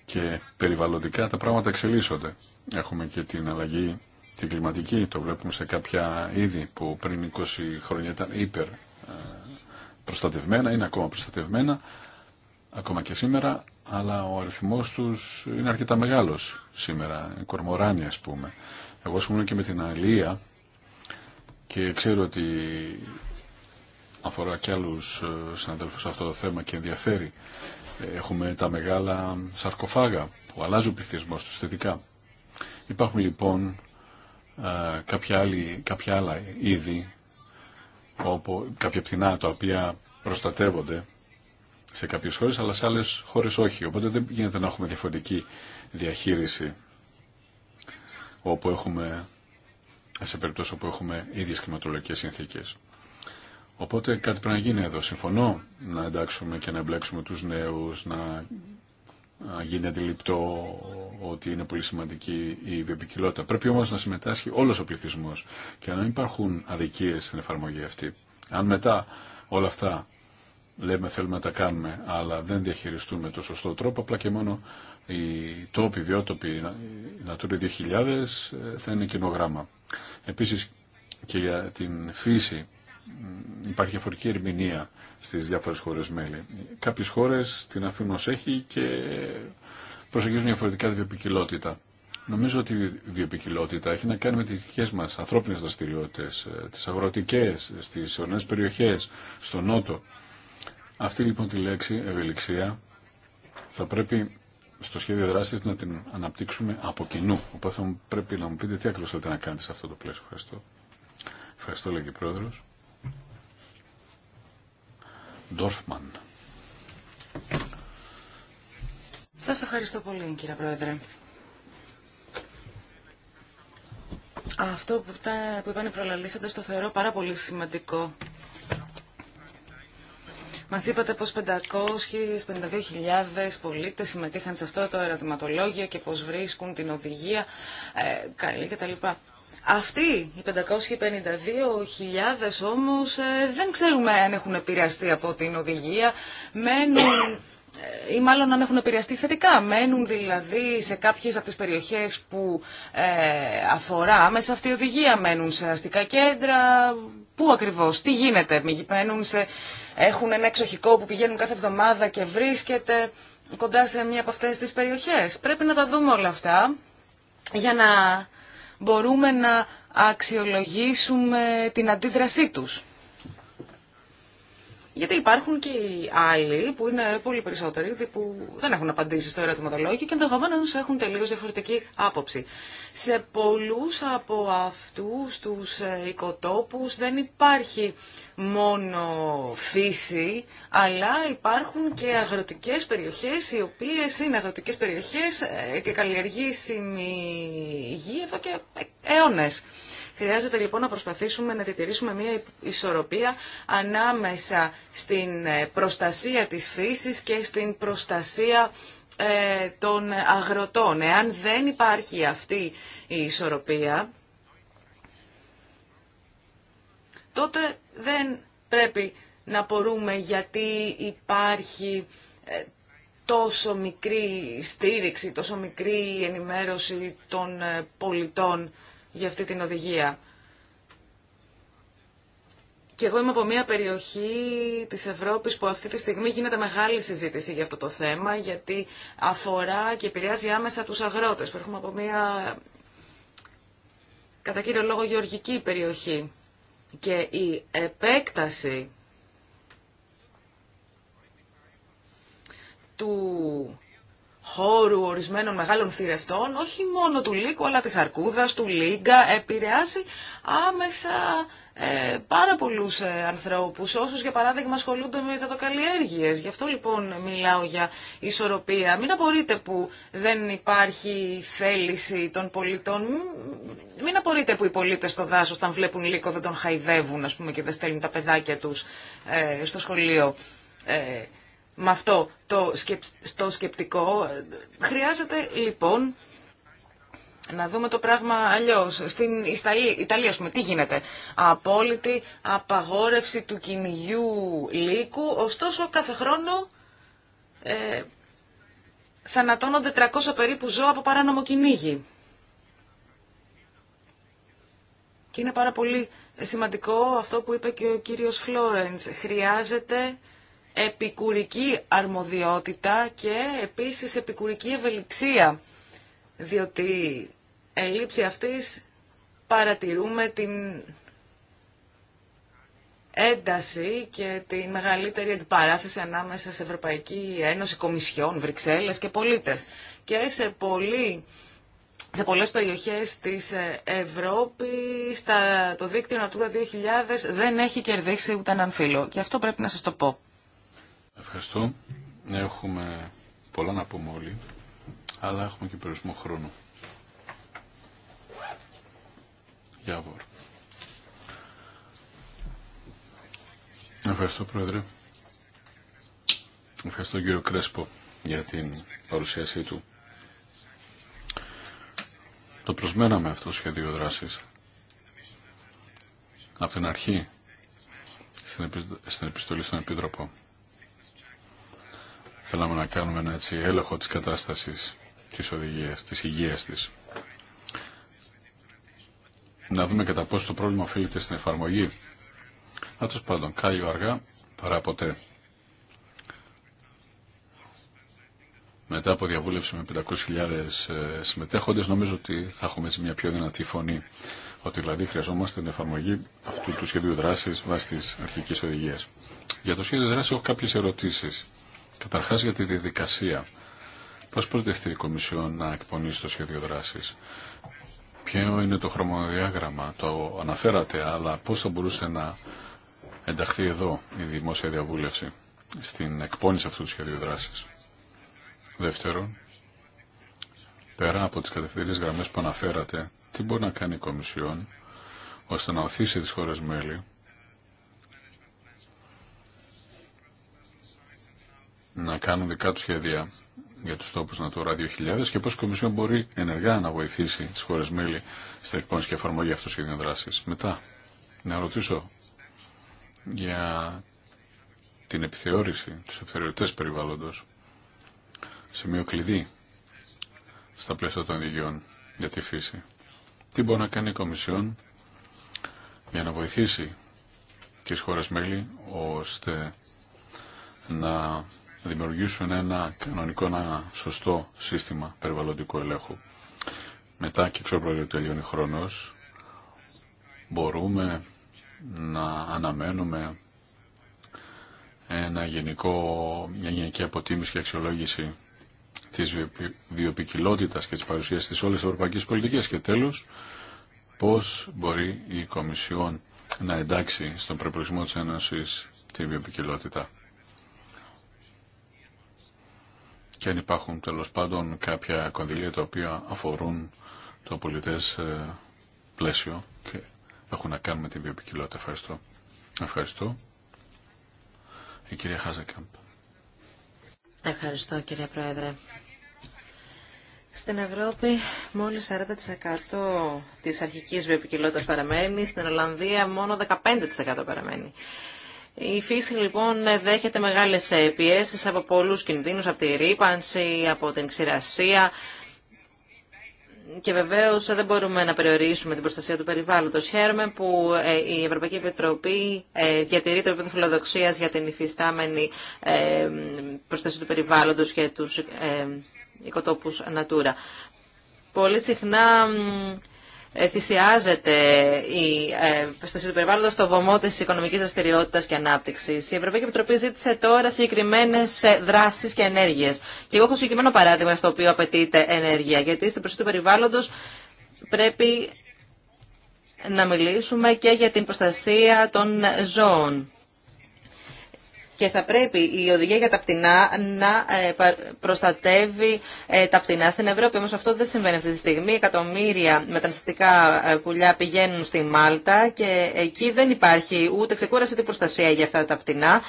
και περιβαλλοντικά τα πράγματα εξελίσσονται. Έχουμε και την αλλαγή την κλιματική, το βλέπουμε σε κάποια είδη που πριν 20 χρόνια ήταν υπερ ε, προστατευμένα, είναι ακόμα προστατευμένα ακόμα και σήμερα, αλλά ο αριθμός τους είναι αρκετά μεγάλος σήμερα, κορμοράνια ας πούμε. Εγώ ασχολούμαι και με την Αλία και ξέρω ότι αφορά και άλλους ε, συναδέλφους αυτό το θέμα και ενδιαφέρει. Ε, έχουμε τα μεγάλα σαρκοφάγα που αλλάζουν πληθυσμό του θετικά. Υπάρχουν λοιπόν ε, κάποια, άλλη, κάποια άλλα είδη, κάποια πτηνά τα οποία προστατεύονται σε κάποιες χώρες, αλλά σε άλλες χώρες όχι. Οπότε δεν γίνεται να έχουμε διαφορετική διαχείριση όπου έχουμε, σε περίπτωση όπου έχουμε ίδιες κλιματολογικές συνθήκες. Οπότε κάτι πρέπει να γίνει εδώ. Συμφωνώ να εντάξουμε και να εμπλέξουμε τους νέους, να γίνει αντιληπτό ότι είναι πολύ σημαντική η βιοπικιλότητα. Πρέπει όμως να συμμετάσχει όλος ο πληθυσμός και να μην υπάρχουν αδικίες στην εφαρμογή αυτή. Αν μετά όλα αυτά λέμε θέλουμε να τα κάνουμε, αλλά δεν διαχειριστούμε το σωστό τρόπο, απλά και μόνο οι τόποι, οι βιώτοποι η Natura 2000 ε, θα είναι κοινογράμμα. Επίσης και για την φύση υπάρχει διαφορετική ερμηνεία στις διάφορες χώρες μέλη. Κάποιες χώρες την αφήνουν ως έχει και προσεγγίζουν διαφορετικά τη Νομίζω ότι η βιοπικιλότητα έχει να κάνει με τις δικές μας ανθρώπινες δραστηριότητες, ε, τις αγροτικές, στις ορεινές περιοχές, στον νότο. Αυτή λοιπόν τη λέξη ευελιξία θα πρέπει στο σχέδιο δράση να την αναπτύξουμε από κοινού. Οπότε θα πρέπει να μου πείτε τι ακριβώ θέλετε να κάνετε σε αυτό το πλαίσιο. Ευχαριστώ. Ευχαριστώ, λέγει πρόεδρο. Ντόρφμαν.
Σα ευχαριστώ πολύ, κύριε Πρόεδρε. Αυτό που, τα, που είπαν οι προλαλήσαντες το θεωρώ πάρα πολύ σημαντικό μας είπατε πως 552.000 πολίτες συμμετείχαν σε αυτό το ερωτηματολόγιο και πως βρίσκουν την οδηγία ε, καλή κτλ. Αυτοί οι 552.000 όμως ε, δεν ξέρουμε αν έχουν επηρεαστεί από την οδηγία, μένουν ε, ή μάλλον αν έχουν επηρεαστεί θετικά. Μένουν δηλαδή σε κάποιες από τις περιοχές που ε, αφορά μέσα αυτή η οδηγία, μένουν σε αστικά κέντρα, πού ακριβώς, τι γίνεται, μένουν σε, έχουν ένα εξοχικό που πηγαίνουν κάθε εβδομάδα και βρίσκεται κοντά σε μία από αυτές τις περιοχές. Πρέπει να τα δούμε όλα αυτά για να μπορούμε να αξιολογήσουμε την αντίδρασή τους. Γιατί υπάρχουν και οι άλλοι που είναι πολύ περισσότεροι, δηλαδή που δεν έχουν απαντήσει στο ερωτηματολόγιο και ενδεχομένω έχουν τελείω διαφορετική άποψη. Σε πολλού από αυτού του ε, οικοτόπου δεν υπάρχει μόνο φύση, αλλά υπάρχουν και αγροτικέ περιοχέ, οι οποίε είναι αγροτικέ περιοχέ ε, και καλλιεργήσιμη γη εδώ και ε, αιώνε. Χρειάζεται λοιπόν να προσπαθήσουμε να διατηρήσουμε μια ισορροπία ανάμεσα στην ε, προστασία της φύσης και στην προστασία ε, των αγροτών. Εάν δεν υπάρχει αυτή η ισορροπία, τότε δεν πρέπει να μπορούμε γιατί υπάρχει ε, τόσο μικρή στήριξη, τόσο μικρή ενημέρωση των πολιτών για αυτή την οδηγία. Και εγώ είμαι από μια περιοχή της Ευρώπης που αυτή τη στιγμή γίνεται μεγάλη συζήτηση για αυτό το θέμα, γιατί αφορά και επηρεάζει άμεσα τους αγρότες. έρχομαι από μια, κατά κύριο λόγο, γεωργική περιοχή. Και η επέκταση του χώρου ορισμένων μεγάλων θηρευτών, όχι μόνο του Λίκου, αλλά της Αρκούδας, του Λίγκα, επηρεάσει άμεσα ε, πάρα πολλούς ε, ανθρώπους, όσους για παράδειγμα ασχολούνται με υδατοκαλλιέργειες. Γι' αυτό λοιπόν μιλάω για ισορροπία. Μην απορείτε που δεν υπάρχει θέληση των πολιτών, μην απορείτε που οι πολίτες στο δάσος όταν βλέπουν Λίκο δεν τον χαϊδεύουν ας πούμε, και δεν στέλνουν τα παιδάκια τους ε, στο σχολείο. Ε, με αυτό το, σκεπτικό. Χρειάζεται λοιπόν να δούμε το πράγμα αλλιώς. Στην Ιταλία Ιταλία, πούμε, τι γίνεται. Απόλυτη απαγόρευση του κυνηγιού λύκου, ωστόσο κάθε χρόνο ε, θανατώνονται 300 περίπου ζώα από παράνομο κυνήγι. Και είναι πάρα πολύ σημαντικό αυτό που είπε και ο κύριος Φλόρενς. Χρειάζεται επικουρική αρμοδιότητα και επίσης επικουρική ευελιξία, διότι έλλειψη αυτής παρατηρούμε την ένταση και τη μεγαλύτερη αντιπαράθεση ανάμεσα σε Ευρωπαϊκή Ένωση, Κομισιόν, Βρυξέλλες και πολίτες. Και σε, πολύ, σε πολλές περιοχές της Ευρώπης το δίκτυο Natura 2000 δεν έχει κερδίσει ούτε έναν φίλο. Και αυτό πρέπει να σας το πω.
Ευχαριστώ. Έχουμε πολλά να πούμε όλοι, αλλά έχουμε και περιορισμό Γεια Ευχαριστώ, Πρόεδρε. Ευχαριστώ κύριο Κρέσπο για την παρουσίασή του. Το προσμέναμε αυτό το σχέδιο δράσης. Από την αρχή, στην επιστολή στον Επίτροπο, Θέλαμε να κάνουμε ένα έτσι έλεγχο της κατάστασης της οδηγίας, της υγείας της. Να δούμε κατά πόσο το πρόβλημα οφείλεται στην εφαρμογή. Να πάντων, κάλιο αργά παρά ποτέ. Μετά από διαβούλευση με 500.000 ε, συμμετέχοντες, νομίζω ότι θα έχουμε μια πιο δυνατή φωνή. Ότι δηλαδή χρειαζόμαστε την εφαρμογή αυτού του σχεδίου δράση βάσει τη αρχική οδηγία. Για το σχέδιο δράση έχω κάποιε ερωτήσεις. Καταρχάς για τη διαδικασία. Πώς προτεθεί η Κομισιόν να εκπονήσει το σχέδιο δράση. Ποιο είναι το χρονοδιάγραμμα, το αναφέρατε, αλλά πώ θα μπορούσε να ενταχθεί εδώ η δημόσια διαβούλευση στην εκπόνηση αυτού του σχεδίου δράση. Δεύτερον, πέρα από τις κατευθυντήριε γραμμές που αναφέρατε, τι μπορεί να κάνει η Κομισιόν ώστε να οθήσει τι χώρε μέλη να κάνουν δικά του σχέδια για τους τόπους Natura 2000 και πω η Κομισιόν μπορεί ενεργά να βοηθήσει τι χώρε μέλη στα εκπόνηση και εφαρμογή αυτών των σχεδίων δράση. Μετά, να ρωτήσω για την επιθεώρηση, τους περιβάλλοντο περιβάλλοντος, σημείο κλειδί στα πλαίσια των οδηγιών για τη φύση. Τι μπορεί να κάνει η Κομισιόν για να βοηθήσει τις χώρες μέλη ώστε να να δημιουργήσουν ένα κανονικό, ένα σωστό σύστημα περιβαλλοντικού ελέγχου. Μετά και ξέρω ότι τελειώνει χρόνος, μπορούμε να αναμένουμε ένα γενικό, μια γενική αποτίμηση και αξιολόγηση της βιοπικιλότητας και της παρουσίας της όλης της ευρωπαϊκής πολιτικής και τέλος πώς μπορεί η Κομισιόν να εντάξει στον προπολογισμό της Ένωσης τη βιοπικιλότητα. και αν υπάρχουν τέλο πάντων κάποια κονδυλία τα οποία αφορούν το πολιτέ ε, πλαίσιο και έχουν να κάνουν με την βιοπικιλότητα. Ευχαριστώ. Ευχαριστώ. Η κυρία Χάζεκαμπ.
Ευχαριστώ κύριε Πρόεδρε. Στην Ευρώπη μόλις 40% της αρχικής βιοπικιλότητας παραμένει, στην Ολλανδία μόνο 15% παραμένει. Η φύση λοιπόν δέχεται μεγάλες πιέσεις από πολλούς κινδύνους, από τη ρήπανση, από την ξηρασία και βεβαίως δεν μπορούμε να περιορίσουμε την προστασία του περιβάλλοντος. Χαίρομαι που ε, η Ευρωπαϊκή Επιτροπή ε, διατηρεί το επίπεδο φιλοδοξίας για την υφιστάμενη ε, προστασία του περιβάλλοντος και τους οικοτόπους Natura. Πολύ συχνά θυσιάζεται η προστασία ε, του περιβάλλοντος στο βωμό τη οικονομικής δραστηριότητα και ανάπτυξης. Η Ευρωπαϊκή Επιτροπή ζήτησε τώρα συγκεκριμένε ε, δράσεις και ενέργειες. Και εγώ έχω συγκεκριμένο παράδειγμα στο οποίο απαιτείται ενέργεια, γιατί στην προστασία του περιβάλλοντος πρέπει να μιλήσουμε και για την προστασία των ζώων και θα πρέπει η οδηγία για τα πτηνά να ε, προστατεύει ε, τα πτηνά στην Ευρώπη. Όμως αυτό δεν συμβαίνει αυτή τη στιγμή. Εκατομμύρια μεταναστευτικά ε, πουλιά πηγαίνουν στη Μάλτα και εκεί δεν υπάρχει ούτε ξεκούραση ούτε προστασία για αυτά τα πτηνά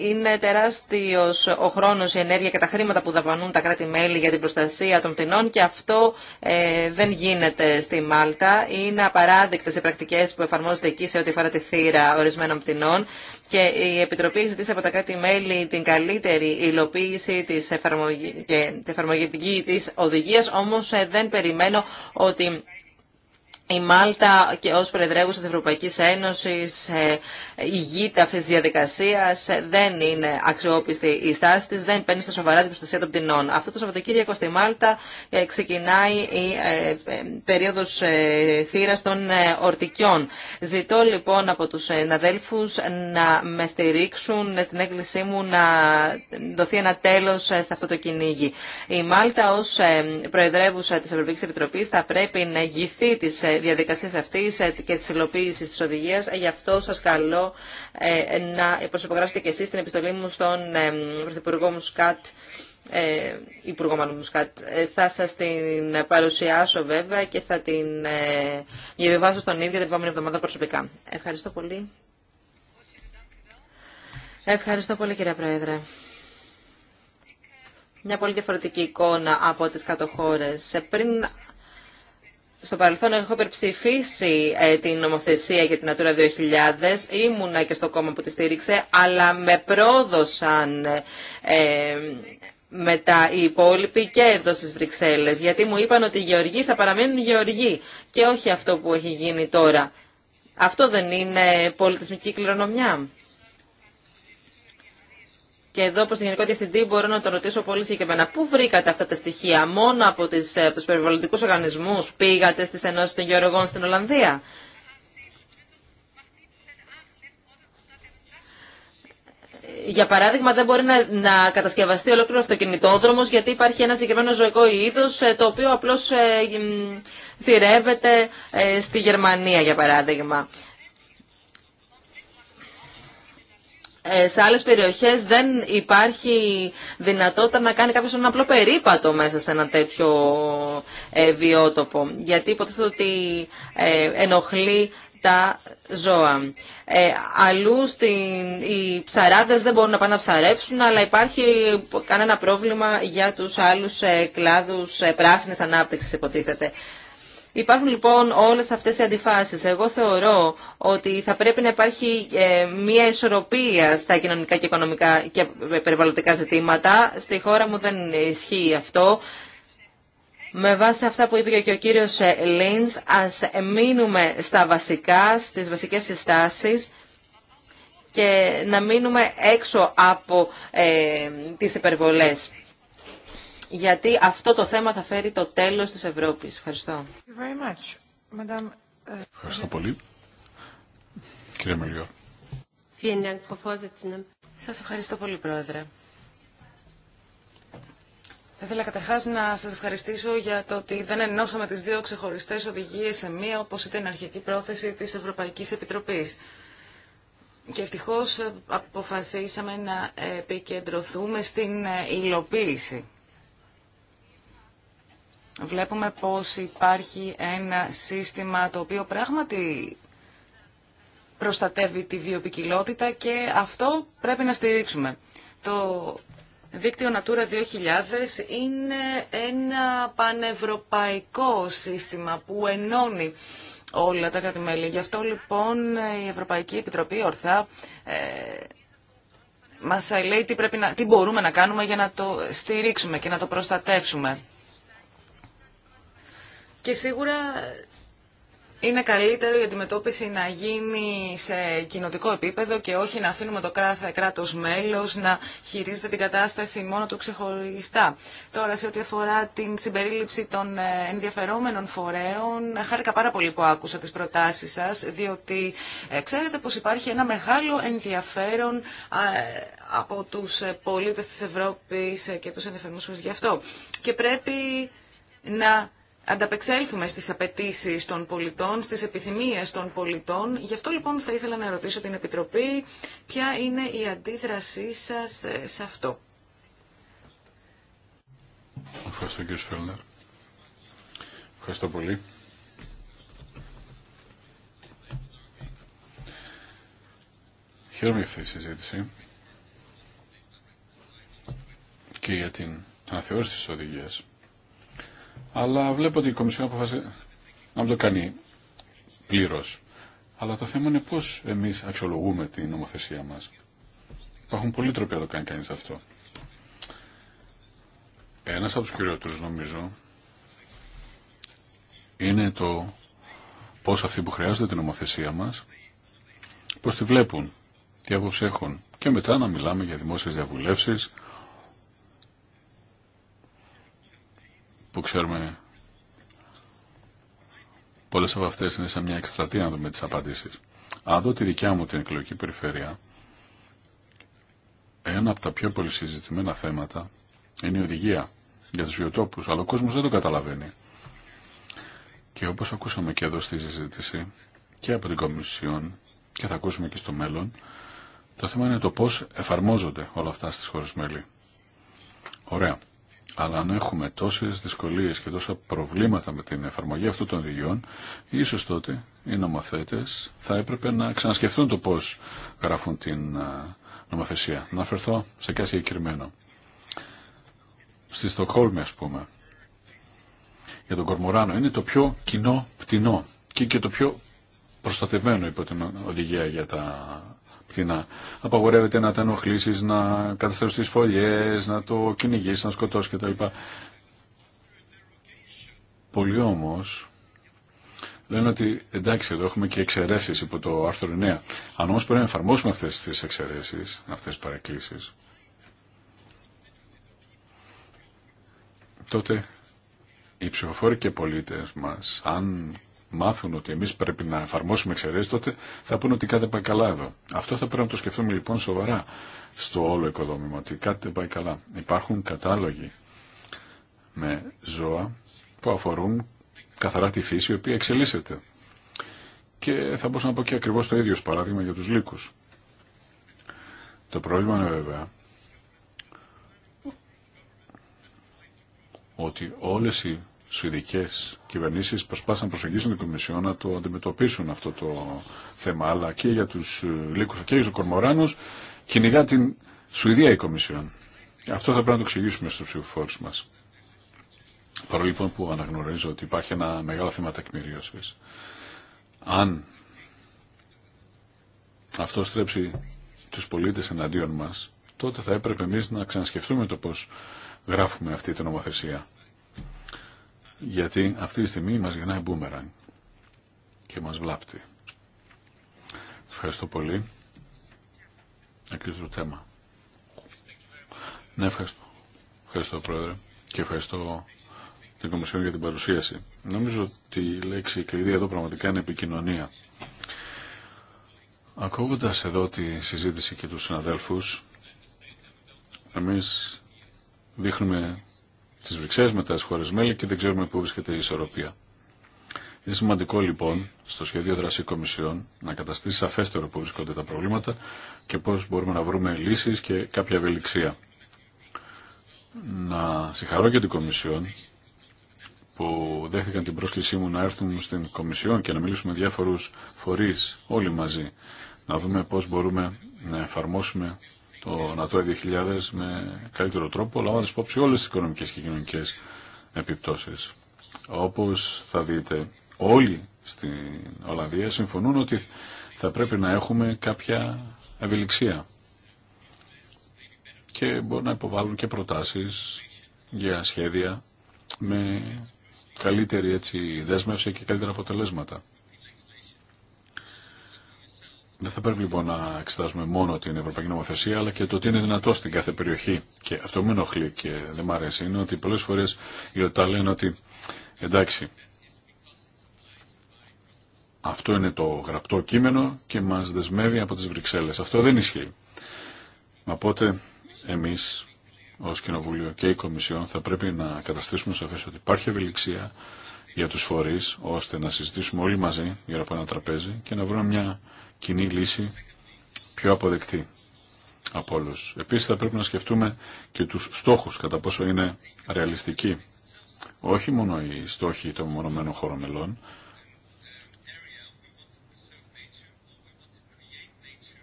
είναι τεράστιο ο χρόνος, η ενέργεια και τα χρήματα που δαπανούν τα κράτη-μέλη για την προστασία των πτηνών και αυτό ε, δεν γίνεται στη Μάλτα. Είναι απαράδεκτες οι πρακτικές που εφαρμόζονται εκεί σε ό,τι αφορά τη θύρα ορισμένων πτηνών και η Επιτροπή ζητήσει από τα κράτη-μέλη την καλύτερη υλοποίηση της εφαρμογή, και την εφαρμογική της οδηγίας, όμως ε, δεν περιμένω ότι η Μάλτα και ως Προεδρεύουσα της Ευρωπαϊκής Ένωσης ε, ηγείται αυτής της διαδικασίας, δεν είναι αξιόπιστη η στάση της, δεν παίρνει στα σοβαρά την προστασία των πτηνών. Αυτό το Σαββατοκύριακο στη Μάλτα ε, ξεκινάει η ε, περίοδος θύρας των ορτικιών. Ζητώ λοιπόν από τους συναδέλφους να με στηρίξουν στην έκκλησή μου να δοθεί ένα τέλος σε αυτό το κυνήγι. Η Μάλτα ως Προεδρεύουσα της Ευρωπαϊκής Επιτροπής θα πρέπει να ηγηθεί της διαδικασίες αυτή ε, και τη υλοποίηση τη οδηγία. Γι' αυτό σας καλώ ε, να προσυπογράψετε και εσείς την επιστολή μου στον ε, Πρωθυπουργό Μουσκάτ ε, Υπουργό Μουσκάτ. θα σας την παρουσιάσω βέβαια και θα την ε, διαβιβάσω στον ίδιο την επόμενη εβδομάδα προσωπικά. Ευχαριστώ πολύ. Ευχαριστώ πολύ κύριε Πρόεδρε. Μια πολύ διαφορετική εικόνα από τις κατοχώρες. Πριν στο παρελθόν έχω υπερψηφίσει ε, την νομοθεσία για την Natura 2000, ήμουνα και στο κόμμα που τη στήριξε, αλλά με πρόδωσαν ε, μετά οι υπόλοιποι και εδώ στις Βρυξέλλες, γιατί μου είπαν ότι οι γεωργοί θα παραμείνουν γεωργοί και όχι αυτό που έχει γίνει τώρα. Αυτό δεν είναι πολιτισμική κληρονομιά. Και εδώ προς τον Γενικό Διευθυντή μπορώ να τον ρωτήσω πολύ συγκεκριμένα. Πού βρήκατε αυτά τα στοιχεία, μόνο από τις, περιβαλλοντικου τους περιβαλλοντικούς οργανισμούς, πήγατε στι ενώσεις των γεωργών στην Ολλανδία. για παράδειγμα, δεν μπορεί να, να κατασκευαστεί ολόκληρο αυτοκινητόδρομος γιατί υπάρχει ένα συγκεκριμένο ζωικό είδος ε, το οποίο απλώς ε, θυρεύεται ε, στη Γερμανία, για παράδειγμα. Ε, σε άλλε περιοχές δεν υπάρχει δυνατότητα να κάνει κάποιο ένα απλό περίπατο μέσα σε ένα τέτοιο ε, βιότοπο. Γιατί υποτίθεται ότι ε, ενοχλεί τα ζώα. Ε, αλλού στην, οι ψαράδες δεν μπορούν να πάνε να ψαρέψουν, αλλά υπάρχει κανένα πρόβλημα για τους άλλους κλάδους ε, πράσινης ανάπτυξης, υποτίθεται. Υπάρχουν λοιπόν όλες αυτές οι αντιφάσεις. Εγώ θεωρώ ότι θα πρέπει να υπάρχει ε, μια ισορροπία στα κοινωνικά και οικονομικά και περιβαλλοντικά ζητήματα. Στη χώρα μου δεν ισχύει αυτό. Με βάση αυτά που είπε και ο κύριος ε, Λίνς, ας μείνουμε στα βασικά, στις βασικές συστάσεις και να μείνουμε έξω από ε, τις υπερβολές γιατί αυτό το θέμα θα φέρει το τέλος της Ευρώπης. Ευχαριστώ. Ε,
ευχαριστώ πολύ. Κύριε Μελιό.
Σας ευχαριστώ πολύ, Πρόεδρε.
Θα ήθελα καταρχά να σα ευχαριστήσω για το ότι δεν ενώσαμε τι δύο ξεχωριστέ οδηγίε σε μία, όπω ήταν αρχική πρόθεση τη Ευρωπαϊκή Επιτροπή. Και ευτυχώ ε, αποφασίσαμε να επικεντρωθούμε στην ε, υλοποίηση βλέπουμε πως υπάρχει ένα σύστημα το οποίο πράγματι προστατεύει τη βιοπικιλότητα και αυτό πρέπει να στηρίξουμε. Το δίκτυο Natura 2000 είναι ένα πανευρωπαϊκό σύστημα που ενώνει όλα τα κράτη-μέλη. Γι' αυτό λοιπόν η Ευρωπαϊκή Επιτροπή ορθά ε, μας λέει να, τι μπορούμε να κάνουμε για να το στηρίξουμε και να το προστατεύσουμε. Και σίγουρα είναι καλύτερο η αντιμετώπιση να γίνει σε κοινοτικό επίπεδο και όχι να αφήνουμε το κράτος μέλος να χειρίζεται την κατάσταση μόνο του ξεχωριστά. Τώρα, σε ό,τι αφορά την συμπερίληψη των ε, ενδιαφερόμενων φορέων, χάρηκα πάρα πολύ που άκουσα τις προτάσεις σας, διότι ε, ξέρετε πως υπάρχει ένα μεγάλο ενδιαφέρον ε, από τους πολίτες της Ευρώπης και τους ενδιαφερμούς γι' αυτό. Και πρέπει να ανταπεξέλθουμε στις απαιτήσει των πολιτών, στις επιθυμίες των πολιτών. Γι' αυτό λοιπόν θα ήθελα να ρωτήσω την Επιτροπή ποια είναι η αντίδρασή σας ε, σε αυτό.
Ευχαριστώ κύριε Σφέλνερ. Ευχαριστώ πολύ. Χαίρομαι για αυτή τη συζήτηση και για την αναθεώρηση της οδηγίας αλλά βλέπω ότι η Κομισιόν αποφάσισε να το κάνει πλήρω. Αλλά το θέμα είναι πώ εμεί αξιολογούμε την νομοθεσία μα. Υπάρχουν πολλοί τρόποι να το κάνει κανεί αυτό. Ένα από του κυριότερου νομίζω είναι το πώς αυτοί που χρειάζονται την νομοθεσία μας, πώς τη βλέπουν, τι άποψη έχουν και μετά να μιλάμε για δημόσιες διαβουλεύσεις που ξέρουμε πολλές από αυτές είναι σε μια εκστρατεία να δούμε τις απαντήσεις. Αν δω τη δικιά μου την εκλογική περιφέρεια, ένα από τα πιο πολύ συζητημένα θέματα είναι η οδηγία για τους βιοτόπους, αλλά ο κόσμος δεν το καταλαβαίνει. Και όπως ακούσαμε και εδώ στη συζήτηση και από την Κομισιόν και θα ακούσουμε και στο μέλλον, το θέμα είναι το πώς εφαρμόζονται όλα αυτά στις χώρες μέλη. Ωραία. Αλλά αν έχουμε τόσε δυσκολίε και τόσα προβλήματα με την εφαρμογή αυτών των διδιών, ίσως τότε οι νομοθέτε θα έπρεπε να ξανασκεφτούν το πώς γράφουν την νομοθεσία. Να αφαιρθώ σε κάτι συγκεκριμένο. Στη Στοκχόλμη, α πούμε, για τον Κορμοράνο είναι το πιο κοινό πτηνό και, και το πιο προστατευμένο υπό την οδηγία για τα πτηνά. Απαγορεύεται να τα ενοχλήσει, να τι φωλιέ, να το κυνηγήσει, να σκοτώσεις κτλ. Πολλοί όμω λένε ότι εντάξει εδώ έχουμε και εξαιρεσει υπό το άρθρο 9. Αν όμω πρέπει να εφαρμόσουμε αυτές τις εξαιρεσει, αυτές τις παρεκκλήσεις, τότε οι ψηφοφόροι και πολίτε μα, αν μάθουν ότι εμείς πρέπει να εφαρμόσουμε εξαιρέσει, τότε θα πούνε ότι κάτι πάει καλά εδώ. Αυτό θα πρέπει να το σκεφτούμε λοιπόν σοβαρά στο όλο οικοδόμημα, ότι κάτι δεν πάει καλά. Υπάρχουν κατάλογοι με ζώα που αφορούν καθαρά τη φύση, η οποία εξελίσσεται. Και θα μπορούσα να πω και ακριβώς το ίδιο παράδειγμα για τους λύκους. Το πρόβλημα είναι βέβαια ότι όλες οι σουηδικέ κυβερνήσει προσπάθησαν να προσεγγίσουν την Κομισιό να το αντιμετωπίσουν αυτό το θέμα, αλλά και για του ε, λύκου και για του κορμοράνου κυνηγά την Σουηδία η Κομισιόν. Αυτό θα πρέπει να το εξηγήσουμε στου ψηφοφόρου μα, Παρόλο λοιπόν που αναγνωρίζω ότι υπάρχει ένα μεγάλο θέμα τεκμηρίωση. Αν αυτό στρέψει του πολίτε εναντίον μα, τότε θα έπρεπε εμεί να ξανασκεφτούμε το πώ γράφουμε αυτή την νομοθεσία γιατί αυτή τη στιγμή μας γεννάει μπούμεραν και μας βλάπτει. Ευχαριστώ πολύ. το θέμα. Ναι, ευχαριστώ. Ευχαριστώ, Πρόεδρε, και ευχαριστώ την Κομισιόν για την παρουσίαση. Νομίζω ότι η λέξη κλειδί εδώ πραγματικά είναι επικοινωνία. Ακούγοντας εδώ τη συζήτηση και τους συναδέλφους, εμείς δείχνουμε στις βρυξές μετά στις χώρες μέλη και δεν ξέρουμε πού βρίσκεται η ισορροπία. Είναι σημαντικό λοιπόν στο σχέδιο δράση Κομισιόν να καταστήσει σαφέστερο που βρίσκονται τα προβλήματα και πώς Κομισιών να βρούμε λύσεις και κάποια ευελιξία. Να συγχαρώ και την Κομισιόν που δέχτηκαν την πρόσκλησή μου να έρθουν στην Κομισιόν και να μιλήσουμε διάφορους φορείς όλοι μαζί, να δούμε πώς μπορούμε να εφαρμόσουμε το Natura 2000 με καλύτερο τρόπο, λαμβάνοντα υπόψη όλε τι οικονομικέ και κοινωνικέ επιπτώσει. Όπω θα δείτε, όλοι στην Ολλανδία συμφωνούν ότι θα πρέπει να έχουμε κάποια ευελιξία και μπορούν να υποβάλουν και προτάσεις για σχέδια με καλύτερη έτσι, δέσμευση και καλύτερα αποτελέσματα. Δεν ναι, θα πρέπει λοιπόν να εξετάζουμε μόνο την Ευρωπαϊκή Νομοθεσία, αλλά και το τι είναι δυνατό στην κάθε περιοχή. Και αυτό που με ενοχλεί και δεν μου αρέσει είναι ότι πολλέ φορέ οι ΟΤΑ λένε ότι εντάξει, αυτό είναι το γραπτό κείμενο και μα δεσμεύει από τι Βρυξέλλε. Αυτό δεν ισχύει. Οπότε εμεί ω Κοινοβούλιο και η Κομισιόν θα πρέπει να καταστήσουμε σαφέ ότι υπάρχει ευελιξία για του φορεί, ώστε να συζητήσουμε όλοι μαζί γύρω από ένα τραπέζι και να βρούμε μια κοινή λύση πιο αποδεκτή από όλου. Επίση θα πρέπει να σκεφτούμε και τους στόχους, κατά πόσο είναι ρεαλιστικοί. Όχι μόνο οι στόχοι των μονομένων χωρών μελών.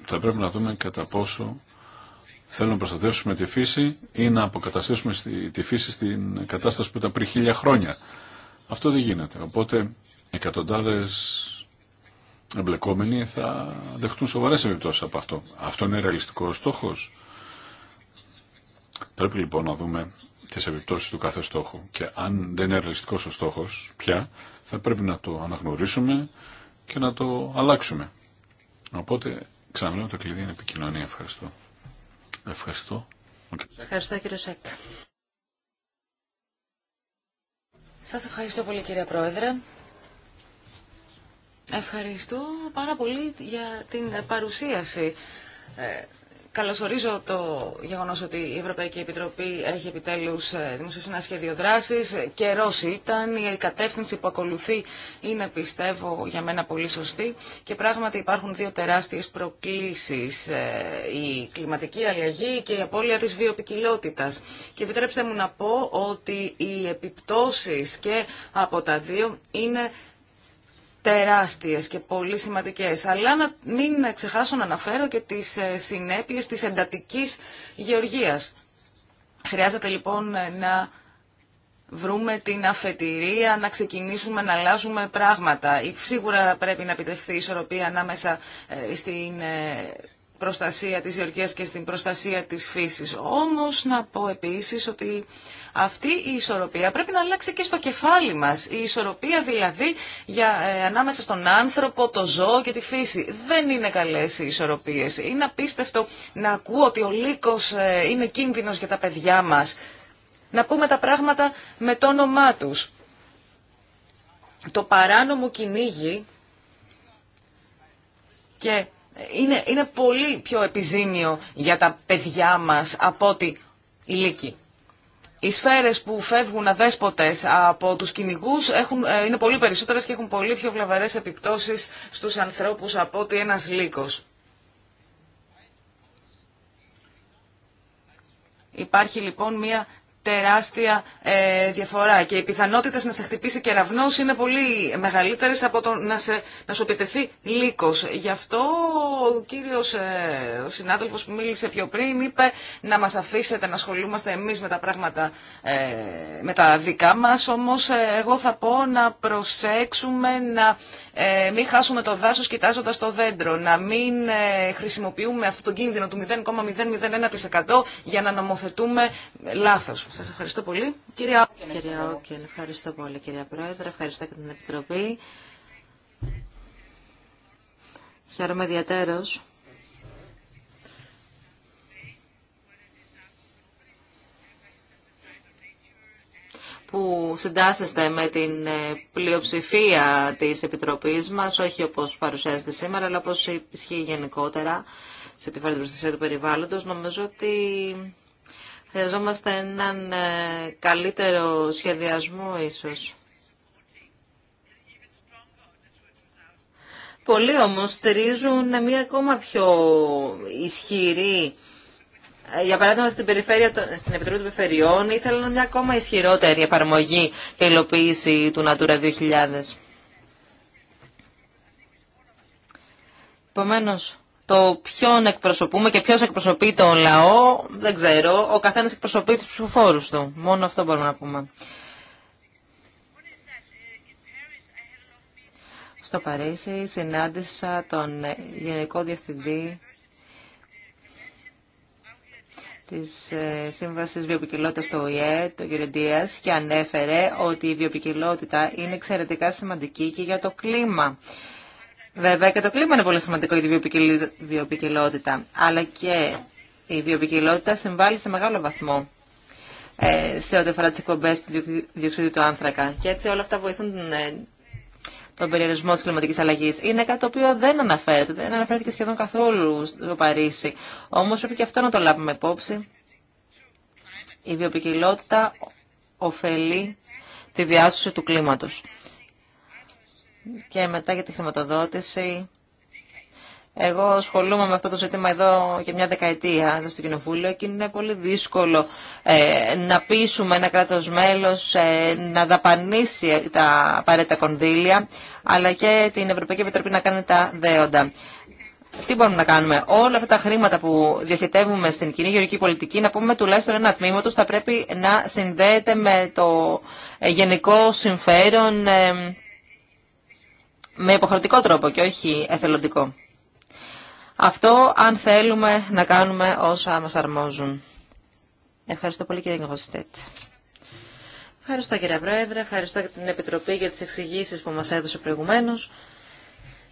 Θα πρέπει να δούμε κατά πόσο θέλουμε να προστατεύσουμε τη φύση ή να αποκαταστήσουμε τη φύση στην κατάσταση που ήταν πριν χίλια χρόνια. Αυτό δεν γίνεται. Οπότε εκατοντάδες εμπλεκόμενοι θα δεχτούν σοβαρέ επιπτώσει από αυτό. Αυτό είναι ρεαλιστικό στόχος. Πρέπει λοιπόν να δούμε τι επιπτώσει του κάθε στόχου και αν δεν είναι ρεαλιστικός ο στόχος πια θα πρέπει να το αναγνωρίσουμε και να το αλλάξουμε. Οπότε ξαναλέω το κλειδί είναι επικοινωνία. Ευχαριστώ. Ευχαριστώ.
Ευχαριστώ κύριε Σέκ.
Σας ευχαριστώ πολύ κύριε Πρόεδρε. Ευχαριστώ πάρα πολύ για την παρουσίαση. Ε, καλωσορίζω το γεγονός ότι η Ευρωπαϊκή Επιτροπή έχει επιτέλους ε, δημοσιεύσει ένα σχέδιο δράσης. Καιρός ήταν, η κατεύθυνση που ακολουθεί είναι πιστεύω για μένα πολύ σωστή και πράγματι υπάρχουν δύο τεράστιες προκλήσεις, ε, η κλιματική αλλαγή και η απώλεια της βιοπικιλότητας. Και επιτρέψτε μου να πω ότι οι επιπτώσεις και από τα δύο είναι τεράστιες και πολύ σημαντικές. Αλλά να μην ξεχάσω να αναφέρω και τις ε, συνέπειες της εντατικής γεωργίας. Χρειάζεται λοιπόν ε, να βρούμε την αφετηρία, να ξεκινήσουμε να αλλάζουμε πράγματα. Σίγουρα πρέπει να επιτευχθεί η ισορροπία ανάμεσα ε, στην προστασία της γεωργίας και στην προστασία της φύσης. Όμως να πω επίσης ότι αυτή η ισορροπία πρέπει να αλλάξει και στο κεφάλι μας. Η ισορροπία δηλαδή για, ε, ανάμεσα στον άνθρωπο, το ζώο και τη φύση. Δεν είναι καλές οι ισορροπίες. Είναι απίστευτο να ακούω ότι ο λύκος ε, είναι κίνδυνος για τα παιδιά μας. Να πούμε τα πράγματα με το όνομά τους. Το παράνομο κυνήγι και είναι, είναι πολύ πιο επιζήμιο για τα παιδιά μας από ότι η λύκη. Οι σφαίρες που φεύγουν αδέσποτες από τους κυνηγού ε, είναι πολύ περισσότερες και έχουν πολύ πιο βλαβερές επιπτώσεις στους ανθρώπους από ότι ένας λύκος. Υπάρχει λοιπόν μια τεράστια ε, διαφορά και οι πιθανότητες να σε χτυπήσει κεραυνός είναι πολύ μεγαλύτερες από να, σε, να σου επιτεθεί λύκος. Γι' αυτό ο κύριος ε, ο συνάδελφος που μίλησε πιο πριν είπε να μας αφήσετε να ασχολούμαστε εμείς με τα πράγματα, ε, με τα δικά μας, όμως ε, εγώ θα πω να προσέξουμε να ε, μην χάσουμε το δάσος κοιτάζοντας το δέντρο, να μην χρησιμοποιούμε αυτό το κίνδυνο του 0,001% για να νομοθετούμε
λάθος. Σας ευχαριστώ πολύ. Κυρία Όκεν, ευχαριστώ πολύ κυρία Πρόεδρε, ευχαριστώ και την Επιτροπή. Χαίρομαι ιδιαίτερω. που συντάσσεστε με την ε, πλειοψηφία της Επιτροπής μας, όχι όπως παρουσιάζεται σήμερα, αλλά όπως ισχύει γενικότερα σε τη φορά του περιβάλλοντος. Νομίζω ότι Χρειαζόμαστε έναν ε, καλύτερο σχεδιασμό ίσως. Πολλοί όμως στηρίζουν μια ακόμα πιο ισχυρή ε, για παράδειγμα, στην, περιφέρεια, στην Επιτροπή των Περιφερειών ήθελαν μια ακόμα ισχυρότερη εφαρμογή και υλοποίηση του Natura 2000. Επομένω, το ποιον εκπροσωπούμε και ποιος εκπροσωπεί τον λαό, δεν ξέρω. Ο καθένας εκπροσωπεί τους ψηφοφόρους του. Μόνο αυτό μπορούμε να πούμε. Στο Παρίσι συνάντησα τον Γενικό Διευθυντή της ε, Σύμβασης Βιοπικιλότητας του ΟΗΕ, τον κ. Ντίας, και ανέφερε ότι η βιοποικιλότητα είναι εξαιρετικά σημαντική και για το κλίμα. Βέβαια και το κλίμα είναι πολύ σημαντικό για τη βιοπικιλότητα, αλλά και η βιοπικιλότητα συμβάλλει σε μεγάλο βαθμό
ε, σε
ό,τι αφορά τι εκπομπέ του διοξιδίου του άνθρακα. Και έτσι όλα αυτά βοηθούν ε, τον περιορισμό τη κλιματική αλλαγή. Είναι κάτι το οποίο δεν αναφέρεται, δεν αναφέρθηκε σχεδόν καθόλου στο Παρίσι. Όμω πρέπει και αυτό να το λάβουμε υπόψη. Η βιοπικιλότητα ωφελεί τη διάσωση του κλίματος και μετά για τη χρηματοδότηση. Εγώ ασχολούμαι με αυτό το ζήτημα εδώ για μια δεκαετία εδώ στο Κοινοβούλιο και είναι πολύ δύσκολο ε, να πείσουμε ένα κράτος μέλος ε, να δαπανίσει τα απαραίτητα κονδύλια αλλά και την Ευρωπαϊκή Επιτροπή να κάνει τα δέοντα. Τι μπορούμε να κάνουμε. Όλα αυτά τα χρήματα που διοχετεύουμε στην κοινή γεωργική πολιτική, να πούμε τουλάχιστον ένα τμήμα τους θα πρέπει να συνδέεται με το γενικό συμφέρον ε, με υποχρεωτικό τρόπο και όχι εθελοντικό. Αυτό αν θέλουμε να κάνουμε όσα μας αρμόζουν. Ευχαριστώ πολύ κύριε Γκοστέτ. Ευχαριστώ κύριε Πρόεδρε, ευχαριστώ και την Επιτροπή για τις εξηγήσεις που μας έδωσε προηγουμένως.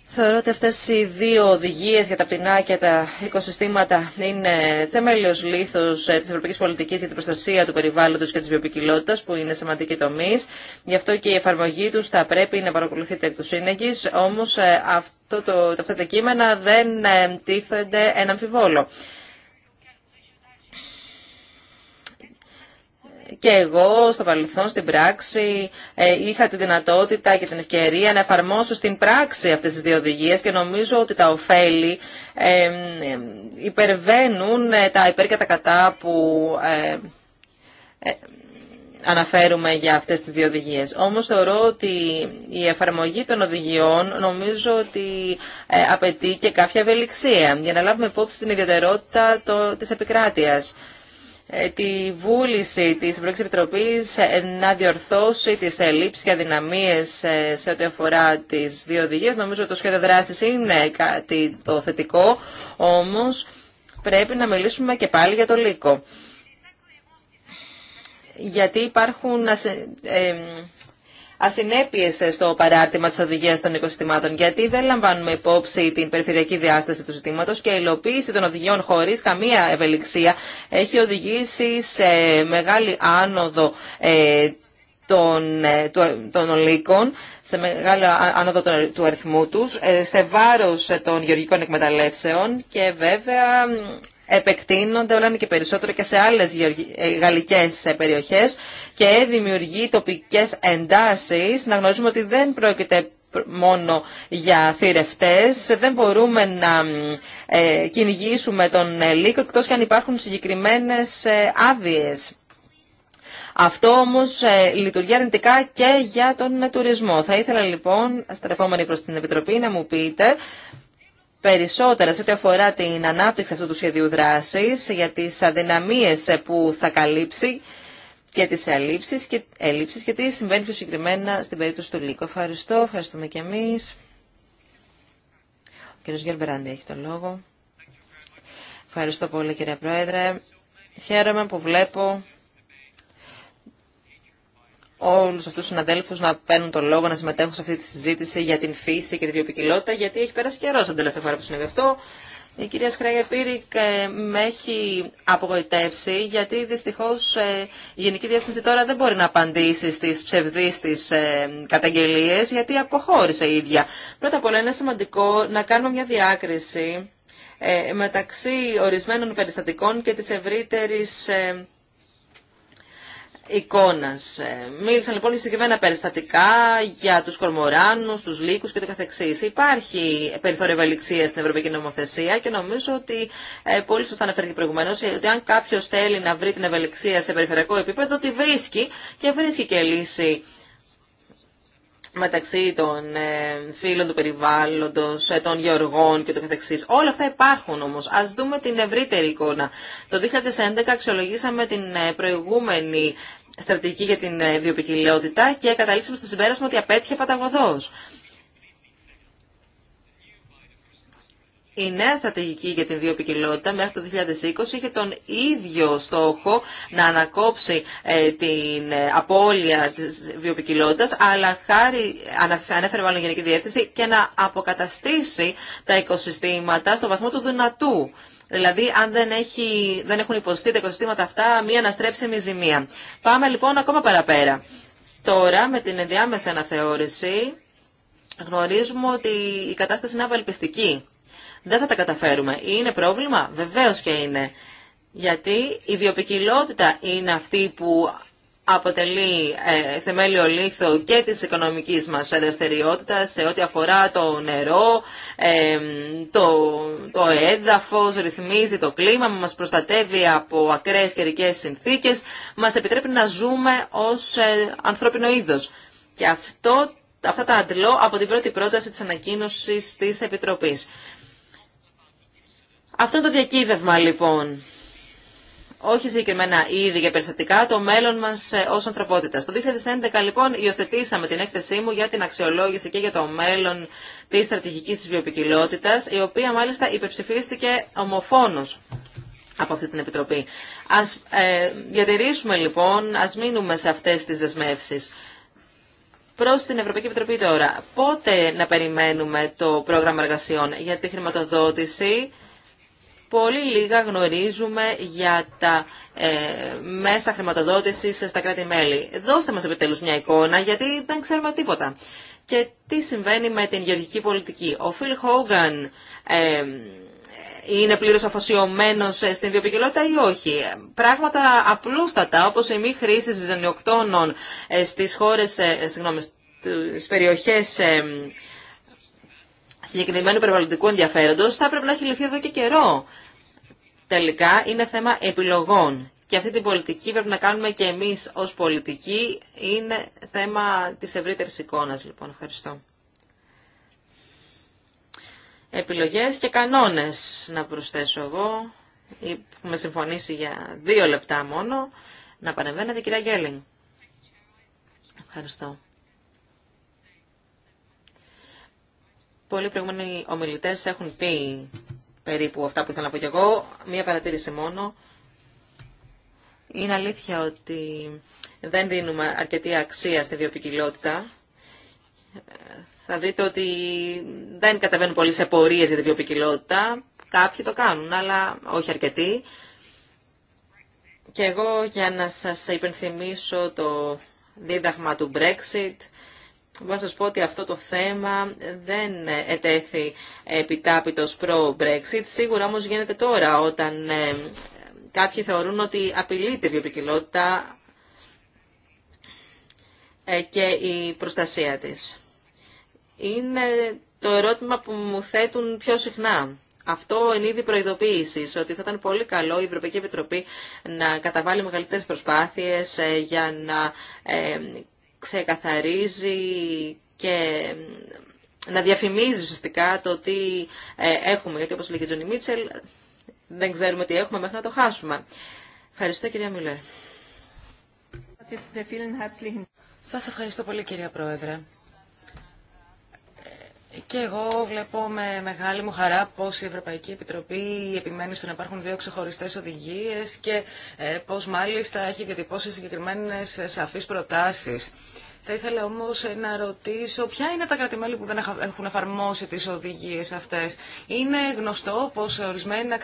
Θεωρώ ότι αυτές οι δύο οδηγίες για τα πτηνά και τα οικοσυστήματα είναι θεμέλιος λήθος ε, της ευρωπαϊκής πολιτικής για την προστασία του περιβάλλοντος και της βιοποικιλότητας που είναι σημαντική τομή. Γι' αυτό και η εφαρμογή τους θα πρέπει να παρακολουθείται εκ του σύνεγγης, όμως ε, αυτό αυτά τα κείμενα δεν ε, τίθενται ένα αμφιβόλο. και εγώ στο παρελθόν, στην πράξη, ε, είχα τη δυνατότητα και την ευκαιρία να εφαρμόσω στην πράξη αυτές τις δύο οδηγίες και νομίζω ότι τα ωφέλη υπερβαίνουν ε, τα υπέρ και τα κατά που ε, αναφέρουμε για αυτές τις δύο οδηγίες. Όμως θεωρώ ότι η εφαρμογή των οδηγιών νομίζω ότι απαιτεί και κάποια ευελιξία για να λάβουμε υπόψη την ιδιαιτερότητα της επικράτειας. Ε, τη βούληση της Ευρωπαϊκής Επιτροπής ε, να διορθώσει τις ελλείψεις και αδυναμίες ε, σε ό,τι αφορά τις δύο οδηγίες. Νομίζω ότι το σχέδιο δράσης είναι κάτι το θετικό, όμως πρέπει να μιλήσουμε και πάλι για το λύκο. Γιατί υπάρχουν ασυνέπειες ε, στο παράρτημα τη οδηγία των οικοσυστημάτων, γιατί δεν λαμβάνουμε υπόψη την περιφερειακή διάσταση του ζητήματο και η υλοποίηση των οδηγιών χωρίς καμία ευελιξία έχει οδηγήσει σε μεγάλη άνοδο ε, των, ε, των ολίκων, σε μεγάλη άνοδο του αριθμού τους, σε βάρος των γεωργικών εκμεταλλεύσεων και βέβαια επεκτείνονται όλα και περισσότερο και σε άλλες ε, γαλλικές ε, περιοχές και δημιουργεί τοπικές εντάσεις. Να γνωρίζουμε ότι δεν πρόκειται μόνο για θηρευτές. Δεν μπορούμε να ε, κυνηγήσουμε τον λύκο εκτός και αν υπάρχουν συγκεκριμένες άδειες. Αυτό όμως λειτουργεί αρνητικά και για τον τουρισμό. Θα ήθελα λοιπόν, στρεφόμενοι προς την Επιτροπή, να μου πείτε περισσότερα σε ό,τι αφορά την ανάπτυξη αυτού του σχεδίου δράση για τι αδυναμίε που θα καλύψει και τι ελλείψει και, ελλείψεις και τι συμβαίνει πιο συγκεκριμένα στην περίπτωση του Λίκο Ευχαριστώ, ευχαριστούμε και εμεί. Ο κ. έχει το λόγο. Ευχαριστώ πολύ κύριε Πρόεδρε. Χαίρομαι που βλέπω όλου αυτού του συναδέλφου να παίρνουν τον λόγο να συμμετέχουν σε αυτή τη συζήτηση για την φύση και την βιοπικιλότητα, γιατί έχει πέρασει καιρό από την τελευταία φορά που συνέβη αυτό. Η κυρία Σκράγια Πύρικ ε, με έχει απογοητεύσει, γιατί δυστυχώς ε, η Γενική Διεύθυνση τώρα δεν μπορεί να απαντήσει στις ψευδεί ε, καταγγελίε, γιατί αποχώρησε η ίδια. Πρώτα απ' όλα είναι σημαντικό να κάνουμε μια διάκριση ε, μεταξύ ορισμένων περιστατικών και της ευρύτερη εικόνας. Ε, μίλησαν λοιπόν για συγκεκριμένα περιστατικά για τους κορμοράνους, τους λύκους και το καθεξής. Υπάρχει περιθώριο ευελιξία στην Ευρωπαϊκή Νομοθεσία και νομίζω ότι ε, πολύ σωστά αναφέρθηκε προηγουμένω ε, ότι αν κάποιο θέλει να βρει την ευελιξία σε περιφερειακό επίπεδο, τη βρίσκει και βρίσκει και λύση μεταξύ των φίλων του περιβάλλοντος, των γεωργών και το καθεξής. Όλα αυτά υπάρχουν όμως. Ας δούμε την ευρύτερη εικόνα. Το 2011 αξιολογήσαμε την προηγούμενη στρατηγική για την ε, βιοπικιλότητα και καταλήξαμε στο συμπέρασμα ότι απέτυχε παταγωδός. Η νέα στρατηγική για την βιοπικιλότητα μέχρι το 2020 είχε τον ίδιο στόχο να ανακόψει ε, την ε, απώλεια της βιοπικιλότητας, αλλά χάρη, ανέφερε μάλλον Γενική Διεύθυνση, και να αποκαταστήσει τα οικοσυστήματα στο βαθμό του δυνατού. Δηλαδή, αν δεν, έχει, δεν έχουν υποστεί τα οικοσυστήματα αυτά, μία αναστρέψιμη ζημία. Πάμε λοιπόν ακόμα παραπέρα. Τώρα, με την ενδιάμεση αναθεώρηση, γνωρίζουμε ότι η κατάσταση είναι απελπιστική. Δεν θα τα καταφέρουμε. Είναι πρόβλημα? Βεβαίως και είναι. Γιατί η βιοπικιλότητα είναι αυτή που αποτελεί ε, θεμέλιο λίθο και της οικονομικής μας δραστηριότητα σε ό,τι αφορά το νερό, ε, το, το έδαφος, ρυθμίζει το κλίμα, μας προστατεύει από ακραίες καιρικές συνθήκες, μας επιτρέπει να ζούμε ως ε, ανθρώπινο είδος. Και αυτό, αυτά τα αντλώ από την πρώτη πρόταση της ανακοίνωσης της Επιτροπής. Αυτό είναι το διακύβευμα λοιπόν όχι συγκεκριμένα ήδη για περιστατικά, το μέλλον μα ε, ως ανθρωπότητα. Το 2011 λοιπόν υιοθετήσαμε την έκθεσή μου για την αξιολόγηση και για το μέλλον τη στρατηγική τη βιοπικιλότητα, η οποία μάλιστα υπερψηφίστηκε ομοφόνο από αυτή την Επιτροπή. Α ε, διατηρήσουμε λοιπόν, α μείνουμε σε αυτέ τι δεσμεύσει προ την Ευρωπαϊκή Επιτροπή τώρα, πότε να περιμένουμε το πρόγραμμα εργασιών για τη χρηματοδότηση πολύ λίγα γνωρίζουμε για τα ε, μέσα χρηματοδότησης στα κράτη-μέλη. Δώστε μας επιτέλους μια εικόνα, γιατί δεν ξέρουμε τίποτα. Και τι συμβαίνει με την γεωργική πολιτική. Ο Φιλ Χόγκαν ε, είναι πλήρως αφοσιωμένος στην βιοπικιλότητα ή όχι. Πράγματα απλούστατα, όπως η μη χρήση ζυζανιοκτώνων ε, στις χώρες, ε, συγγνώμη, περιοχές συγκεκριμένου περιβαλλοντικού ενδιαφέροντο θα έπρεπε να έχει λυθεί εδώ και καιρό. Τελικά είναι θέμα επιλογών. Και αυτή την πολιτική πρέπει να κάνουμε και εμείς ως πολιτική. Είναι θέμα της ευρύτερη εικόνας λοιπόν. Ευχαριστώ. Επιλογές και κανόνες να προσθέσω εγώ. Έχουμε συμφωνήσει για δύο λεπτά μόνο. Να παρεμβαίνετε κυρία Γκέλινγκ. Ευχαριστώ. Πολλοί προηγούμενοι ομιλητές έχουν πει περίπου αυτά που ήθελα να πω κι εγώ. Μία παρατήρηση μόνο. Είναι αλήθεια ότι δεν δίνουμε αρκετή αξία στη βιοπικιλότητα. Θα δείτε ότι δεν καταβαίνουν πολλοί σε για τη βιοπικιλότητα. Κάποιοι το κάνουν, αλλά όχι αρκετοί. Και εγώ για να σας υπενθυμίσω το δίδαγμα του Brexit Μπορώ να σας πω ότι αυτό το θέμα δεν ετέθη επιτάπητος προ-Brexit. Σίγουρα όμως γίνεται τώρα όταν ε, κάποιοι θεωρούν ότι απειλείται η βιοπικιλότητα ε, και η προστασία της. Είναι το ερώτημα που μου θέτουν πιο συχνά. Αυτό εν είδη προειδοποίηση ότι θα ήταν πολύ καλό η Ευρωπαϊκή Επιτροπή να καταβάλει μεγαλύτερε προσπάθειε ε, για να ξεκαθαρίζει και να διαφημίζει ουσιαστικά το τι ε, έχουμε. Γιατί όπως λέει και η Τζονι Μίτσελ, δεν ξέρουμε τι έχουμε μέχρι να το χάσουμε. Ευχαριστώ κυρία Μιλέρ. Σας ευχαριστώ πολύ κυρία Πρόεδρε.
Και εγώ βλέπω με μεγάλη μου χαρά πως η Ευρωπαϊκή Επιτροπή επιμένει στο να υπάρχουν δύο ξεχωριστές οδηγίες και ε, πως μάλιστα έχει διατυπώσει συγκεκριμένες σαφείς προτάσεις. Θα ήθελα όμως ε, να ρωτήσω ποια είναι τα κρατη που δεν έχουν εφαρμόσει τις οδηγίες αυτές. Είναι γνωστό πως ορισμένα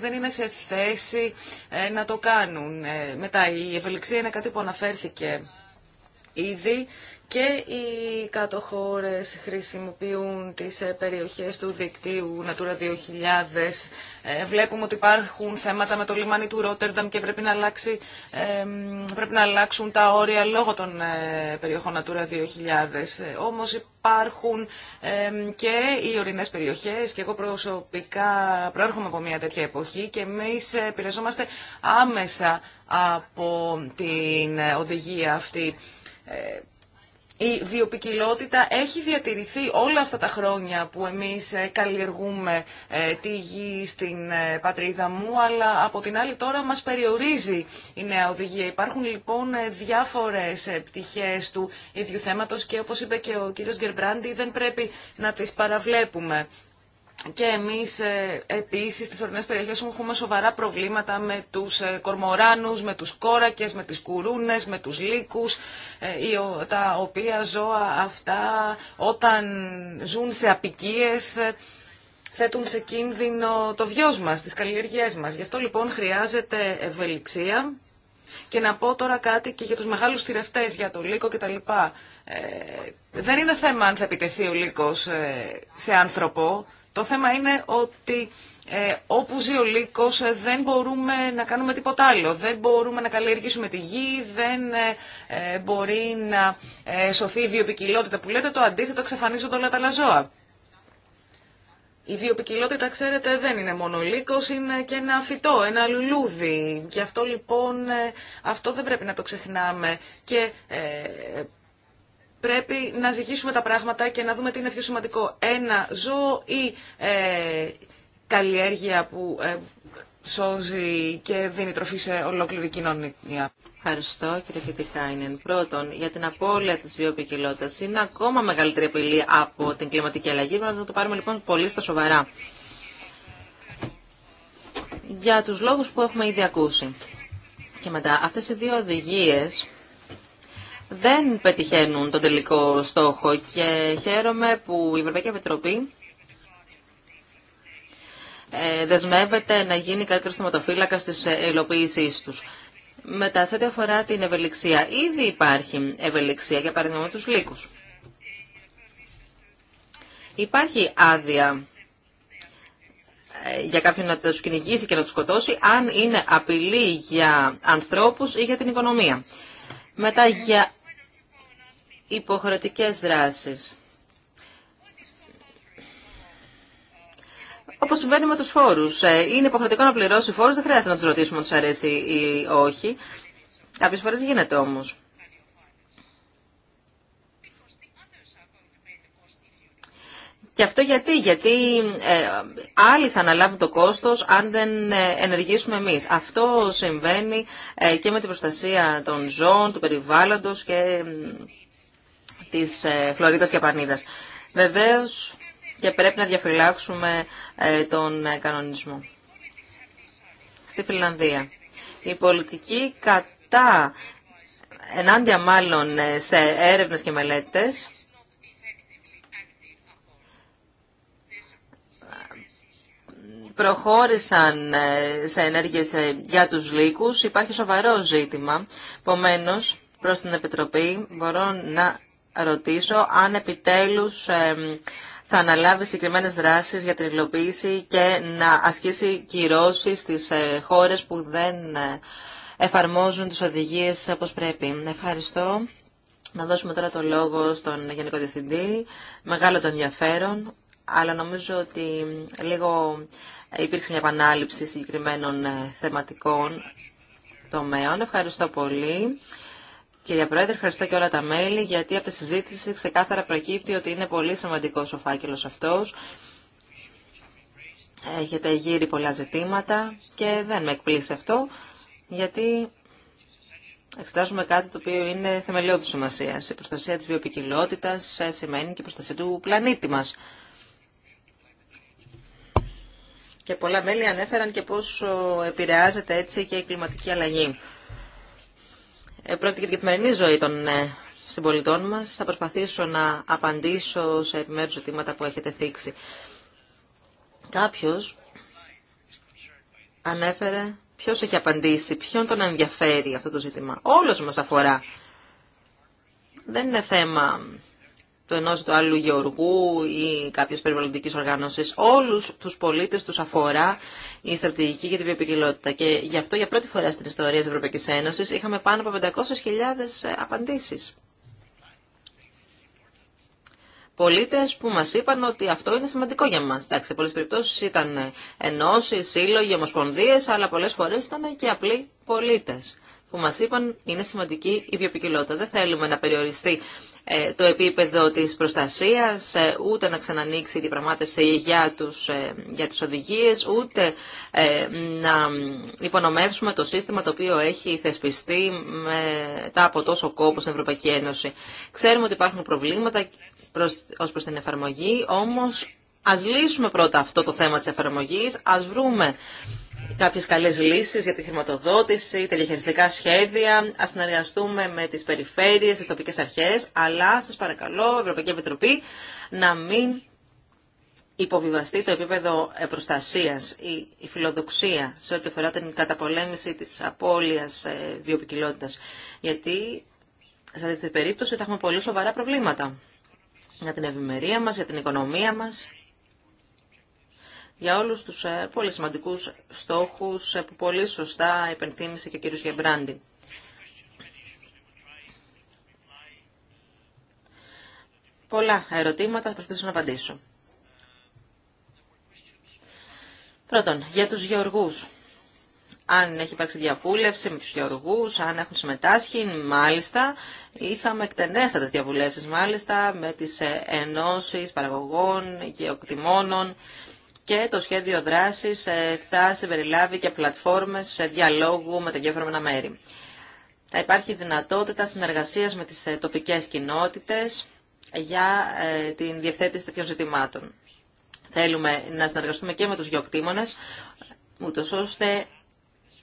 δεν είναι σε θέση ε, να το κάνουν. Μετά η ευελιξία είναι κάτι που αναφέρθηκε ήδη και οι κάτω χρησιμοποιούν τις ε, περιοχές του δικτύου Natura 2000. Ε, βλέπουμε ότι υπάρχουν θέματα με το λιμάνι του Ρότερνταμ και πρέπει να, αλλάξει, πρέπει να αλλάξουν τα όρια λόγω των ε, περιοχών Natura 2000. Όμως υπάρχουν και οι ορεινές περιοχές και εγώ προσωπικά προέρχομαι από μια τέτοια εποχή και εμείς επηρεαζόμαστε άμεσα από την οδηγία αυτή η βιοπικιλότητα έχει διατηρηθεί όλα αυτά τα χρόνια που εμείς ε, καλλιεργούμε ε, τη γη στην ε, πατρίδα μου, αλλά από την άλλη τώρα μας περιορίζει η νέα οδηγία. Υπάρχουν λοιπόν διάφορες πτυχές του ίδιου θέματος και όπως είπε και ο κύριος Γκερμπράντι δεν πρέπει να τις παραβλέπουμε. Και εμείς ε, επίσης στις ορεινές περιοχές έχουμε σοβαρά προβλήματα με τους ε, κορμοράνους, με τους κόρακες, με τις κουρούνες, με τους λύκους, ε, τα οποία ζώα αυτά όταν ζουν σε απικίες θέτουν σε κίνδυνο το βιός μας, τις καλλιεργίες μας. Γι' αυτό λοιπόν χρειάζεται ευελιξία. Και να πω τώρα κάτι και για τους μεγάλους θηρευτές, για το λύκο κτλ. δεν είναι θέμα αν θα επιτεθεί ο λύκος σε άνθρωπο. Το θέμα είναι ότι ε, όπου ζει ο λύκος ε, δεν μπορούμε να κάνουμε τίποτα άλλο. Δεν μπορούμε να καλλιεργήσουμε τη γη, δεν ε, μπορεί να σωθεί η βιοπικιλότητα που λέτε. Το αντίθετο εξαφανίζονται όλα τα λαζόα. Η βιοπικιλότητα, ξέρετε, δεν είναι μόνο λύκος, είναι και ένα φυτό, ένα λουλούδι. Γι' αυτό λοιπόν αυτό δεν πρέπει να το ξεχνάμε. Και πρέπει να ζυγίσουμε τα πράγματα και να δούμε τι είναι πιο σημαντικό. Ένα ζώο ή ε, καλλιέργεια που
ε, σώζει και δίνει τροφή σε ολόκληρη κοινωνία. Ευχαριστώ κύριε Φιτικάινεν. Πρώτον, για την απώλεια τη βιοποικιλότητας είναι ακόμα μεγαλύτερη απειλή από την κλιματική αλλαγή. Πρέπει να το πάρουμε λοιπόν πολύ στα σοβαρά. Για τους λόγους που έχουμε ήδη ακούσει. Και μετά, αυτές οι δύο οδηγίες δεν πετυχαίνουν τον τελικό στόχο και χαίρομαι που η Ευρωπαϊκή Επιτροπή ε, δεσμεύεται να γίνει καλύτερο θεματοφύλακα της ε, υλοποίησει τους. Μετά, σε ό,τι αφορά την ευελιξία, ήδη υπάρχει ευελιξία, για παράδειγμα με τους Υπάρχει άδεια ε, για κάποιον να τους κυνηγήσει και να τους σκοτώσει, αν είναι απειλή για ανθρώπους ή για την οικονομία. Μετά, για υποχρεωτικές δράσεις. Όπω συμβαίνει με του φόρου. Ε, είναι υποχρεωτικό να πληρώσει φόρου, δεν χρειάζεται να του ρωτήσουμε αν του αρέσει ή όχι. Κάποιε φορέ γίνεται όμω. Και αυτό γιατί, γιατί ε, άλλοι θα αναλάβουν το κόστος αν δεν ε, ενεργήσουμε εμείς. Αυτό συμβαίνει και με την προστασία των ζώων, του περιβάλλοντος και της χλωρίδας ε, και πανίδας. Βεβαίως και πρέπει να διαφυλάξουμε ε, τον ε, κανονισμό. Στη Φιλανδία. Η πολιτική κατά, ενάντια μάλλον σε έρευνες και μελέτες, προχώρησαν σε ενέργειες για τους λύκους. Υπάρχει σοβαρό ζήτημα. Επομένω, προς την Επιτροπή μπορώ να ρωτήσω αν επιτέλους θα αναλάβει συγκεκριμένες δράσεις για την υλοποίηση και να ασκήσει κυρώσεις στις ε, χώρες που δεν ε, εφαρμόζουν τις οδηγίες όπως πρέπει. Ευχαριστώ. Να δώσουμε τώρα το λόγο στον Γενικό Διευθυντή. Μεγάλο το ενδιαφέρον, αλλά νομίζω ότι λίγο υπήρξε μια επανάληψη συγκεκριμένων ε, θεματικών τομέων. Ευχαριστώ πολύ. Κυρία Πρόεδρε, ευχαριστώ και όλα τα μέλη, γιατί από τη συζήτηση ξεκάθαρα προκύπτει ότι είναι πολύ σημαντικός ο φάκελος αυτός. Έχετε γύρει πολλά ζητήματα και δεν με εκπλήσει αυτό, γιατί εξετάζουμε κάτι το οποίο είναι θεμελιώδη σημασία. Η προστασία της βιοπικιλότητας σημαίνει και η προστασία του πλανήτη μας. Και πολλά μέλη ανέφεραν και πώς επηρεάζεται έτσι και η κλιματική αλλαγή. Ε, πρόκειται για την καθημερινή ζωή των ε, συμπολιτών μας. Θα προσπαθήσω να απαντήσω σε επιμέρους ζητήματα που έχετε θίξει. Κάποιο ανέφερε ποιο έχει απαντήσει, ποιον τον ενδιαφέρει αυτό το ζήτημα. Όλος μας αφορά. Δεν είναι θέμα του ενό ή του άλλου γεωργού ή κάποιε περιβαλλοντικέ οργάνωση. Όλου του πολίτε του αφορά η του αλλου γεωργου η καποιε περιβαλλοντικε οργανωσει ολου του πολιτε του αφορα η στρατηγικη για την βιοποικιλότητα. Και γι' αυτό για πρώτη φορά στην ιστορία τη Ευρωπαϊκή Ένωση είχαμε πάνω από 500.000 απαντήσει. Πολίτε που μα είπαν ότι αυτό είναι σημαντικό για μα. Εντάξει, σε πολλέ περιπτώσει ήταν ενώσει, σύλλογοι, ομοσπονδίε, αλλά πολλέ φορέ ήταν και απλοί πολίτε που μας είπαν είναι σημαντική η βιοπικιλότητα. Δεν θέλουμε να περιοριστεί ε, το επίπεδο της προστασίας, ε, ούτε να ξανανοίξει η διπραγμάτευση για, τους, ε, για τις οδηγίες, ούτε να υπονομεύσουμε το σύστημα το οποίο έχει θεσπιστεί μετά από τόσο κόπο στην Ευρωπαϊκή Ένωση. Ξέρουμε ότι υπάρχουν προβλήματα προς, ως προς την εφαρμογή, όμως ας λύσουμε πρώτα αυτό το θέμα της εφαρμογής, ας βρούμε κάποιες καλές λύσεις για τη χρηματοδότηση, τα διαχειριστικά σχέδια. Ας συνεργαστούμε με τις περιφέρειες, τις τοπικές αρχές, αλλά σας παρακαλώ, Ευρωπαϊκή Επιτροπή, να μην υποβιβαστεί το επίπεδο προστασίας ή η φιλοδοξία σε ό,τι αφορά την καταπολέμηση της απώλειας ε, βιοποικιλότητας, Γιατί σε αυτή την περίπτωση θα έχουμε πολύ σοβαρά προβλήματα για την ευημερία μας, για την οικονομία μας για όλους τους ε, πολύ σημαντικούς στόχους ε, που πολύ σωστά υπενθύμησε και ο κύριος Γεμπράντη. Πολλά ερωτήματα, θα προσπαθήσω να απαντήσω. Πρώτον, για τους γεωργούς. Αν έχει υπάρξει διαβούλευση με τους γεωργούς, αν έχουν συμμετάσχει, μάλιστα, είχαμε εκτενέστατες διαβουλεύσεις, μάλιστα, με τις ε, ενώσεις παραγωγών, γεωκτημόνων, και το σχέδιο δράσης ε, θα συμπεριλάβει και πλατφόρμες σε διαλόγου με τα διάφορα μέρη. Θα υπάρχει δυνατότητα συνεργασίας με τις ε, τοπικές κοινότητες για ε, την διευθέτηση τέτοιων ζητημάτων. Θέλουμε να συνεργαστούμε και με τους γεωκτήμονες, ούτως ώστε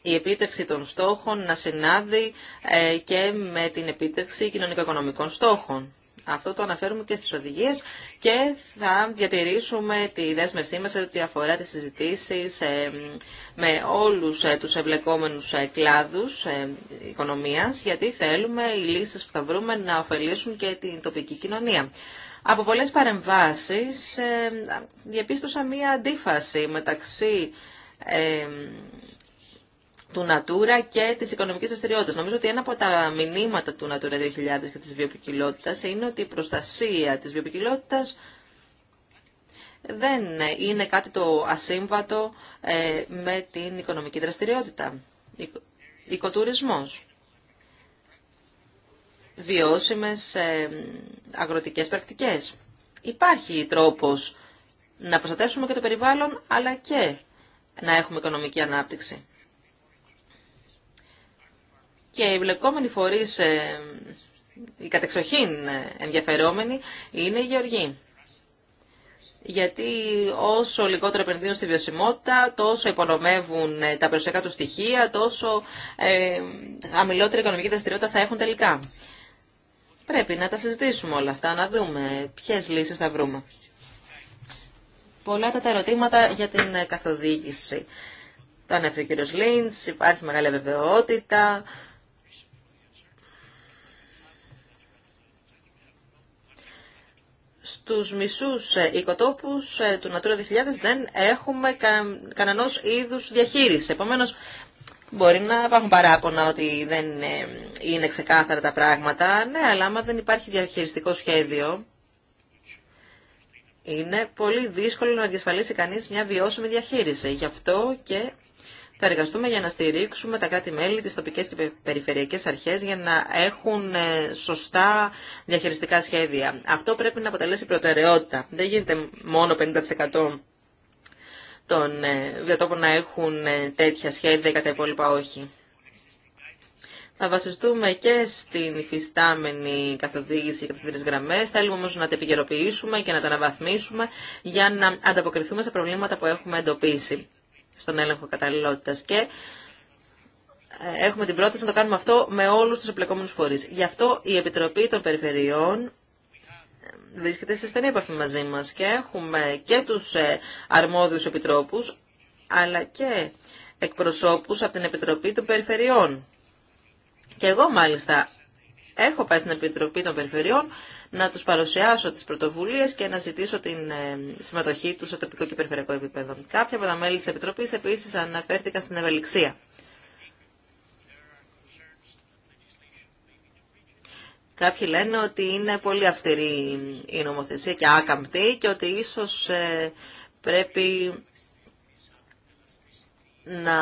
η επίτευξη των στόχων να συνάδει και με την επίτευξη κοινωνικο-οικονομικών στόχων. Αυτό το αναφέρουμε και στις οδηγίες και θα διατηρήσουμε τη δέσμευσή μας ότι αφορά τις συζητήσεις ε, με όλους ε, τους ευλεκόμενους ε, κλάδους οικονομίας γιατί θέλουμε οι λύσεις που θα βρούμε να ωφελήσουν και την τοπική κοινωνία. Από πολλές παρεμβάσεις διαπίστωσα μία αντίφαση μεταξύ του Natura και τη οικονομική δραστηριότητα. Νομίζω ότι ένα από τα μηνύματα του Natura 2000 και τη βιοποικιλότητας είναι ότι η προστασία τη βιοποικιλότητας δεν είναι κάτι το ασύμβατο ε, με την οικονομική δραστηριότητα. Οικοτουρισμός. Βιώσιμες ε, αγροτικές πρακτικές. Υπάρχει τρόπος να προστατεύσουμε και το περιβάλλον, αλλά και να έχουμε οικονομική ανάπτυξη και οι βλεκόμενοι φορείς, ε, οι κατεξοχήν ενδιαφερόμενοι, είναι οι γεωργοί. Γιατί όσο λιγότερο επενδύουν στη βιωσιμότητα, τόσο υπονομεύουν ε, τα περισσότερα του στοιχεία, τόσο ε, οικονομική δραστηριότητα θα έχουν τελικά. Πρέπει να τα συζητήσουμε όλα αυτά, να δούμε ποιες λύσεις θα βρούμε. Πολλά τα, ερωτήματα για την ε, καθοδήγηση. Το ανέφερε ο κ. Λίνς, υπάρχει μεγάλη αβεβαιότητα. στους μισούς ε, οικοτόπους ε, του Natura 2000 δεν έχουμε κα, κανένας είδους διαχείριση. Επομένως, μπορεί να υπάρχουν παράπονα ότι δεν ε, είναι ξεκάθαρα τα πράγματα. Ναι, αλλά άμα δεν υπάρχει διαχειριστικό σχέδιο, είναι πολύ δύσκολο να διασφαλίσει κανείς μια βιώσιμη διαχείριση. Γι' αυτό και θα εργαστούμε για να στηρίξουμε τα κράτη-μέλη, τις τοπικές και περιφερειακές αρχές για να έχουν ε, σωστά διαχειριστικά σχέδια. Αυτό πρέπει να αποτελέσει προτεραιότητα. Δεν γίνεται μόνο 50% των ε, βιοτόπων να έχουν ε, τέτοια σχέδια και τα υπόλοιπα όχι. Θα βασιστούμε και στην υφιστάμενη καθοδήγηση και τις γραμμές. Θέλουμε όμως να τα επικαιροποιήσουμε και να τα αναβαθμίσουμε για να ανταποκριθούμε σε προβλήματα που έχουμε εντοπίσει στον έλεγχο καταλληλότητα. και ε, έχουμε την πρόταση να το κάνουμε αυτό με όλους τους εμπλεκόμενου φορείς. Γι' αυτό η Επιτροπή των Περιφερειών ε, βρίσκεται σε στενή επαφή μαζί μα και έχουμε και τους ε, αρμόδιους επιτρόπους αλλά και εκπροσώπους από την Επιτροπή των Περιφερειών. Και εγώ μάλιστα έχω πάει στην Επιτροπή των Περιφερειών να τους παρουσιάσω τις πρωτοβουλίες και να ζητήσω την ε, συμμετοχή τους στο τοπικό και περιφερειακό επίπεδο. Κάποια από τα μέλη της Επιτροπής επίσης αναφέρθηκαν στην ευελιξία. Κάποιοι λένε ότι είναι πολύ αυστηρή η νομοθεσία και άκαμπτη και ότι ίσως ε, πρέπει να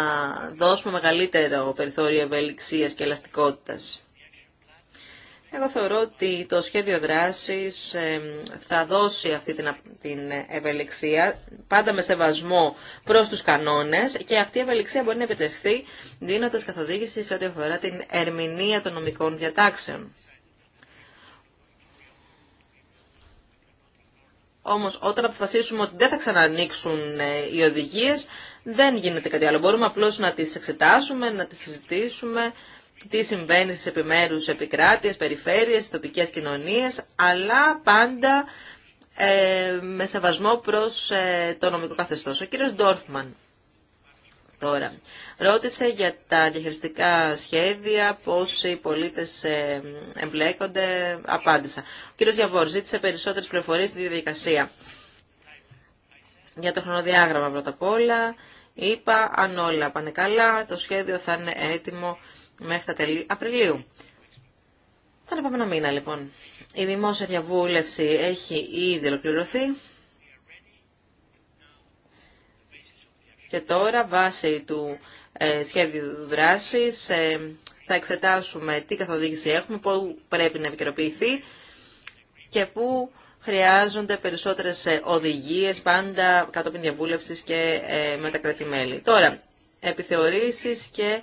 δώσουμε μεγαλύτερο περιθώριο ευελιξίας και ελαστικότητας. Εγώ θεωρώ ότι το σχέδιο δράσης θα δώσει αυτή την ευελιξία, πάντα με σεβασμό προς τους κανόνες και αυτή η ευελιξία μπορεί να επιτευχθεί δίνοντας καθοδήγηση σε ό,τι αφορά την ερμηνεία των νομικών διατάξεων. Όμως όταν αποφασίσουμε ότι δεν θα ξανανοίξουν ε, οι οδηγίες, δεν γίνεται κάτι άλλο. Μπορούμε απλώς να τις εξετάσουμε, να τις συζητήσουμε τι συμβαίνει στις επιμέρους επικράτειες, περιφέρειες, τοπικές κοινωνίες, αλλά πάντα ε, με σεβασμό προς ε, το νομικό καθεστώς. Ο κύριος Ντόρφμαν τώρα ρώτησε για τα διαχειριστικά σχέδια, πώς οι πολίτες ε, εμπλέκονται, απάντησα. Ο κύριος Γιαβόρ ζήτησε περισσότερες πληροφορίες στη διαδικασία. Για το χρονοδιάγραμμα πρώτα απ' όλα, είπα αν όλα πάνε καλά, το σχέδιο θα είναι έτοιμο μέχρι τα τέλη Απριλίου. Τον επόμενο μήνα λοιπόν. Η δημόσια διαβούλευση έχει ήδη ολοκληρωθεί. Και τώρα βάσει του ε, σχέδιου δράσης ε, θα εξετάσουμε τι καθοδήγηση έχουμε, πού πρέπει να επικαιροποιηθεί και πού χρειάζονται περισσότερες ε, οδηγίες πάντα κατόπιν διαβούλευσης και ε, με τα Τώρα, επιθεωρήσεις και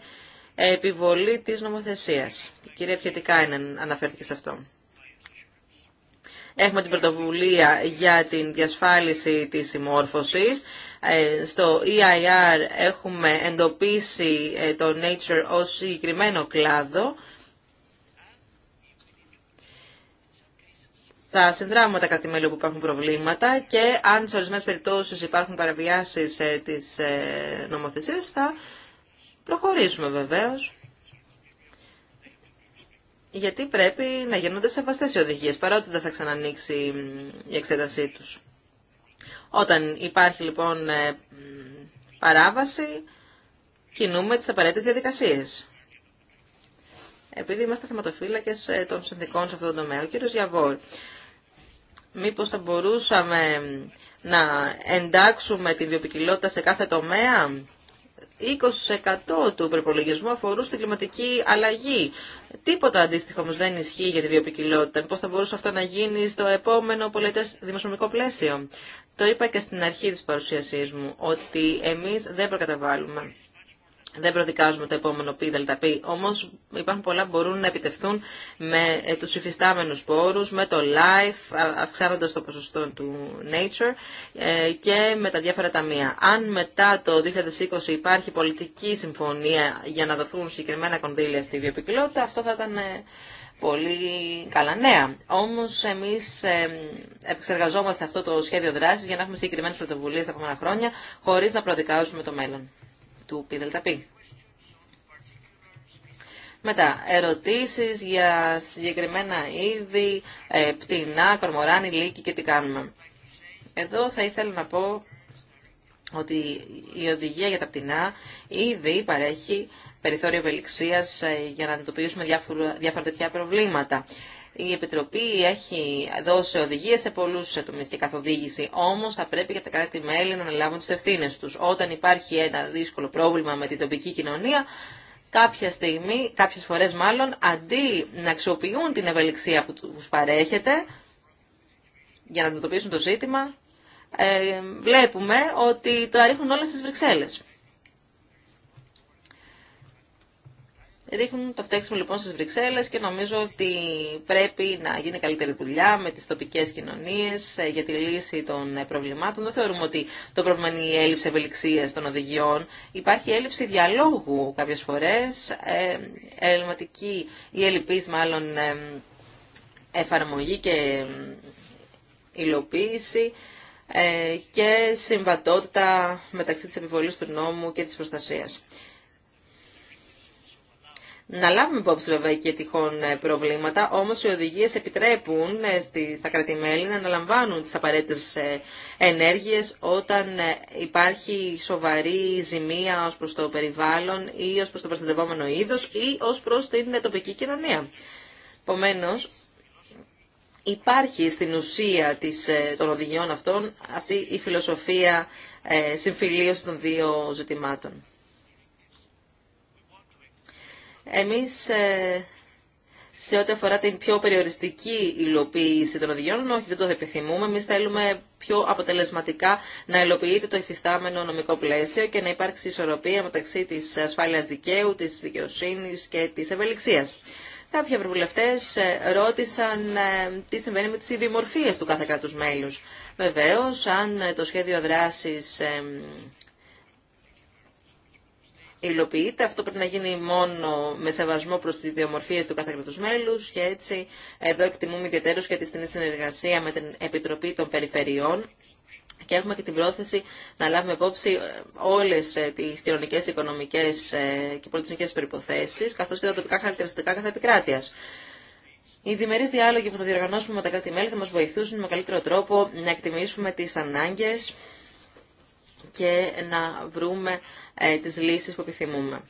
επιβολή της νομοθεσίας. Η κυρία είναι αναφέρθηκε σε αυτό. Έχουμε την πρωτοβουλία για την διασφάλιση της συμμόρφωσης. Ε, στο EIR έχουμε εντοπίσει ε, το Nature ως συγκεκριμένο κλάδο. Θα συνδράμουμε τα μέλη που υπάρχουν προβλήματα και αν σε ορισμένε περιπτώσει υπάρχουν παραβιάσεις ε, της νομοθεσίας... θα προχωρήσουμε βεβαίως. Γιατί πρέπει να γίνονται σεβαστές οι οδηγίες, παρότι δεν θα ξανανοίξει η εξέτασή τους. Όταν υπάρχει λοιπόν ε, παράβαση, κινούμε τις απαραίτητες διαδικασίες. Επειδή είμαστε θεματοφύλακες ε, των συνθηκών σε αυτό το τομέα, ο κύριος Γιαβόρ, μήπως θα μπορούσαμε να εντάξουμε τη βιοπικιλότητα σε κάθε τομέα 20% του προπολογισμού αφορούν στην κλιματική αλλαγή. Τίποτα αντίστοιχο όμω δεν ισχύει για τη βιοπικιλότητα. Πώ θα μπορούσε αυτό να γίνει στο επόμενο πολιτέ δημοσιονομικό πλαίσιο. Το είπα και στην αρχή τη παρουσίασή μου, ότι εμεί δεν προκαταβάλουμε δεν προδικάζουμε το επόμενο πι δελτα πι, όμως υπάρχουν πολλά που μπορούν να επιτευχθούν με ε, τους υφιστάμενους πόρους, με το life, αυξάνοντας το ποσοστό του nature ε, και με τα διάφορα ταμεία. Αν μετά το 2020 υπάρχει πολιτική συμφωνία για να δοθούν συγκεκριμένα κονδύλια στη βιοπικλότητα, αυτό θα ήταν ε, πολύ καλά νέα. Όμως εμείς επεξεργαζόμαστε αυτό το σχέδιο δράσης για να έχουμε συγκεκριμένες πρωτοβουλίες τα επόμενα χρόνια, χωρίς να προδικάζουμε το μέλλον του ΠΔΠ. Μετά, ερωτήσεις για συγκεκριμένα είδη, ε, πτηνά, κορμοράνι, λύκη και τι κάνουμε. Εδώ θα ήθελα να πω ότι η οδηγία για τα πτηνά ήδη παρέχει περιθώριο ευελιξίας ε, για να αντιμετωπίσουμε διάφορα τέτοια προβλήματα. Η Επιτροπή έχει δώσει οδηγίε σε πολλού τομεί και καθοδήγηση. Όμω θα πρέπει και τα κράτη-μέλη να αναλάβουν τι ευθύνε του. Όταν υπάρχει ένα δύσκολο πρόβλημα με την τοπική κοινωνία, κάποια στιγμή, κάποιε φορέ μάλλον, αντί να αξιοποιούν την ευελιξία που του παρέχεται για να αντιμετωπίσουν το ζήτημα, ε, βλέπουμε ότι το αρίχνουν όλα στι Βρυξέλλες. ρίχνουν το φταίξιμο λοιπόν στις Βρυξέλλες και νομίζω ότι πρέπει να γίνει καλύτερη δουλειά με τις τοπικές κοινωνίες ε, για τη λύση των ε, προβλημάτων. Δεν θεωρούμε ότι το πρόβλημα είναι η έλλειψη ευελιξίας των οδηγιών. Υπάρχει έλλειψη διαλόγου κάποιες φορές, ε, ελληματική ή ελλειπής μάλλον εφαρμογή και υλοποίηση και συμβατότητα μεταξύ της επιβολής του νόμου και της προστασίας να λάβουμε υπόψη βέβαια και τυχόν ε, προβλήματα, όμως οι οδηγίες επιτρέπουν ε, στα κρατημέλη να αναλαμβάνουν τις απαραίτητες ε, ενέργειες όταν υπάρχει σοβαρή ζημία ως προς το περιβάλλον ή ως προς το προστατευόμενο είδος ή ως προς την τοπική κοινωνία. Επομένω, υπάρχει στην ουσία των οδηγιών αυτών αυτή η φιλοσοφία συμφιλίωση των δύο ζητημάτων. Εμείς ε, σε ό,τι αφορά την πιο περιοριστική υλοποίηση των οδηγιών, όχι δεν το επιθυμούμε. Εμεί θέλουμε πιο αποτελεσματικά να υλοποιείται το υφιστάμενο νομικό πλαίσιο και να υπάρξει ισορροπία μεταξύ της ασφάλειας δικαίου, της δικαιοσύνης και της ευελιξίας. Κάποιοι ευρωβουλευτέ ε, ρώτησαν ε, τι συμβαίνει με τι ιδιομορφίε του κάθε κράτου μέλου. Βεβαίω, αν το σχέδιο δράση υλοποιείται. Αυτό πρέπει να γίνει μόνο με σεβασμό προς τις ιδιομορφίες του κάθε κράτους μέλους και έτσι εδώ εκτιμούμε ιδιαίτερως και τη στενή συνεργασία με την Επιτροπή των Περιφερειών και έχουμε και την πρόθεση να λάβουμε υπόψη ε, όλες ε, τις κοινωνικές, οικονομικές ε, και πολιτισμικές περιποθέσεις καθώς και τα τοπικά χαρακτηριστικά κάθε επικράτειας. Οι διμερεί διάλογοι που θα διοργανώσουμε με τα κράτη-μέλη θα μα βοηθούσαν με καλύτερο τρόπο να εκτιμήσουμε τι ανάγκε και να βρούμε ε, τις λύσεις που επιθυμούμε.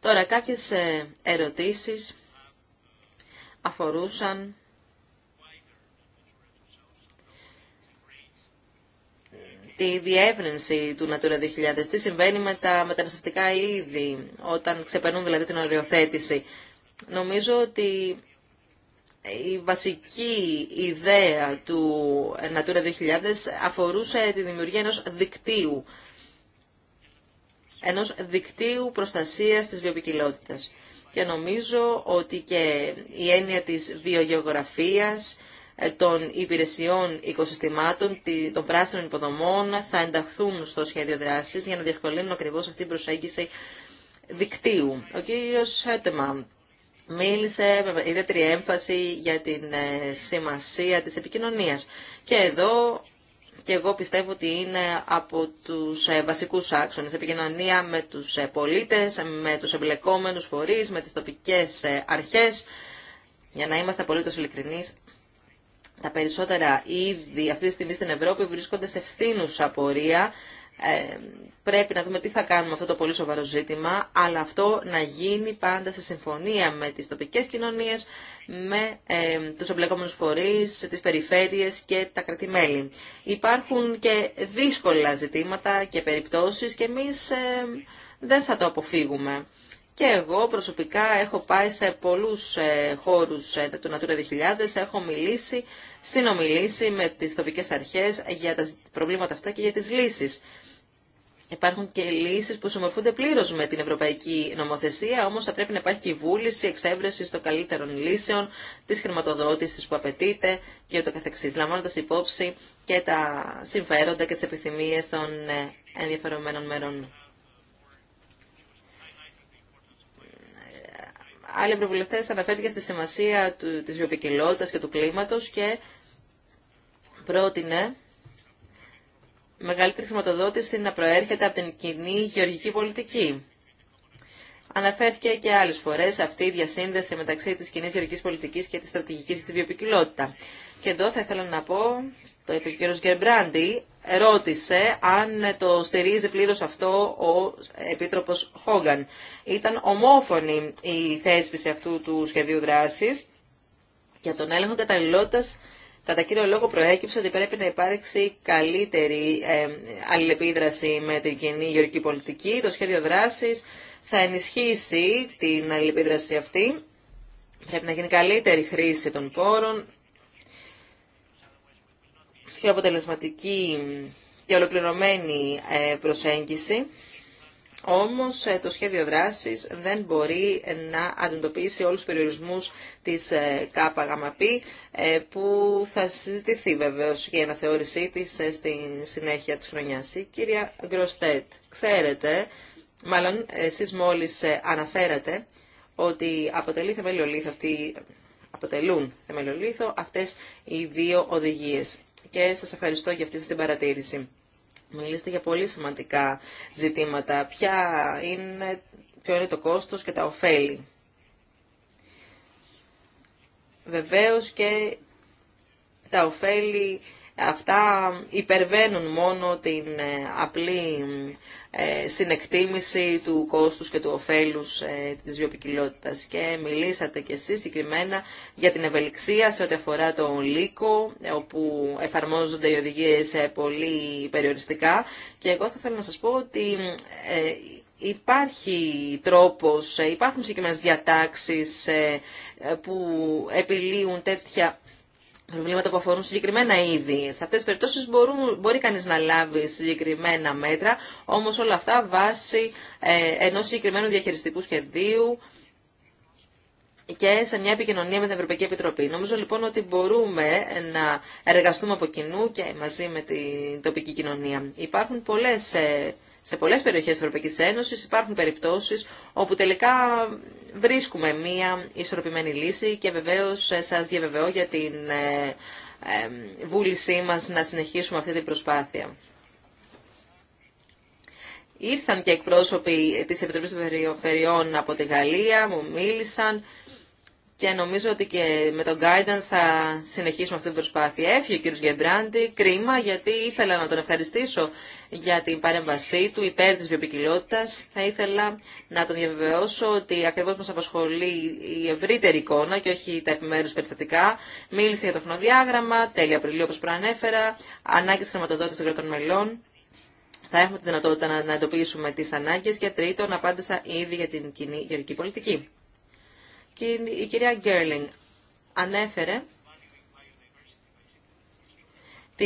Τώρα, κάποιες ε, ερωτήσεις αφορούσαν τη διεύρυνση του Natura 2000. Τι συμβαίνει με τα μεταναστευτικά είδη, όταν ξεπερνούν δηλαδή την οριοθέτηση. Νομίζω ότι η βασική ιδέα του Natura 2000 αφορούσε τη δημιουργία ενός δικτύου, ενός δικτύου προστασίας της βιοποικιλότητας. Και νομίζω ότι και η έννοια της βιογεωγραφίας, ε, των υπηρεσιών οικοσυστημάτων, των πράσινων υποδομών θα ενταχθούν στο σχέδιο δράσης για να διευκολύνουν ακριβώς αυτή την προσέγγιση δικτύου. Ο κύριος Χέτεμα μίλησε με ιδιαίτερη έμφαση για την ε, σημασία της επικοινωνίας. Και εδώ και εγώ πιστεύω ότι είναι από τους ε, βασικούς άξονες. Επικοινωνία με τους ε, πολίτες, με τους εμπλεκόμενους φορείς, με τις τοπικές αρχές. Για να είμαστε απολύτως ειλικρινείς, τα περισσότερα ήδη αυτή τη στιγμή στην Ευρώπη βρίσκονται σε φθήνουσα πορεία ε, πρέπει να δούμε τι θα κάνουμε αυτό το πολύ σοβαρό ζήτημα, αλλά αυτό να γίνει πάντα σε συμφωνία με τις τοπικές κοινωνίες, με ε, τους εμπλεκόμενους φορείς, τις περιφέρειες και τα κρατημέλη. Υπάρχουν και δύσκολα ζητήματα και περιπτώσεις και εμείς ε, δεν θα το αποφύγουμε. Και εγώ προσωπικά έχω πάει σε πολλούς ε, χώρους ε, του Natura 2000, έχω μιλήσει, συνομιλήσει με τις τοπικές αρχές για τα προβλήματα αυτά και για τις λύσεις. Υπάρχουν και λύσεις που συμμορφούνται πλήρως με την ευρωπαϊκή νομοθεσία, όμως θα πρέπει να υπάρχει και η βούληση εξέβρεση των καλύτερων λύσεων, της χρηματοδότησης που απαιτείται και ούτω καθεξής, λαμβάνοντας υπόψη και τα συμφέροντα και τις επιθυμίες των ε, ενδιαφερομένων μέρων. Άλλοι ευρωβουλευτέ αναφέρθηκαν στη σημασία της βιοποικιλότητας και του κλίματος και πρότεινε μεγαλύτερη χρηματοδότηση να προέρχεται από την κοινή γεωργική πολιτική. Αναφέρθηκε και άλλες φορές αυτή η διασύνδεση μεταξύ της κοινή γεωργικής πολιτικής και της στρατηγικής για την βιοπικιλότητα. Και εδώ θα ήθελα να πω, το είπε ο κ. Γκερμπράντι, ρώτησε αν το στηρίζει πλήρω αυτό ο Επίτροπος Χόγκαν. Ήταν ομόφωνη η θέσπιση αυτού του σχεδίου δράση και από τον έλεγχο καταλληλότητα κατά κύριο λόγο προέκυψε ότι πρέπει να υπάρξει καλύτερη ε, αλληλεπίδραση με την κοινή γεωργική πολιτική. Το σχέδιο δράσης θα ενισχύσει την αλληλεπίδραση αυτή. Πρέπει να γίνει καλύτερη χρήση των πόρων, πιο αποτελεσματική και ολοκληρωμένη ε, προσέγγιση. Όμως ε, το σχέδιο δράσης δεν μπορεί να αντιμετωπίσει όλους τους περιορισμούς της ε, ΚΑΠΑΓΑΜΑΠΗ ε, που θα συζητηθεί βεβαίως για η αναθεώρησή της στη συνέχεια της χρονιάς. Η κυρία Γκροστέτ, ξέρετε, μάλλον εσείς μόλις αναφέρατε ότι αποτελεί αυτή αποτελούν θεμελιολήθο αυτές οι δύο οδηγίες. Και σας ευχαριστώ για αυτή την παρατήρηση. Μιλήσετε για πολύ σημαντικά ζητήματα. Ποια είναι, ποιο είναι το κόστος και τα ωφέλη. Βεβαίως και τα ωφέλη Αυτά υπερβαίνουν μόνο την ε, απλή ε, συνεκτίμηση του κόστους και του ωφέλους ε, της βιοπικιλότητας. Και μιλήσατε και εσείς συγκεκριμένα για την ευελιξία σε ό,τι αφορά τον λύκο, όπου εφαρμόζονται οι οδηγίες πολύ περιοριστικά. Και εγώ θα ήθελα να σας πω ότι υπάρχει τρόπος, υπάρχουν συγκεκριμένες διατάξεις που επιλύουν τέτοια προβλήματα που αφορούν συγκεκριμένα είδη. Σε αυτές τις περιπτώσεις μπορούν, μπορεί κανείς να λάβει συγκεκριμένα μέτρα, όμως όλα αυτά βάσει ε, ενός συγκεκριμένου διαχειριστικού σχεδίου και σε μια επικοινωνία με την Ευρωπαϊκή Επιτροπή. Νομίζω λοιπόν ότι μπορούμε να εργαστούμε από κοινού και μαζί με την τοπική κοινωνία. Υπάρχουν πολλές ε, σε πολλές περιοχές τη Ευρωπαϊκή Ένωση υπάρχουν περιπτώσεις όπου τελικά βρίσκουμε μία ισορροπημένη λύση και βεβαίω ε, σας διαβεβαιώ για την ε, βούλησή μας να συνεχίσουμε αυτή την προσπάθεια. Ήρθαν και εκπρόσωποι της Επιτροπής των Περιφερειών από τη Γαλλία, μου μίλησαν και νομίζω ότι και με τον guidance θα συνεχίσουμε αυτή την προσπάθεια. Έφυγε ο κ. Γεμπράντη, κρίμα γιατί ήθελα να τον ευχαριστήσω για την παρέμβασή του υπέρ της βιοπικιλότητας. Θα ήθελα να τον διαβεβαιώσω ότι ακριβώς μας απασχολεί η ευρύτερη εικόνα και όχι τα επιμέρους περιστατικά. Μίλησε για το χρονοδιάγραμμα, τέλη Απριλίου όπως προανέφερα, ανάγκες χρηματοδότησης των μελών. Θα έχουμε τη δυνατότητα να, εντοπίσουμε τις ανάγκες και τρίτον απάντησα ήδη για την κοινή γεωργική πολιτική η κυρία Γκέρλινγκ ανέφερε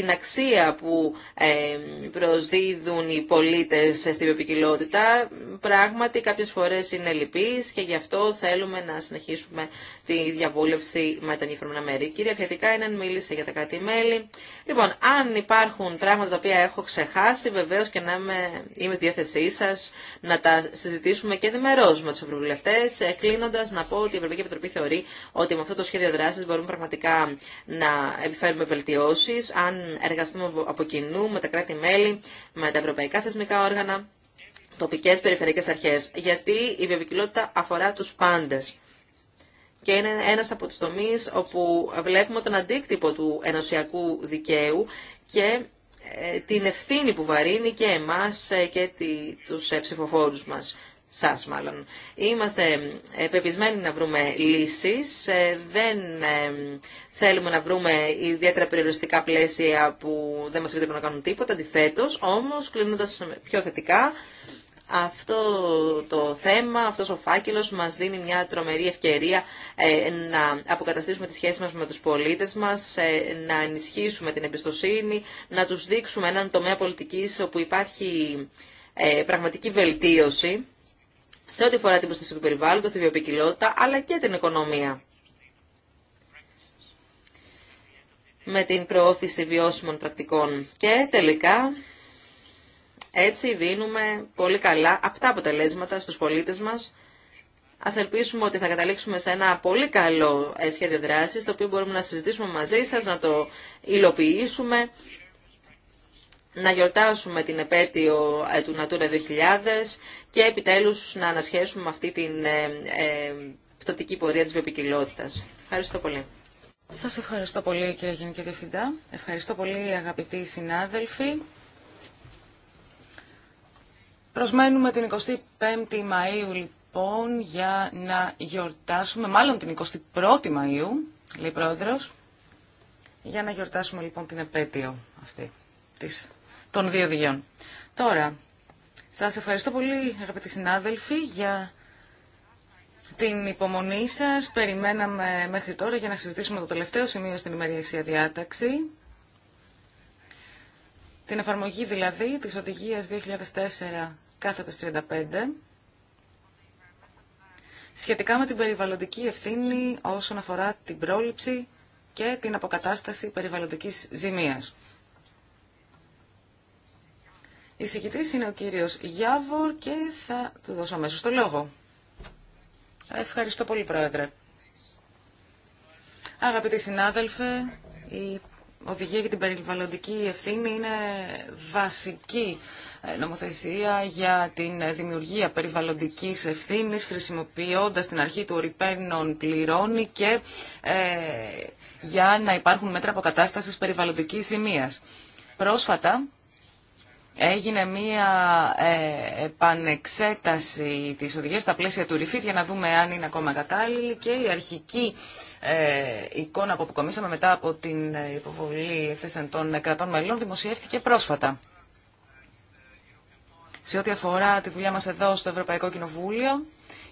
την αξία που ε, προσδίδουν οι πολίτες στην βιοπικιλότητα, Πράγματι κάποιες φορές είναι λυπής και γι' αυτό θέλουμε να συνεχίσουμε τη διαβούλευση με τα ενδιαφερμένα Μέρη. Κυρία Πιατικά, έναν μίλησε για τα κάτι μελη Λοιπόν, αν υπάρχουν πράγματα τα οποία έχω ξεχάσει, βεβαίως και να είμαι, είμαι στη διάθεσή σας να τα συζητήσουμε και διμερώς με τους ευρωβουλευτές. Κλείνοντας, να πω ότι η Ευρωπαϊκή Επιτροπή θεωρεί ότι με αυτό το σχέδιο δράσης μπορούμε πραγματικά να επιφέρουμε βελτιώσεις, αν εργαστούμε από κοινού με τα κράτη-μέλη, με τα ευρωπαϊκά θεσμικά όργανα, τοπικές περιφερειακές αρχές, γιατί η βιοποικιλότητα αφορά τους πάντες. Και είναι ένας από τους τομείς όπου βλέπουμε τον αντίκτυπο του ενωσιακού δικαίου και ε, την ευθύνη που βαρύνει και εμάς ε, και τους ε, ψηφοφόρους μας σας μάλλον. Είμαστε ε, πεπισμένοι να βρούμε λύσεις, ε, δεν ε, θέλουμε να βρούμε ιδιαίτερα περιοριστικά πλαίσια που δεν μας επιτρέπουν να κάνουν τίποτα, αντιθέτω, όμως κλείνοντας πιο θετικά, αυτό το θέμα, αυτός ο φάκελος μας δίνει μια τρομερή ευκαιρία να αποκαταστήσουμε τις σχέσεις μας με τους πολίτες μας, να ενισχύσουμε την εμπιστοσύνη, να τους δείξουμε έναν τομέα πολιτικής όπου υπάρχει πραγματική βελτίωση σε ό,τι φορά την προστασία του περιβάλλοντος, τη βιοπικιλότητα αλλά και την οικονομία. με την προώθηση βιώσιμων πρακτικών. Και τελικά έτσι δίνουμε πολύ καλά αυτά αποτελέσματα στους πολίτες μας. Ας ελπίσουμε ότι θα καταλήξουμε σε ένα πολύ καλό ε, σχέδιο δράσης, το οποίο μπορούμε να συζητήσουμε μαζί σας, να το υλοποιήσουμε να γιορτάσουμε την επέτειο ε, του Natura 2000 και επιτέλους να ανασχέσουμε αυτή την ε, ε, πτωτική πορεία της βιοποικιλότητας. Ευχαριστώ πολύ.
Σας ευχαριστώ πολύ κύριε Γενική Διευθυντά. Ευχαριστώ πολύ αγαπητοί συνάδελφοι. Προσμένουμε την 25η Μαΐου λοιπόν για να γιορτάσουμε, μάλλον την 21η Μαΐου, λέει πρόεδρος, για να γιορτάσουμε λοιπόν την επέτειο αυτή της των δύο Τώρα, σας ευχαριστώ πολύ αγαπητοί συνάδελφοι για την υπομονή σας. Περιμέναμε μέχρι τώρα για να συζητήσουμε το τελευταίο σημείο στην ημερήσια διάταξη. Την εφαρμογή δηλαδή της οδηγίας 2004 κάθετος 35 σχετικά με την περιβαλλοντική ευθύνη όσον αφορά την πρόληψη και την αποκατάσταση περιβαλλοντικής ζημίας εισηγητής είναι ο κύριος Γιάβορ και θα του δώσω αμέσω το λόγο. Ευχαριστώ πολύ, Πρόεδρε. Αγαπητοί συνάδελφε, η οδηγία για την περιβαλλοντική ευθύνη είναι βασική ε, νομοθεσία για την δημιουργία περιβαλλοντικής ευθύνης χρησιμοποιώντας την αρχή του ορυπαίνων πληρώνει και ε, για να υπάρχουν μέτρα αποκατάστασης περιβαλλοντικής ζημίας. Πρόσφατα έγινε μία ε, επανεξέταση της οδηγίας στα πλαίσια του Ριφίτ για να δούμε αν είναι ακόμα κατάλληλη και η αρχική ε, εικόνα που αποκομίσαμε μετά από την ε, υποβολή θέσεων των κρατών μελών δημοσιεύτηκε πρόσφατα. Σε ό,τι αφορά τη δουλειά μας εδώ στο Ευρωπαϊκό Κοινοβούλιο,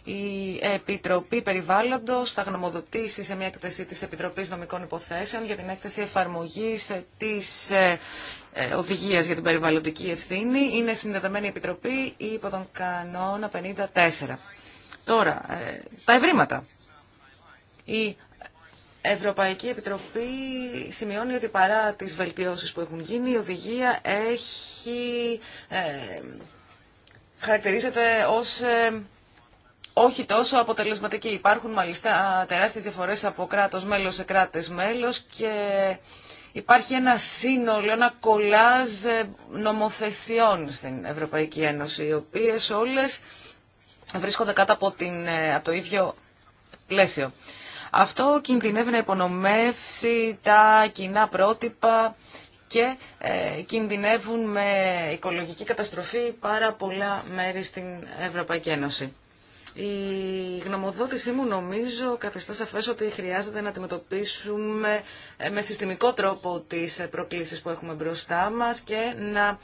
η Επιτροπή Περιβάλλοντος θα γνωμοδοτήσει σε μια έκθεση της Επιτροπής Νομικών Υποθέσεων για την έκθεση εφαρμογής της ε, οδηγία για την περιβαλλοντική ευθύνη είναι συνδεδεμένη επιτροπή υπό τον κανόνα 54. Τώρα, ε, τα ευρήματα. Η Ευρωπαϊκή Επιτροπή σημειώνει ότι παρά τις βελτιώσεις που έχουν γίνει, η οδηγία έχει, ε, χαρακτηρίζεται ως όχι τόσο αποτελεσματική. Υπάρχουν μάλιστα τεράστιες διαφορές από κράτος μέλος σε κράτες μέλος και υπάρχει ένα σύνολο, ένα κολάζ ε, νομοθεσιών στην Ευρωπαϊκή Ένωση, οι οποίες όλες βρίσκονται κάτω από, την, ε, το ίδιο πλαίσιο. Αυτό κινδυνεύει να υπονομεύσει τα κοινά πρότυπα και ε, κινδυνεύουν με οικολογική καταστροφή πάρα πολλά μέρη στην Ευρωπαϊκή Ένωση. Η γνωμοδότησή μου νομίζω καθιστά σαφέ ότι χρειάζεται να αντιμετωπίσουμε ε, με συστημικό τρόπο τις ε, προκλήσεις που έχουμε μπροστά μας και να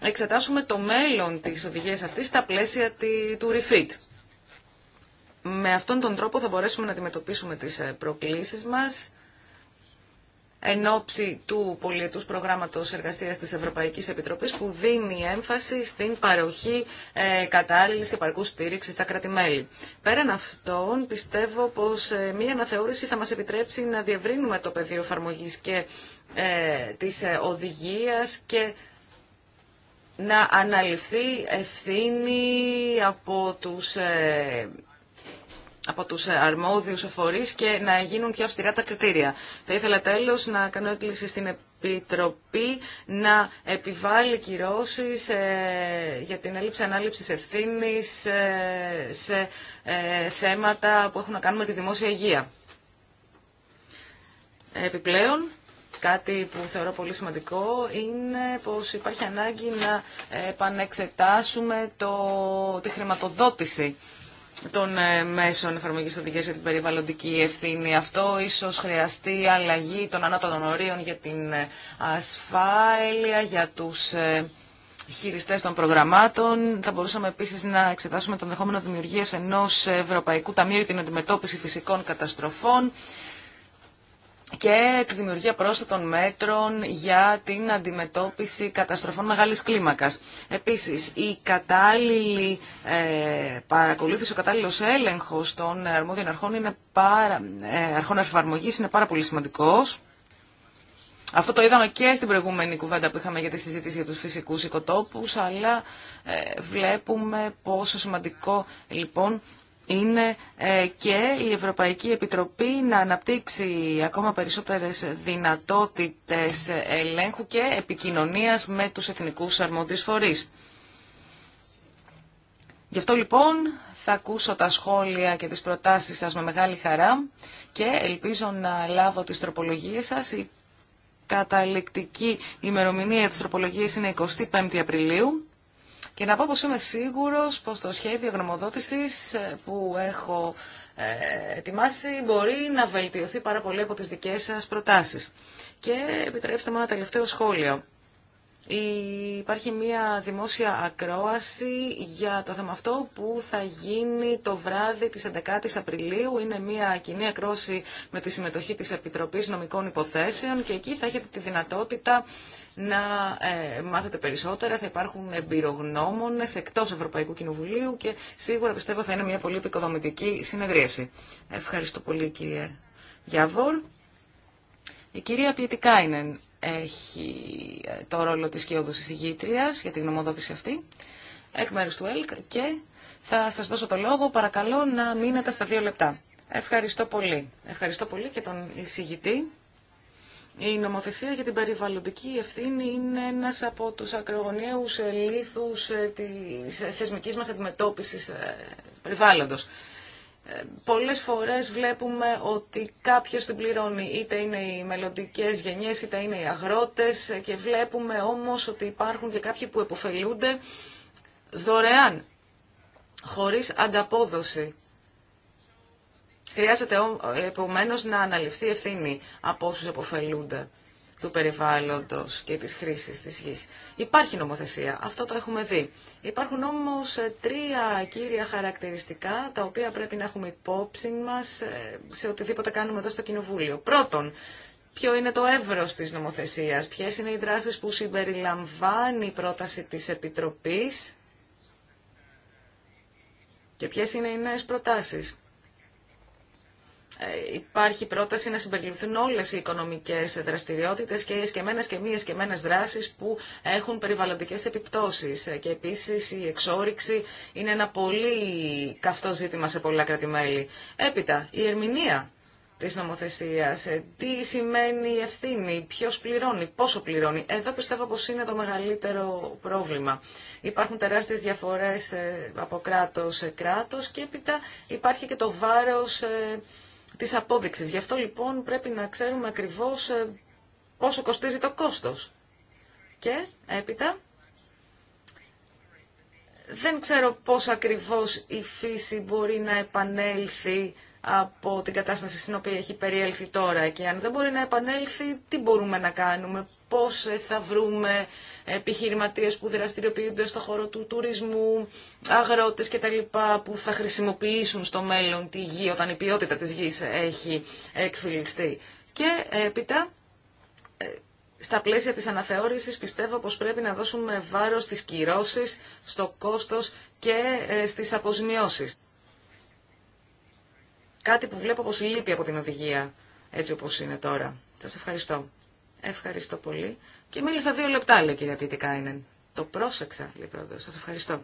εξετάσουμε το μέλλον της οδηγία αυτής στα πλαίσια του refit. Με αυτόν τον τρόπο θα μπορέσουμε να αντιμετωπίσουμε τις ε, προκλήσεις μας εν ώψη του πολιετούς προγράμματος εργασίας της Ευρωπαϊκής Επιτροπής που δίνει έμφαση στην παροχή ε, κατάλληλης και παρκούς στήριξης στα κρατη Πέραν αυτών, πιστεύω πως ε, μία αναθεώρηση θα μας επιτρέψει να διευρύνουμε το πεδίο εφαρμογή και ε, της ε, οδηγίας και να αναλυφθεί ευθύνη από τους ε, από τους ε, αρμόδιους φορείς και να γίνουν πιο αυστηρά τα κριτήρια. Θα ήθελα τέλος να κάνω έκκληση στην Επιτροπή να επιβάλλει κυρώσεις ε, για την έλλειψη ανάληψης ευθύνης ε, σε θέματα που έχουν να κάνουν με τη δημόσια υγεία. Επιπλέον, κάτι που θεωρώ πολύ σημαντικό είναι πως υπάρχει ανάγκη να επανεξετάσουμε το, τη χρηματοδότηση των ε, μέσων εφαρμογή οδηγία για την περιβαλλοντική ευθύνη. Αυτό ίσω χρειαστεί αλλαγή των ανώτατων ορίων για την ε, ασφάλεια, για του ε, χειριστέ των προγραμμάτων. Θα μπορούσαμε επίση να εξετάσουμε τον δεχόμενο δημιουργία ενό Ευρωπαϊκού Ταμείου για την αντιμετώπιση φυσικών καταστροφών και τη δημιουργία πρόσθετων μέτρων για την αντιμετώπιση καταστροφών μεγάλης κλίμακας. Επίσης, η κατάλληλη ε, παρακολούθηση, ο κατάλληλος έλεγχος των αρμόδιων αρχών, είναι πάρα, ε, αρχών εφαρμογής είναι πάρα πολύ σημαντικός. Αυτό το είδαμε και στην προηγούμενη κουβέντα που είχαμε για τη συζήτηση για τους φυσικούς οικοτόπους, αλλά ε, βλέπουμε πόσο σημαντικό λοιπόν είναι ε, και η Ευρωπαϊκή Επιτροπή να αναπτύξει ακόμα περισσότερες δυνατότητες ελέγχου και επικοινωνίας με τους εθνικούς αρμόδιους φορείς. Γι' αυτό λοιπόν θα ακούσω τα σχόλια και τις προτάσεις σας με μεγάλη χαρά και ελπίζω να λάβω τις τροπολογίες σας. Η καταληκτική ημερομηνία της τροπολογίας είναι 25 Απριλίου και να πω πως είμαι σίγουρος πως το σχέδιο γνωμοδότησης ε, που έχω ε, ετοιμάσει μπορεί να βελτιωθεί πάρα πολύ από τις δικές σας προτάσεις. Και επιτρέψτε μου ένα τελευταίο σχόλιο. Υπάρχει μια δημόσια ακρόαση για το θέμα αυτό που θα γίνει το βράδυ της 11 η Απριλίου. Είναι μια κοινή ακρόαση με τη συμμετοχή της Επιτροπής Νομικών Υποθέσεων και εκεί θα έχετε τη δυνατότητα να ε, μάθετε περισσότερα. Θα υπάρχουν εμπειρογνώμονε εκτό Ευρωπαϊκού Κοινοβουλίου και σίγουρα πιστεύω θα είναι μια πολύ επικοδομητική συνεδρίαση. Ευχαριστώ πολύ, κύριε Γιάβολ. Η κυρία Πιετικάινεν έχει ε, το ρόλο της κοιόδουσης συζυγήτριας για την γνωμοδότηση αυτή, εκ μέρους του ΕΛΚ και θα σας δώσω το λόγο, παρακαλώ να μείνετε στα δύο λεπτά. Ευχαριστώ πολύ. Ευχαριστώ πολύ και τον εισηγητή η νομοθεσία για την περιβαλλοντική ευθύνη είναι ένας από τους ακρογωνιαίους λήθους ε, τη ε, θεσμικής μας αντιμετώπισης ε, περιβάλλοντος. Πολλές φορές βλέπουμε ότι κάποιος την πληρώνει, είτε είναι οι μελλοντικέ γενιές, είτε είναι οι αγρότες και βλέπουμε όμως ότι υπάρχουν και κάποιοι που επωφελούνται δωρεάν, χωρίς ανταπόδοση. Χρειάζεται επομένω να αναλυφθεί ευθύνη από όσου αποφελούνται του περιβάλλοντο και τη χρήση τη γη. Υπάρχει νομοθεσία, αυτό το έχουμε δει. Υπάρχουν όμω ε, τρία κύρια χαρακτηριστικά τα οποία πρέπει να έχουμε υπόψη μα ε, σε οτιδήποτε κάνουμε εδώ στο Κοινοβούλιο. Πρώτον, ποιο είναι το εύρο τη νομοθεσία, ποιε είναι οι δράσει που συμπεριλαμβάνει η πρόταση τη Επιτροπή και ποιε είναι οι νέε προτάσει. Ε, υπάρχει πρόταση να συμπεριληφθούν όλες οι οικονομικές δραστηριότητες και οι εσκεμμένες και μη εσκεμμένες δράσεις που έχουν περιβαλλοντικές επιπτώσεις. Ε, και επίσης η εξόριξη είναι ένα πολύ καυτό ζήτημα σε πολλά κρατημέλη. Έπειτα, η ερμηνεία της νομοθεσίας, ε, τι σημαίνει η ευθύνη, ποιος πληρώνει, πόσο πληρώνει. Εδώ πιστεύω πως είναι το μεγαλύτερο πρόβλημα. Υπάρχουν τεράστιες διαφορές από κράτος σε κράτος και έπειτα υπάρχει και το βάρος της απόδειξης. Γι' αυτό λοιπόν πρέπει να ξέρουμε ακριβώς ε, πόσο κοστίζει το κόστος. Και έπειτα δεν ξέρω πώς ακριβώς η φύση μπορεί να επανέλθει από την κατάσταση στην οποία έχει περιέλθει τώρα και αν δεν μπορεί να επανέλθει, τι μπορούμε να κάνουμε, πώς θα βρούμε επιχειρηματίες που δραστηριοποιούνται στο χώρο του τουρισμού, αγρότες και τα λοιπά που θα χρησιμοποιήσουν στο μέλλον τη γη όταν η ποιότητα της γης έχει εκφυλιστεί. Και έπειτα ε, στα πλαίσια της αναθεώρησης πιστεύω πως πρέπει να δώσουμε βάρος στις κυρώσεις, στο κόστος και ε, στις αποσμιώσεις. Κάτι που βλέπω πως λείπει από την οδηγία έτσι όπως είναι τώρα. Σας ευχαριστώ. Ευχαριστώ πολύ. Και μίλησα δύο λεπτά, λέει κυρία Κάινεν. Το πρόσεξα, λέει πρόεδρο. Σας ευχαριστώ.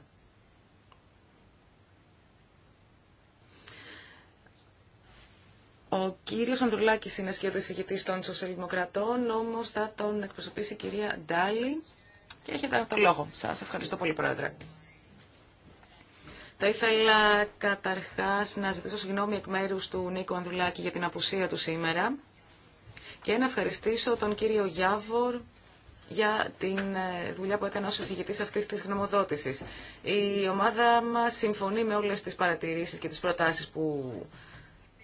Ο κύριος Ανδρουλάκης είναι σχεδόν ηγετής των σοσιαλδημοκρατών, Όμω θα τον εκπροσωπήσει η κυρία Ντάλι και έχετε το λόγο. Σα ευχαριστώ πολύ, πρόεδρε. Θα ήθελα καταρχάς να ζητήσω συγγνώμη εκ μέρους του Νίκου Ανδρουλάκη για την απουσία του σήμερα και να ευχαριστήσω τον κύριο Γιάβορ για την ε, δουλειά που έκανε ως εισηγητής αυτής της γνωμοδότησης. Η ομάδα μας συμφωνεί με όλες τις παρατηρήσεις και τις προτάσεις που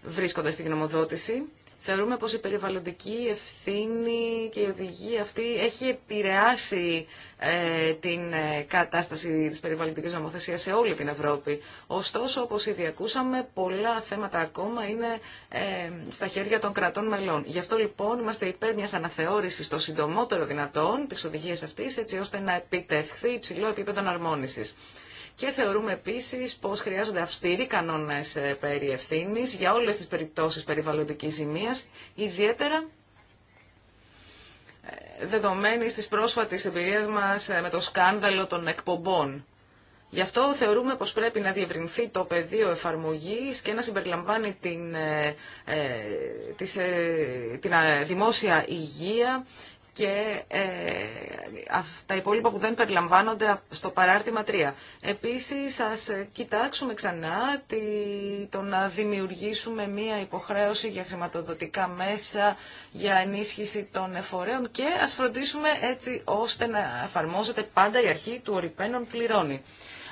βρίσκονται στη γνωμοδότηση Θεωρούμε πως η περιβαλλοντική ευθύνη και η οδηγία αυτή έχει επηρεάσει ε, την ε, κατάσταση της περιβαλλοντικής νομοθεσίας σε όλη την Ευρώπη. Ωστόσο, όπως ήδη ακούσαμε, πολλά θέματα ακόμα είναι ε, στα χέρια των κρατών μελών. Γι' αυτό λοιπόν είμαστε υπέρ μιας αναθεώρησης το συντομότερο δυνατόν της οδηγίας αυτής, έτσι ώστε να επιτευχθεί υψηλό επίπεδο αναρμόνησης και θεωρούμε επίσης πως χρειάζονται αυστηροί κανόνες ε, περί ευθύνη για όλες τις περιπτώσεις περιβαλλοντικής ζημίας, ιδιαίτερα ε, δεδομένη της πρόσφατη εμπειρία μας ε, με το σκάνδαλο των εκπομπών. Γι' αυτό θεωρούμε πως πρέπει να διευρυνθεί το πεδίο εφαρμογής και να συμπεριλαμβάνει την, δημόσια υγεία και ε, τα υπόλοιπα που δεν περιλαμβάνονται στο παράρτημα 3. Επίσης, ας ε, κοιτάξουμε ξανά τη, το να δημιουργήσουμε μία υποχρέωση για χρηματοδοτικά μέσα, για ενίσχυση των εφορέων και ας φροντίσουμε έτσι ώστε να εφαρμόζεται πάντα η αρχή του ορυπαίνων πληρώνει.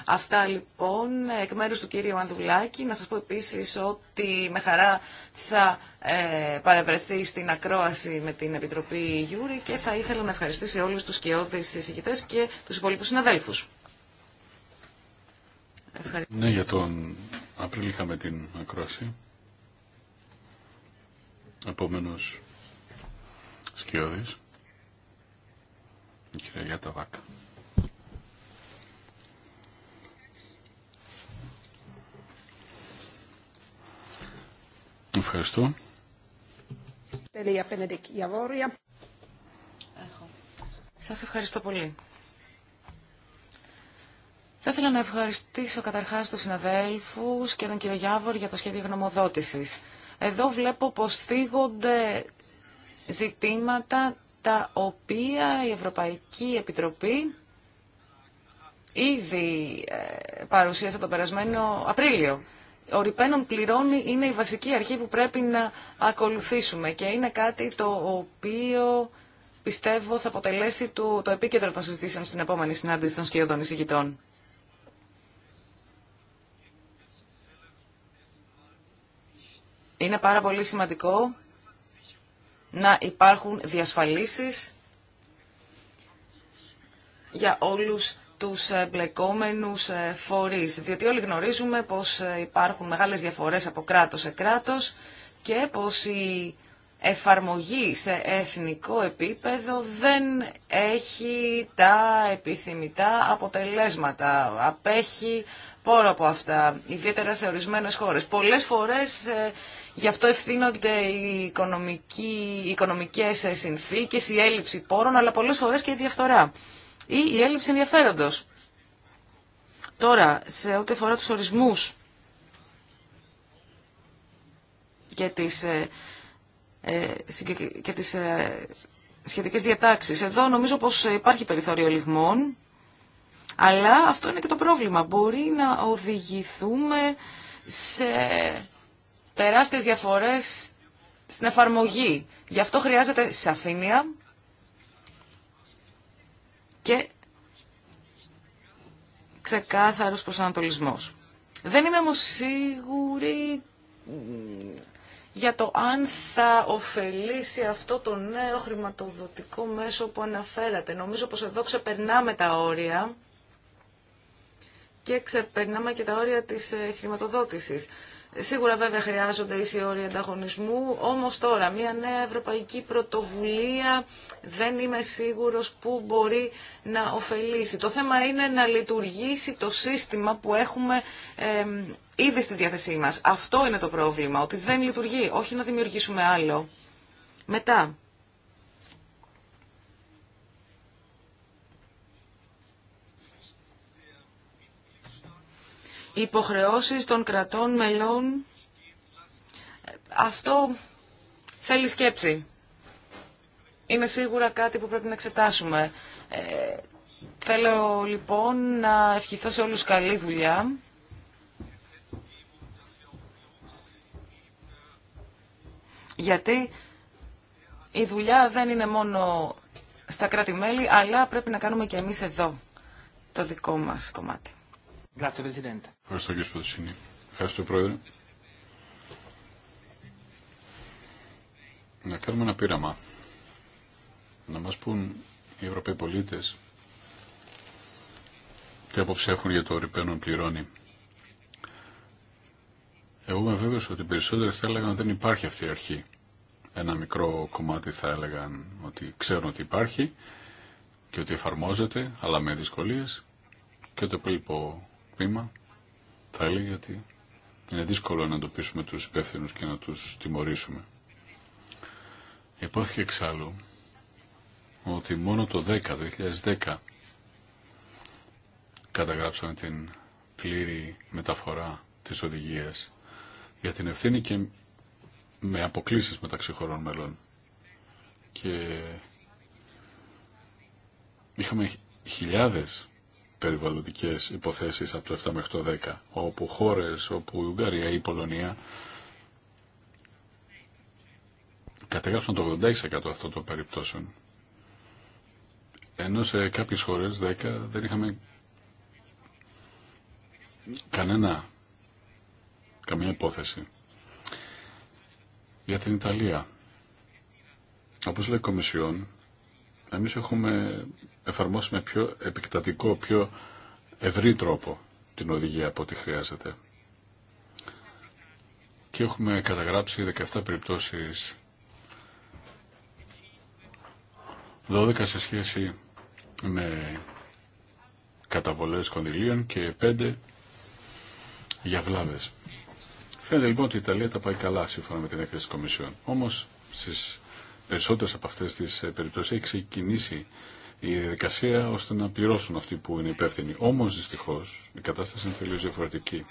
Αυτά λοιπόν εκ μέρους του κύριου Ανδουλάκη. Να σας πω επίσης ότι με χαρά θα ε, παρευρεθεί στην ακρόαση με την Επιτροπή Γιούρη και θα ήθελα να ευχαριστήσει όλους τους κοιόδης εισηγητές και τους υπόλοιπους συναδέλφους. Ευχαριστώ.
Ναι, για τον Απρίλη είχαμε την ακρόαση. Επόμενος σκιώδης. Η κυρία Γιάτα Βάκα. Ευχαριστώ.
Σας ευχαριστώ πολύ. Θα ήθελα να ευχαριστήσω καταρχάς τους συναδέλφους και τον κύριο Γιάβορ για το σχέδιο γνωμοδότησης. Εδώ βλέπω πως θίγονται ζητήματα τα οποία η Ευρωπαϊκή Επιτροπή ήδη ε, παρουσίασε τον περασμένο Απρίλιο ο ρηπαίνων πληρώνει είναι η βασική αρχή που πρέπει να ακολουθήσουμε και είναι κάτι το οποίο πιστεύω θα αποτελέσει το, το επίκεντρο των συζητήσεων στην επόμενη συνάντηση των σκιωδών εισηγητών. Είναι πάρα πολύ σημαντικό να υπάρχουν διασφαλίσεις για όλους τους εμπλεκόμενους ε, φορείς, διότι όλοι γνωρίζουμε πως ε, υπάρχουν μεγάλες διαφορές από κράτος σε κράτος και πως η εφαρμογή σε εθνικό επίπεδο δεν έχει τα επιθυμητά αποτελέσματα, απέχει πόρο από αυτά, ιδιαίτερα σε ορισμένες χώρες. Πολλές φορές ε, γι' αυτό ευθύνονται οι, οικονομικοί, οι οικονομικές συνθήκες, η έλλειψη πόρων, αλλά πολλές φορές και η διαφθορά ή η έλλειψη ενδιαφέροντος. Τώρα, σε ό,τι αφορά τους ορισμούς και τις, ε, ε, και τις ε, σχετικές διατάξεις, εδώ νομίζω πως υπάρχει περιθώριο λιγμών, αλλά αυτό είναι και το πρόβλημα. Μπορεί να οδηγηθούμε σε τεράστιες διαφορές στην εφαρμογή. Γι' αυτό χρειάζεται σαφήνεια και ξεκάθαρος προσανατολισμός. Δεν είμαι όμως σίγουρη για το αν θα ωφελήσει αυτό το νέο χρηματοδοτικό μέσο που αναφέρατε. Νομίζω πως εδώ ξεπερνάμε τα όρια και ξεπερνάμε και τα όρια της ε, χρηματοδότησης. Σίγουρα βέβαια χρειάζονται ίσοι όροι ανταγωνισμού, όμως τώρα μια νέα ευρωπαϊκή πρωτοβουλία δεν είμαι σίγουρος που μπορεί να ωφελήσει. Το θέμα είναι να λειτουργήσει το σύστημα που έχουμε ήδη στη διάθεσή μας. Αυτό είναι το πρόβλημα, ότι δεν λειτουργεί, όχι να δημιουργήσουμε άλλο. Μετά, υποχρεώσεις των κρατών μελών. Αυτό θέλει σκέψη. Είναι σίγουρα κάτι που πρέπει να εξετάσουμε. Ε, θέλω λοιπόν να ευχηθώ σε όλους καλή δουλειά. Γιατί η δουλειά δεν είναι μόνο στα κράτη-μέλη, αλλά πρέπει να κάνουμε και εμείς εδώ το δικό μας
κομμάτι. Grazie, Ευχαριστώ κύριε Σποδοσύνη. Ευχαριστώ πρόεδρε. Να κάνουμε ένα πείραμα. Να μας πούν οι Ευρωπαίοι πολίτες τι άποψη έχουν για το ρηπαίνον πληρώνει. Εγώ είμαι βέβαιος ότι περισσότεροι θα έλεγαν ότι δεν υπάρχει αυτή η αρχή. Ένα μικρό κομμάτι θα έλεγαν ότι ξέρουν ότι υπάρχει και ότι εφαρμόζεται, αλλά με δυσκολίες και το υπόλοιπο πείμα θα έλεγε ότι είναι δύσκολο να εντοπίσουμε τους υπεύθυνου και να τους τιμωρήσουμε. Υπόθηκε εξάλλου ότι μόνο το 10, το 2010 καταγράψαμε την πλήρη μεταφορά της οδηγίας για την ευθύνη και με αποκλήσεις μεταξύ χωρών μελών. Και είχαμε χιλιάδες περιβαλλοντικέ υποθέσει από το 7 μέχρι το 10, όπου χώρε όπου η Ουγγαρία ή η Πολωνία κατέγραψαν το 86% αυτών των περιπτώσεων. Ενώ σε κάποιε χώρε 10, δεν είχαμε κανένα, καμία υπόθεση. Για την Ιταλία, όπως λέει η Κομισιόν, εμείς έχουμε εφαρμόσουμε πιο επικτατικό, πιο ευρύ τρόπο την οδηγία από ό,τι χρειάζεται. Και έχουμε καταγράψει 17 περιπτώσεις 12 σε σχέση με καταβολές κονδυλίων και 5 για βλάβες. Φαίνεται λοιπόν ότι η Ιταλία τα πάει καλά σύμφωνα με την έκθεση της Κομισιόν. Όμως στις περισσότερες από αυτές τις περιπτώσεις έχει ξεκινήσει η διαδικασία ώστε να πληρώσουν αυτοί που είναι υπεύθυνοι. Όμω δυστυχώ η κατάσταση είναι τελείω διαφορετική.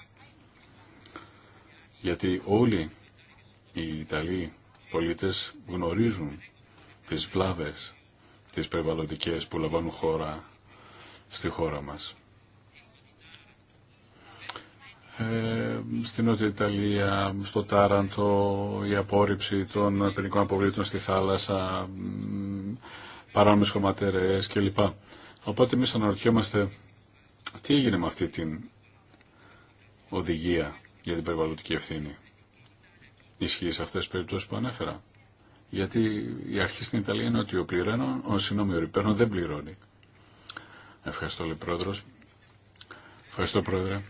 Γιατί όλοι οι Ιταλοί πολίτε γνωρίζουν τι βλάβε τι περιβαλλοντικέ που λαμβάνουν χώρα στη χώρα μα. Ε, στην Νότια Ιταλία, στο Τάραντο, η απόρριψη των πυρηνικών αποβλήτων στη θάλασσα, παράνομε χωματερές κλπ. Οπότε εμεί αναρωτιόμαστε τι έγινε με αυτή την οδηγία για την περιβαλλοντική ευθύνη. Ισχύει σε αυτές τι περιπτώσεις που ανέφερα. Γιατί η αρχή στην Ιταλία είναι ότι ο πληρώνων, ο συγγνώμη, δεν πληρώνει. Ευχαριστώ, λέει πρόεδρο. Ευχαριστώ, πρόεδρε.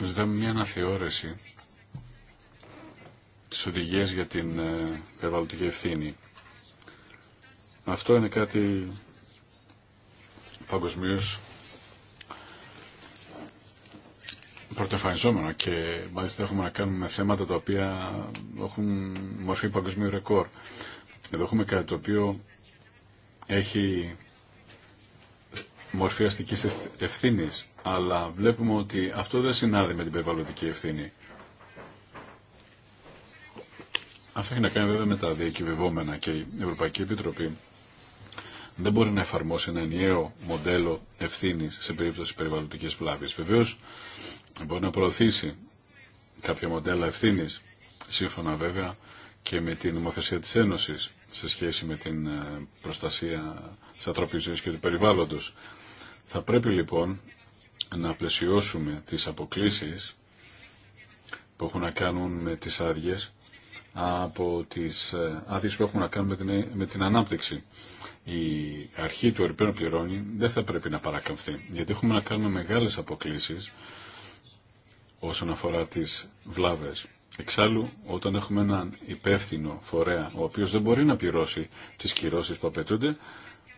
Ζητάμε μια αναθεώρηση τις οδηγίες για την ε, περιβαλλοντική ευθύνη. Αυτό είναι κάτι παγκοσμίω πρωτοεμφανιζόμενο και μάλιστα έχουμε να κάνουμε θέματα τα οποία έχουν μορφή παγκοσμίου ρεκόρ. Εδώ έχουμε κάτι το οποίο έχει μορφή αστικής ευθύνης, αλλά βλέπουμε ότι αυτό δεν συνάδει με την περιβαλλοντική ευθύνη. Αυτό έχει να κάνει βέβαια με τα διακυβευόμενα και η Ευρωπαϊκή Επιτροπή δεν μπορεί να εφαρμόσει ένα ενιαίο μοντέλο ευθύνη σε περίπτωση περιβαλλοντική βλάβη. Βεβαίω μπορεί να προωθήσει κάποια μοντέλα ευθύνη, σύμφωνα βέβαια και με την νομοθεσία τη Ένωση σε σχέση με την ε, προστασία τη ανθρώπινη ζωή και του περιβάλλοντο. Θα πρέπει λοιπόν να πλαισιώσουμε τις αποκλήσεις που έχουν να κάνουν με τις άδειες από τις ε, άδειες που έχουν να κάνουν με την, με την ανάπτυξη. Η αρχή του ερπαίνου πληρώνει δεν θα πρέπει να παρακαμφθεί, γιατί έχουμε να κάνουμε μεγάλες αποκλήσεις όσον αφορά τις βλάβες. Εξάλλου, όταν έχουμε έναν υπεύθυνο φορέα, ο οποίος δεν μπορεί να πληρώσει τις κυρώσεις που απαιτούνται,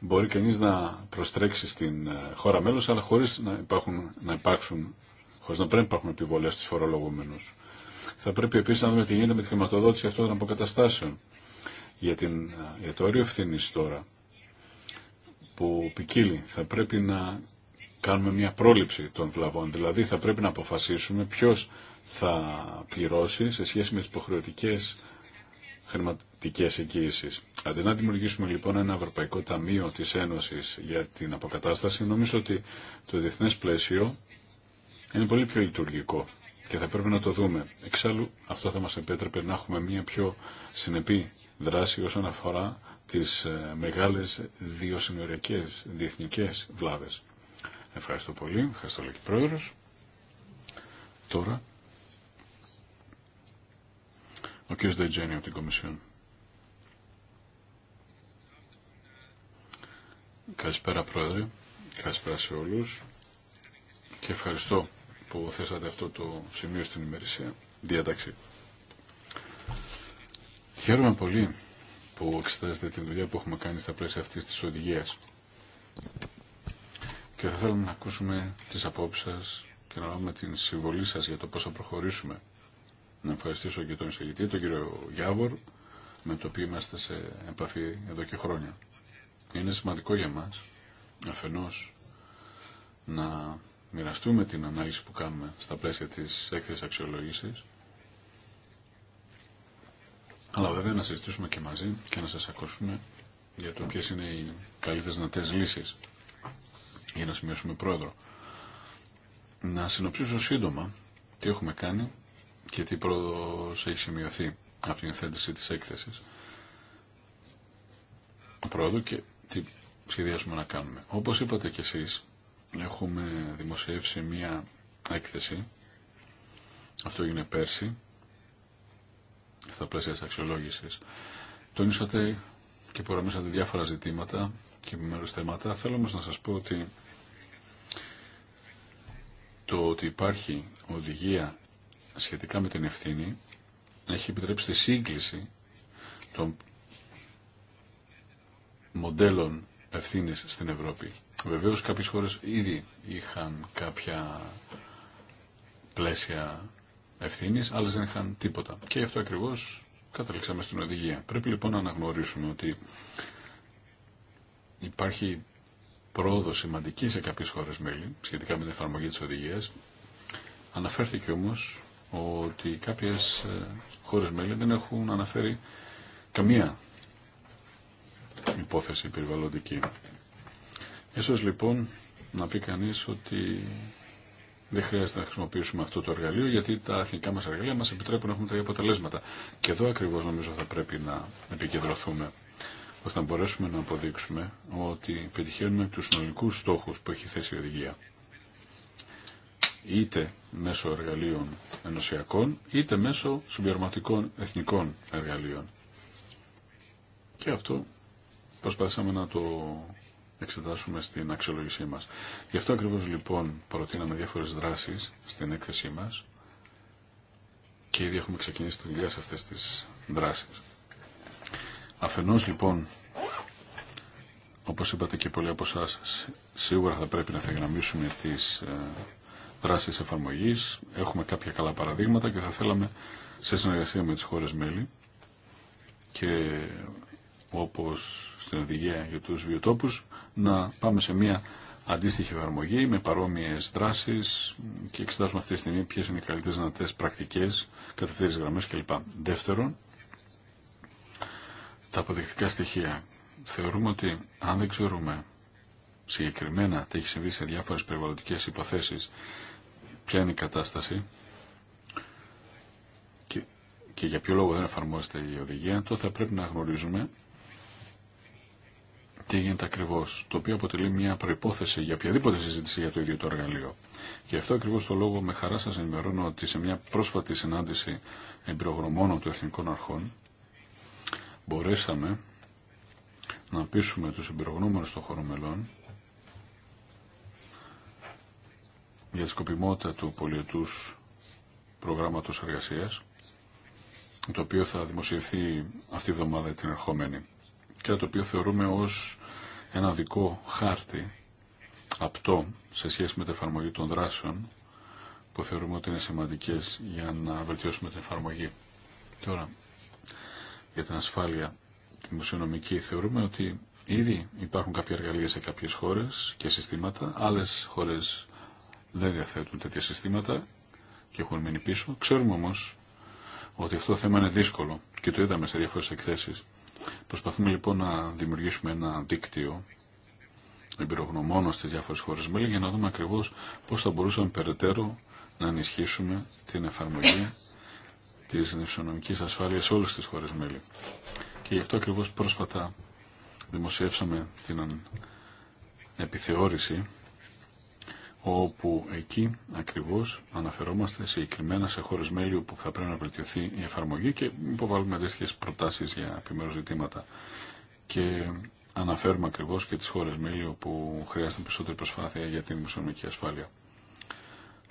μπορεί κανείς να προστρέξει στην ε, χώρα μέλος, αλλά χωρίς να, υπάρχουν, να υπάρξουν, χωρίς να πρέπει να υπάρχουν επιβολές στις φορολογούμενους. Θα πρέπει επίση να δούμε τι γίνεται με τη χρηματοδότηση αυτών των αποκαταστάσεων. Για, την, για το όριο ευθύνη τώρα που ποικίλει, θα πρέπει να κάνουμε μια πρόληψη των βλαβών. Δηλαδή θα πρέπει να αποφασίσουμε ποιο θα πληρώσει σε σχέση με τι υποχρεωτικέ χρηματικέ εγγύησει. Αντί να δημιουργήσουμε λοιπόν ένα Ευρωπαϊκό Ταμείο τη Ένωση για την αποκατάσταση, νομίζω ότι το διεθνέ πλαίσιο είναι πολύ πιο λειτουργικό και θα πρέπει να το δούμε. Εξάλλου αυτό θα μας επέτρεπε να έχουμε μια πιο συνεπή δράση όσον αφορά τις ε, μεγάλες διοσυνοριακές διεθνικές βλάβες. Ευχαριστώ πολύ. Ευχαριστώ Λέκη Πρόεδρος. Τώρα ο κ. Δετζένι από την Κομισιόν. Καλησπέρα Πρόεδρε. Καλησπέρα σε όλους. Και ευχαριστώ που θέσατε αυτό το σημείο στην ημερήσια διάταξη. Χαίρομαι πολύ που εξετάζετε τη δουλειά που έχουμε κάνει στα πλαίσια αυτής της οδηγίας. Και θα θέλαμε να ακούσουμε τις απόψεις σας και να λάβουμε την συμβολή σας για το πώς θα προχωρήσουμε. Να ευχαριστήσω και τον εισηγητή, τον κύριο Γιάβορ, με το οποίο είμαστε σε επαφή εδώ και χρόνια. Είναι σημαντικό για μας, αφενός, να μοιραστούμε την ανάλυση που κάνουμε στα πλαίσια της έκθεσης αξιολόγησης. Αλλά βέβαια να συζητήσουμε και μαζί και να σας ακούσουμε για το ποιες είναι οι καλύτερες δυνατές λύσεις για να σημειώσουμε πρόεδρο. Να συνοψίσω σύντομα τι έχουμε κάνει και τι πρόοδος έχει σημειωθεί από την εθέντηση της έκθεσης. Πρόοδο και τι σχεδιάσουμε να κάνουμε. Όπως είπατε κι εσείς, έχουμε δημοσιεύσει μία έκθεση. Αυτό έγινε πέρσι, στα πλαίσια της αξιολόγησης. Τονίσατε και προγραμμίσατε διάφορα ζητήματα και επιμέρου θέματα. Θέλω όμως να σας πω ότι το ότι υπάρχει οδηγία σχετικά με την ευθύνη έχει επιτρέψει τη σύγκληση των μοντέλων ευθύνε στην Ευρώπη. Βεβαίω κάποιε χώρε ήδη είχαν κάποια πλαίσια ευθύνη, άλλε δεν είχαν τίποτα. Και γι' αυτό ακριβώ καταλήξαμε στην οδηγία. Πρέπει λοιπόν να αναγνωρίσουμε ότι υπάρχει πρόοδο σημαντική σε κάποιε χώρε μέλη σχετικά με την εφαρμογή τη οδηγία. Αναφέρθηκε όμω ότι κάποιε ε, χώρε μέλη δεν έχουν αναφέρει καμία υπόθεση περιβαλλοντική. Ίσως λοιπόν να πει κανείς ότι δεν χρειάζεται να χρησιμοποιήσουμε αυτό το εργαλείο γιατί τα εθνικά μας εργαλεία μας επιτρέπουν να έχουμε τα αποτελέσματα. Και εδώ ακριβώς νομίζω θα πρέπει να επικεντρωθούμε ώστε να μπορέσουμε να αποδείξουμε ότι πετυχαίνουμε τους συνολικούς στόχους που έχει θέσει η οδηγία. Είτε μέσω εργαλείων ενωσιακών, είτε μέσω συμπληρωματικών εθνικών εργαλείων. Και αυτό προσπαθήσαμε να το εξετάσουμε στην αξιολόγησή μας. Γι' αυτό ακριβώς λοιπόν προτείναμε διάφορες δράσεις στην έκθεσή μας και ήδη έχουμε ξεκινήσει τη δουλειά σε αυτές τις δράσεις. Αφενός λοιπόν, όπως είπατε και πολλοί από εσά, σίγουρα θα πρέπει να θεγραμμίσουμε τις ε, δράσεις εφαρμογής. Έχουμε κάποια καλά παραδείγματα και θα θέλαμε σε συνεργασία με τις χώρες μέλη και όπως στην οδηγία για τους βιοτόπους να πάμε σε μια αντίστοιχη εφαρμογή με παρόμοιε δράσει και εξετάσουμε αυτή τη στιγμή ποιε είναι οι καλύτερε δυνατέ πρακτικές, κατευθύνσει γραμμές κλπ. Δεύτερον, τα αποδεικτικά στοιχεία. Θεωρούμε ότι αν δεν ξέρουμε συγκεκριμένα τι έχει συμβεί σε διάφορε περιβαλλοντικές υποθέσει ποια είναι η κατάσταση, και για ποιο λόγο δεν εφαρμόζεται η οδηγία, τότε θα πρέπει να γνωρίζουμε τι γίνεται ακριβώ, το οποίο αποτελεί μια προπόθεση για οποιαδήποτε συζήτηση για το ίδιο το εργαλείο. Γι' αυτό ακριβώ το λόγο με χαρά σα ενημερώνω ότι σε μια πρόσφατη συνάντηση εμπειρογνωμόνων των Εθνικών Αρχών μπορέσαμε να πείσουμε του εμπειρογνώμενου των χωρών μελών για τη σκοπιμότητα του πολιετούς προγράμματος εργασίας το οποίο θα δημοσιευθεί αυτή η εβδομάδα την ερχόμενη κάτι το οποίο θεωρούμε ως ένα δικό χάρτη απτό σε σχέση με την εφαρμογή των δράσεων που θεωρούμε ότι είναι σημαντικές για να βελτιώσουμε την εφαρμογή. Τώρα, για την ασφάλεια τη δημοσιονομική θεωρούμε ότι ήδη υπάρχουν κάποια εργαλεία σε κάποιες χώρες και συστήματα, άλλες χώρες δεν διαθέτουν τέτοια συστήματα και έχουν μείνει πίσω. Ξέρουμε όμως ότι αυτό το θέμα είναι δύσκολο και το είδαμε σε διάφορες εκθέσεις. Προσπαθούμε λοιπόν να δημιουργήσουμε ένα δίκτυο εμπειρογνωμόνων στις διάφορες χώρες μέλη για να δούμε ακριβώς πώς θα μπορούσαμε περαιτέρω να ενισχύσουμε την εφαρμογή της νησονομικής ασφάλειας σε όλες τις χώρες μέλη. Και γι' αυτό ακριβώς πρόσφατα δημοσιεύσαμε την επιθεώρηση όπου εκεί ακριβώς αναφερόμαστε συγκεκριμένα σε χώρες μέλη όπου θα πρέπει να βελτιωθεί η εφαρμογή και υποβάλλουμε αντίστοιχε προτάσεις για επιμέρους ζητήματα. Και αναφέρουμε ακριβώς και τις χώρες μέλη όπου χρειάζεται περισσότερη προσπάθεια για την δημοσιονομική ασφάλεια.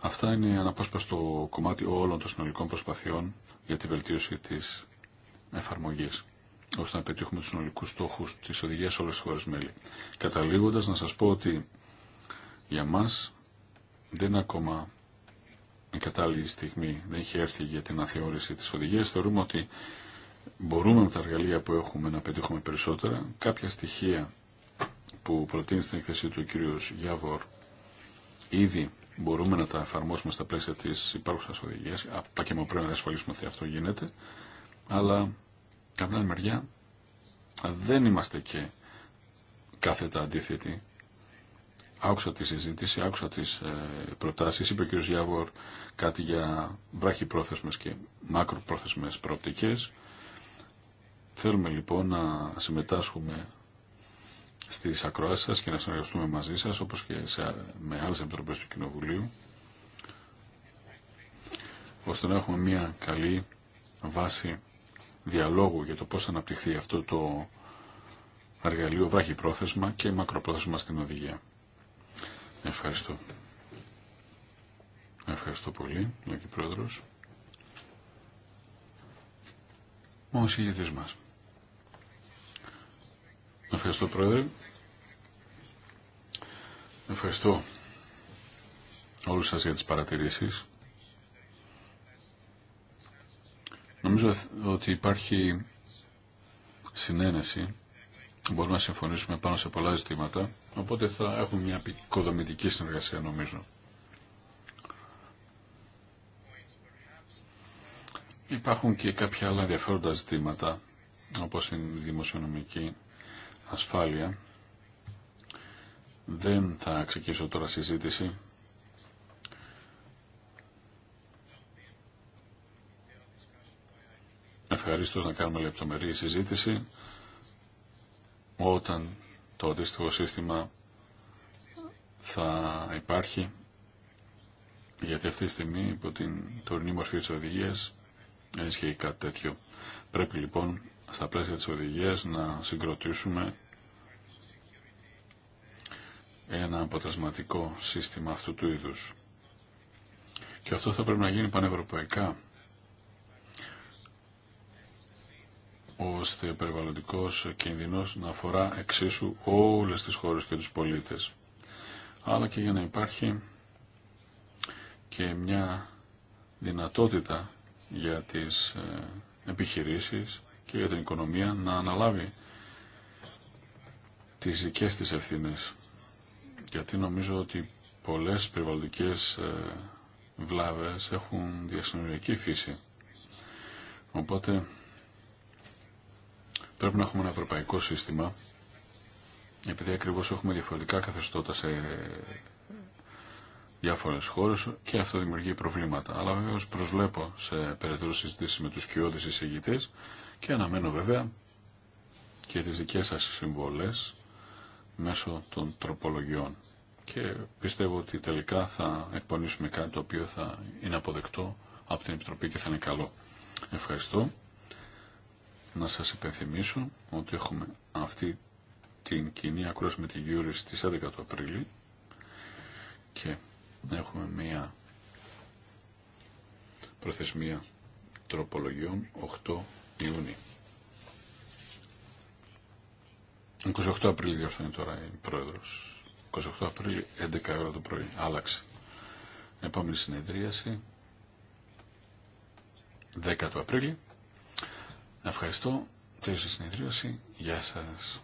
Αυτά είναι αναπόσπαστο κομμάτι όλων των συνολικών προσπαθειών για τη βελτίωση της εφαρμογής ώστε να πετύχουμε τους συνολικούς στόχους της οδηγίας σε όλες τις μέλη. Καταλήγοντας να σας πω ότι για μας δεν είναι ακόμα η κατάλληλη στιγμή, δεν έχει έρθει για την αθεώρηση της οδηγίας. Θεωρούμε ότι μπορούμε με τα εργαλεία που έχουμε να πετύχουμε περισσότερα. Κάποια στοιχεία που προτείνει στην έκθεση του κ. Γιάβορ ήδη μπορούμε να τα εφαρμόσουμε στα πλαίσια της υπάρχουσας οδηγίας, απλά και πρέπει να ασφαλίσουμε ότι αυτό γίνεται, αλλά κατά μεριά δεν είμαστε και κάθετα αντίθετοι άκουσα τη συζήτηση, άκουσα τις ε, προτάσεις. Είπε ο κ. Γιάβορ κάτι για πρόθεσμες και μακροπρόθεσμες προοπτικέ. Θέλουμε λοιπόν να συμμετάσχουμε στι ακροάσει σα και να συνεργαστούμε μαζί σας, όπως και σε, με άλλε επιτροπέ του Κοινοβουλίου, ώστε να έχουμε μια καλή βάση διαλόγου για το πώς θα αναπτυχθεί αυτό το εργαλείο βράχη πρόθεσμα και μακροπρόθεσμα στην οδηγία. Ευχαριστώ. Ευχαριστώ πολύ, Λάκη Πρόεδρος. Ο συγγετής μας. Ευχαριστώ, Πρόεδρε. Ευχαριστώ όλους σας για τις παρατηρήσεις. Νομίζω ότι υπάρχει συνένεση μπορούμε να συμφωνήσουμε πάνω σε πολλά ζητήματα, οπότε θα έχουμε μια οικοδομητική συνεργασία νομίζω. Υπάρχουν και κάποια άλλα ενδιαφέροντα ζητήματα, όπως είναι η δημοσιονομική ασφάλεια. Δεν θα ξεκινήσω τώρα συζήτηση. Ευχαριστώ να κάνουμε λεπτομερή συζήτηση όταν το αντίστοιχο σύστημα θα υπάρχει γιατί αυτή τη στιγμή υπό την τωρινή μορφή της οδηγίας δεν ισχύει κάτι τέτοιο. Πρέπει λοιπόν στα πλαίσια της οδηγίας να συγκροτήσουμε ένα αποτελεσματικό σύστημα αυτού του είδους. Και αυτό θα πρέπει να γίνει πανευρωπαϊκά ώστε ο περιβαλλοντικός κίνδυνος να αφορά εξίσου όλες τις χώρες και τους πολίτες. Αλλά και για να υπάρχει και μια δυνατότητα για τις ε, επιχειρήσεις και για την οικονομία να αναλάβει τις δικές της ευθύνες. Γιατί νομίζω ότι πολλές περιβαλλοντικές ε, βλάβες έχουν διασυνοριακή φύση. Οπότε Πρέπει να έχουμε ένα ευρωπαϊκό σύστημα, επειδή ακριβώς έχουμε διαφορετικά καθεστώτα σε διάφορες χώρες και αυτό δημιουργεί προβλήματα. Αλλά βεβαίω προσβλέπω σε περαιτέρω συζήτηση με τους κοιόδης εισηγητές και αναμένω βέβαια και τις δικές σας συμβολές μέσω των τροπολογιών. Και πιστεύω ότι τελικά θα εκπονήσουμε κάτι το οποίο θα είναι αποδεκτό από την Επιτροπή και θα είναι καλό. Ευχαριστώ να σας υπενθυμίσω ότι έχουμε αυτή την κοινή ακρόαση με τη Γιούρη στις 11 του Απρίλη και έχουμε μία προθεσμία τροπολογιών 8 Ιούνιου. 28 Απρίλη διορθώνει τώρα η Πρόεδρος. 28 Απρίλη, 11 ώρα το πρωί. Άλλαξε. Επόμενη συνεδρίαση, 10 του Απρίλη. Ευχαριστώ. Τέλος συνεδρίωση. Γεια σας.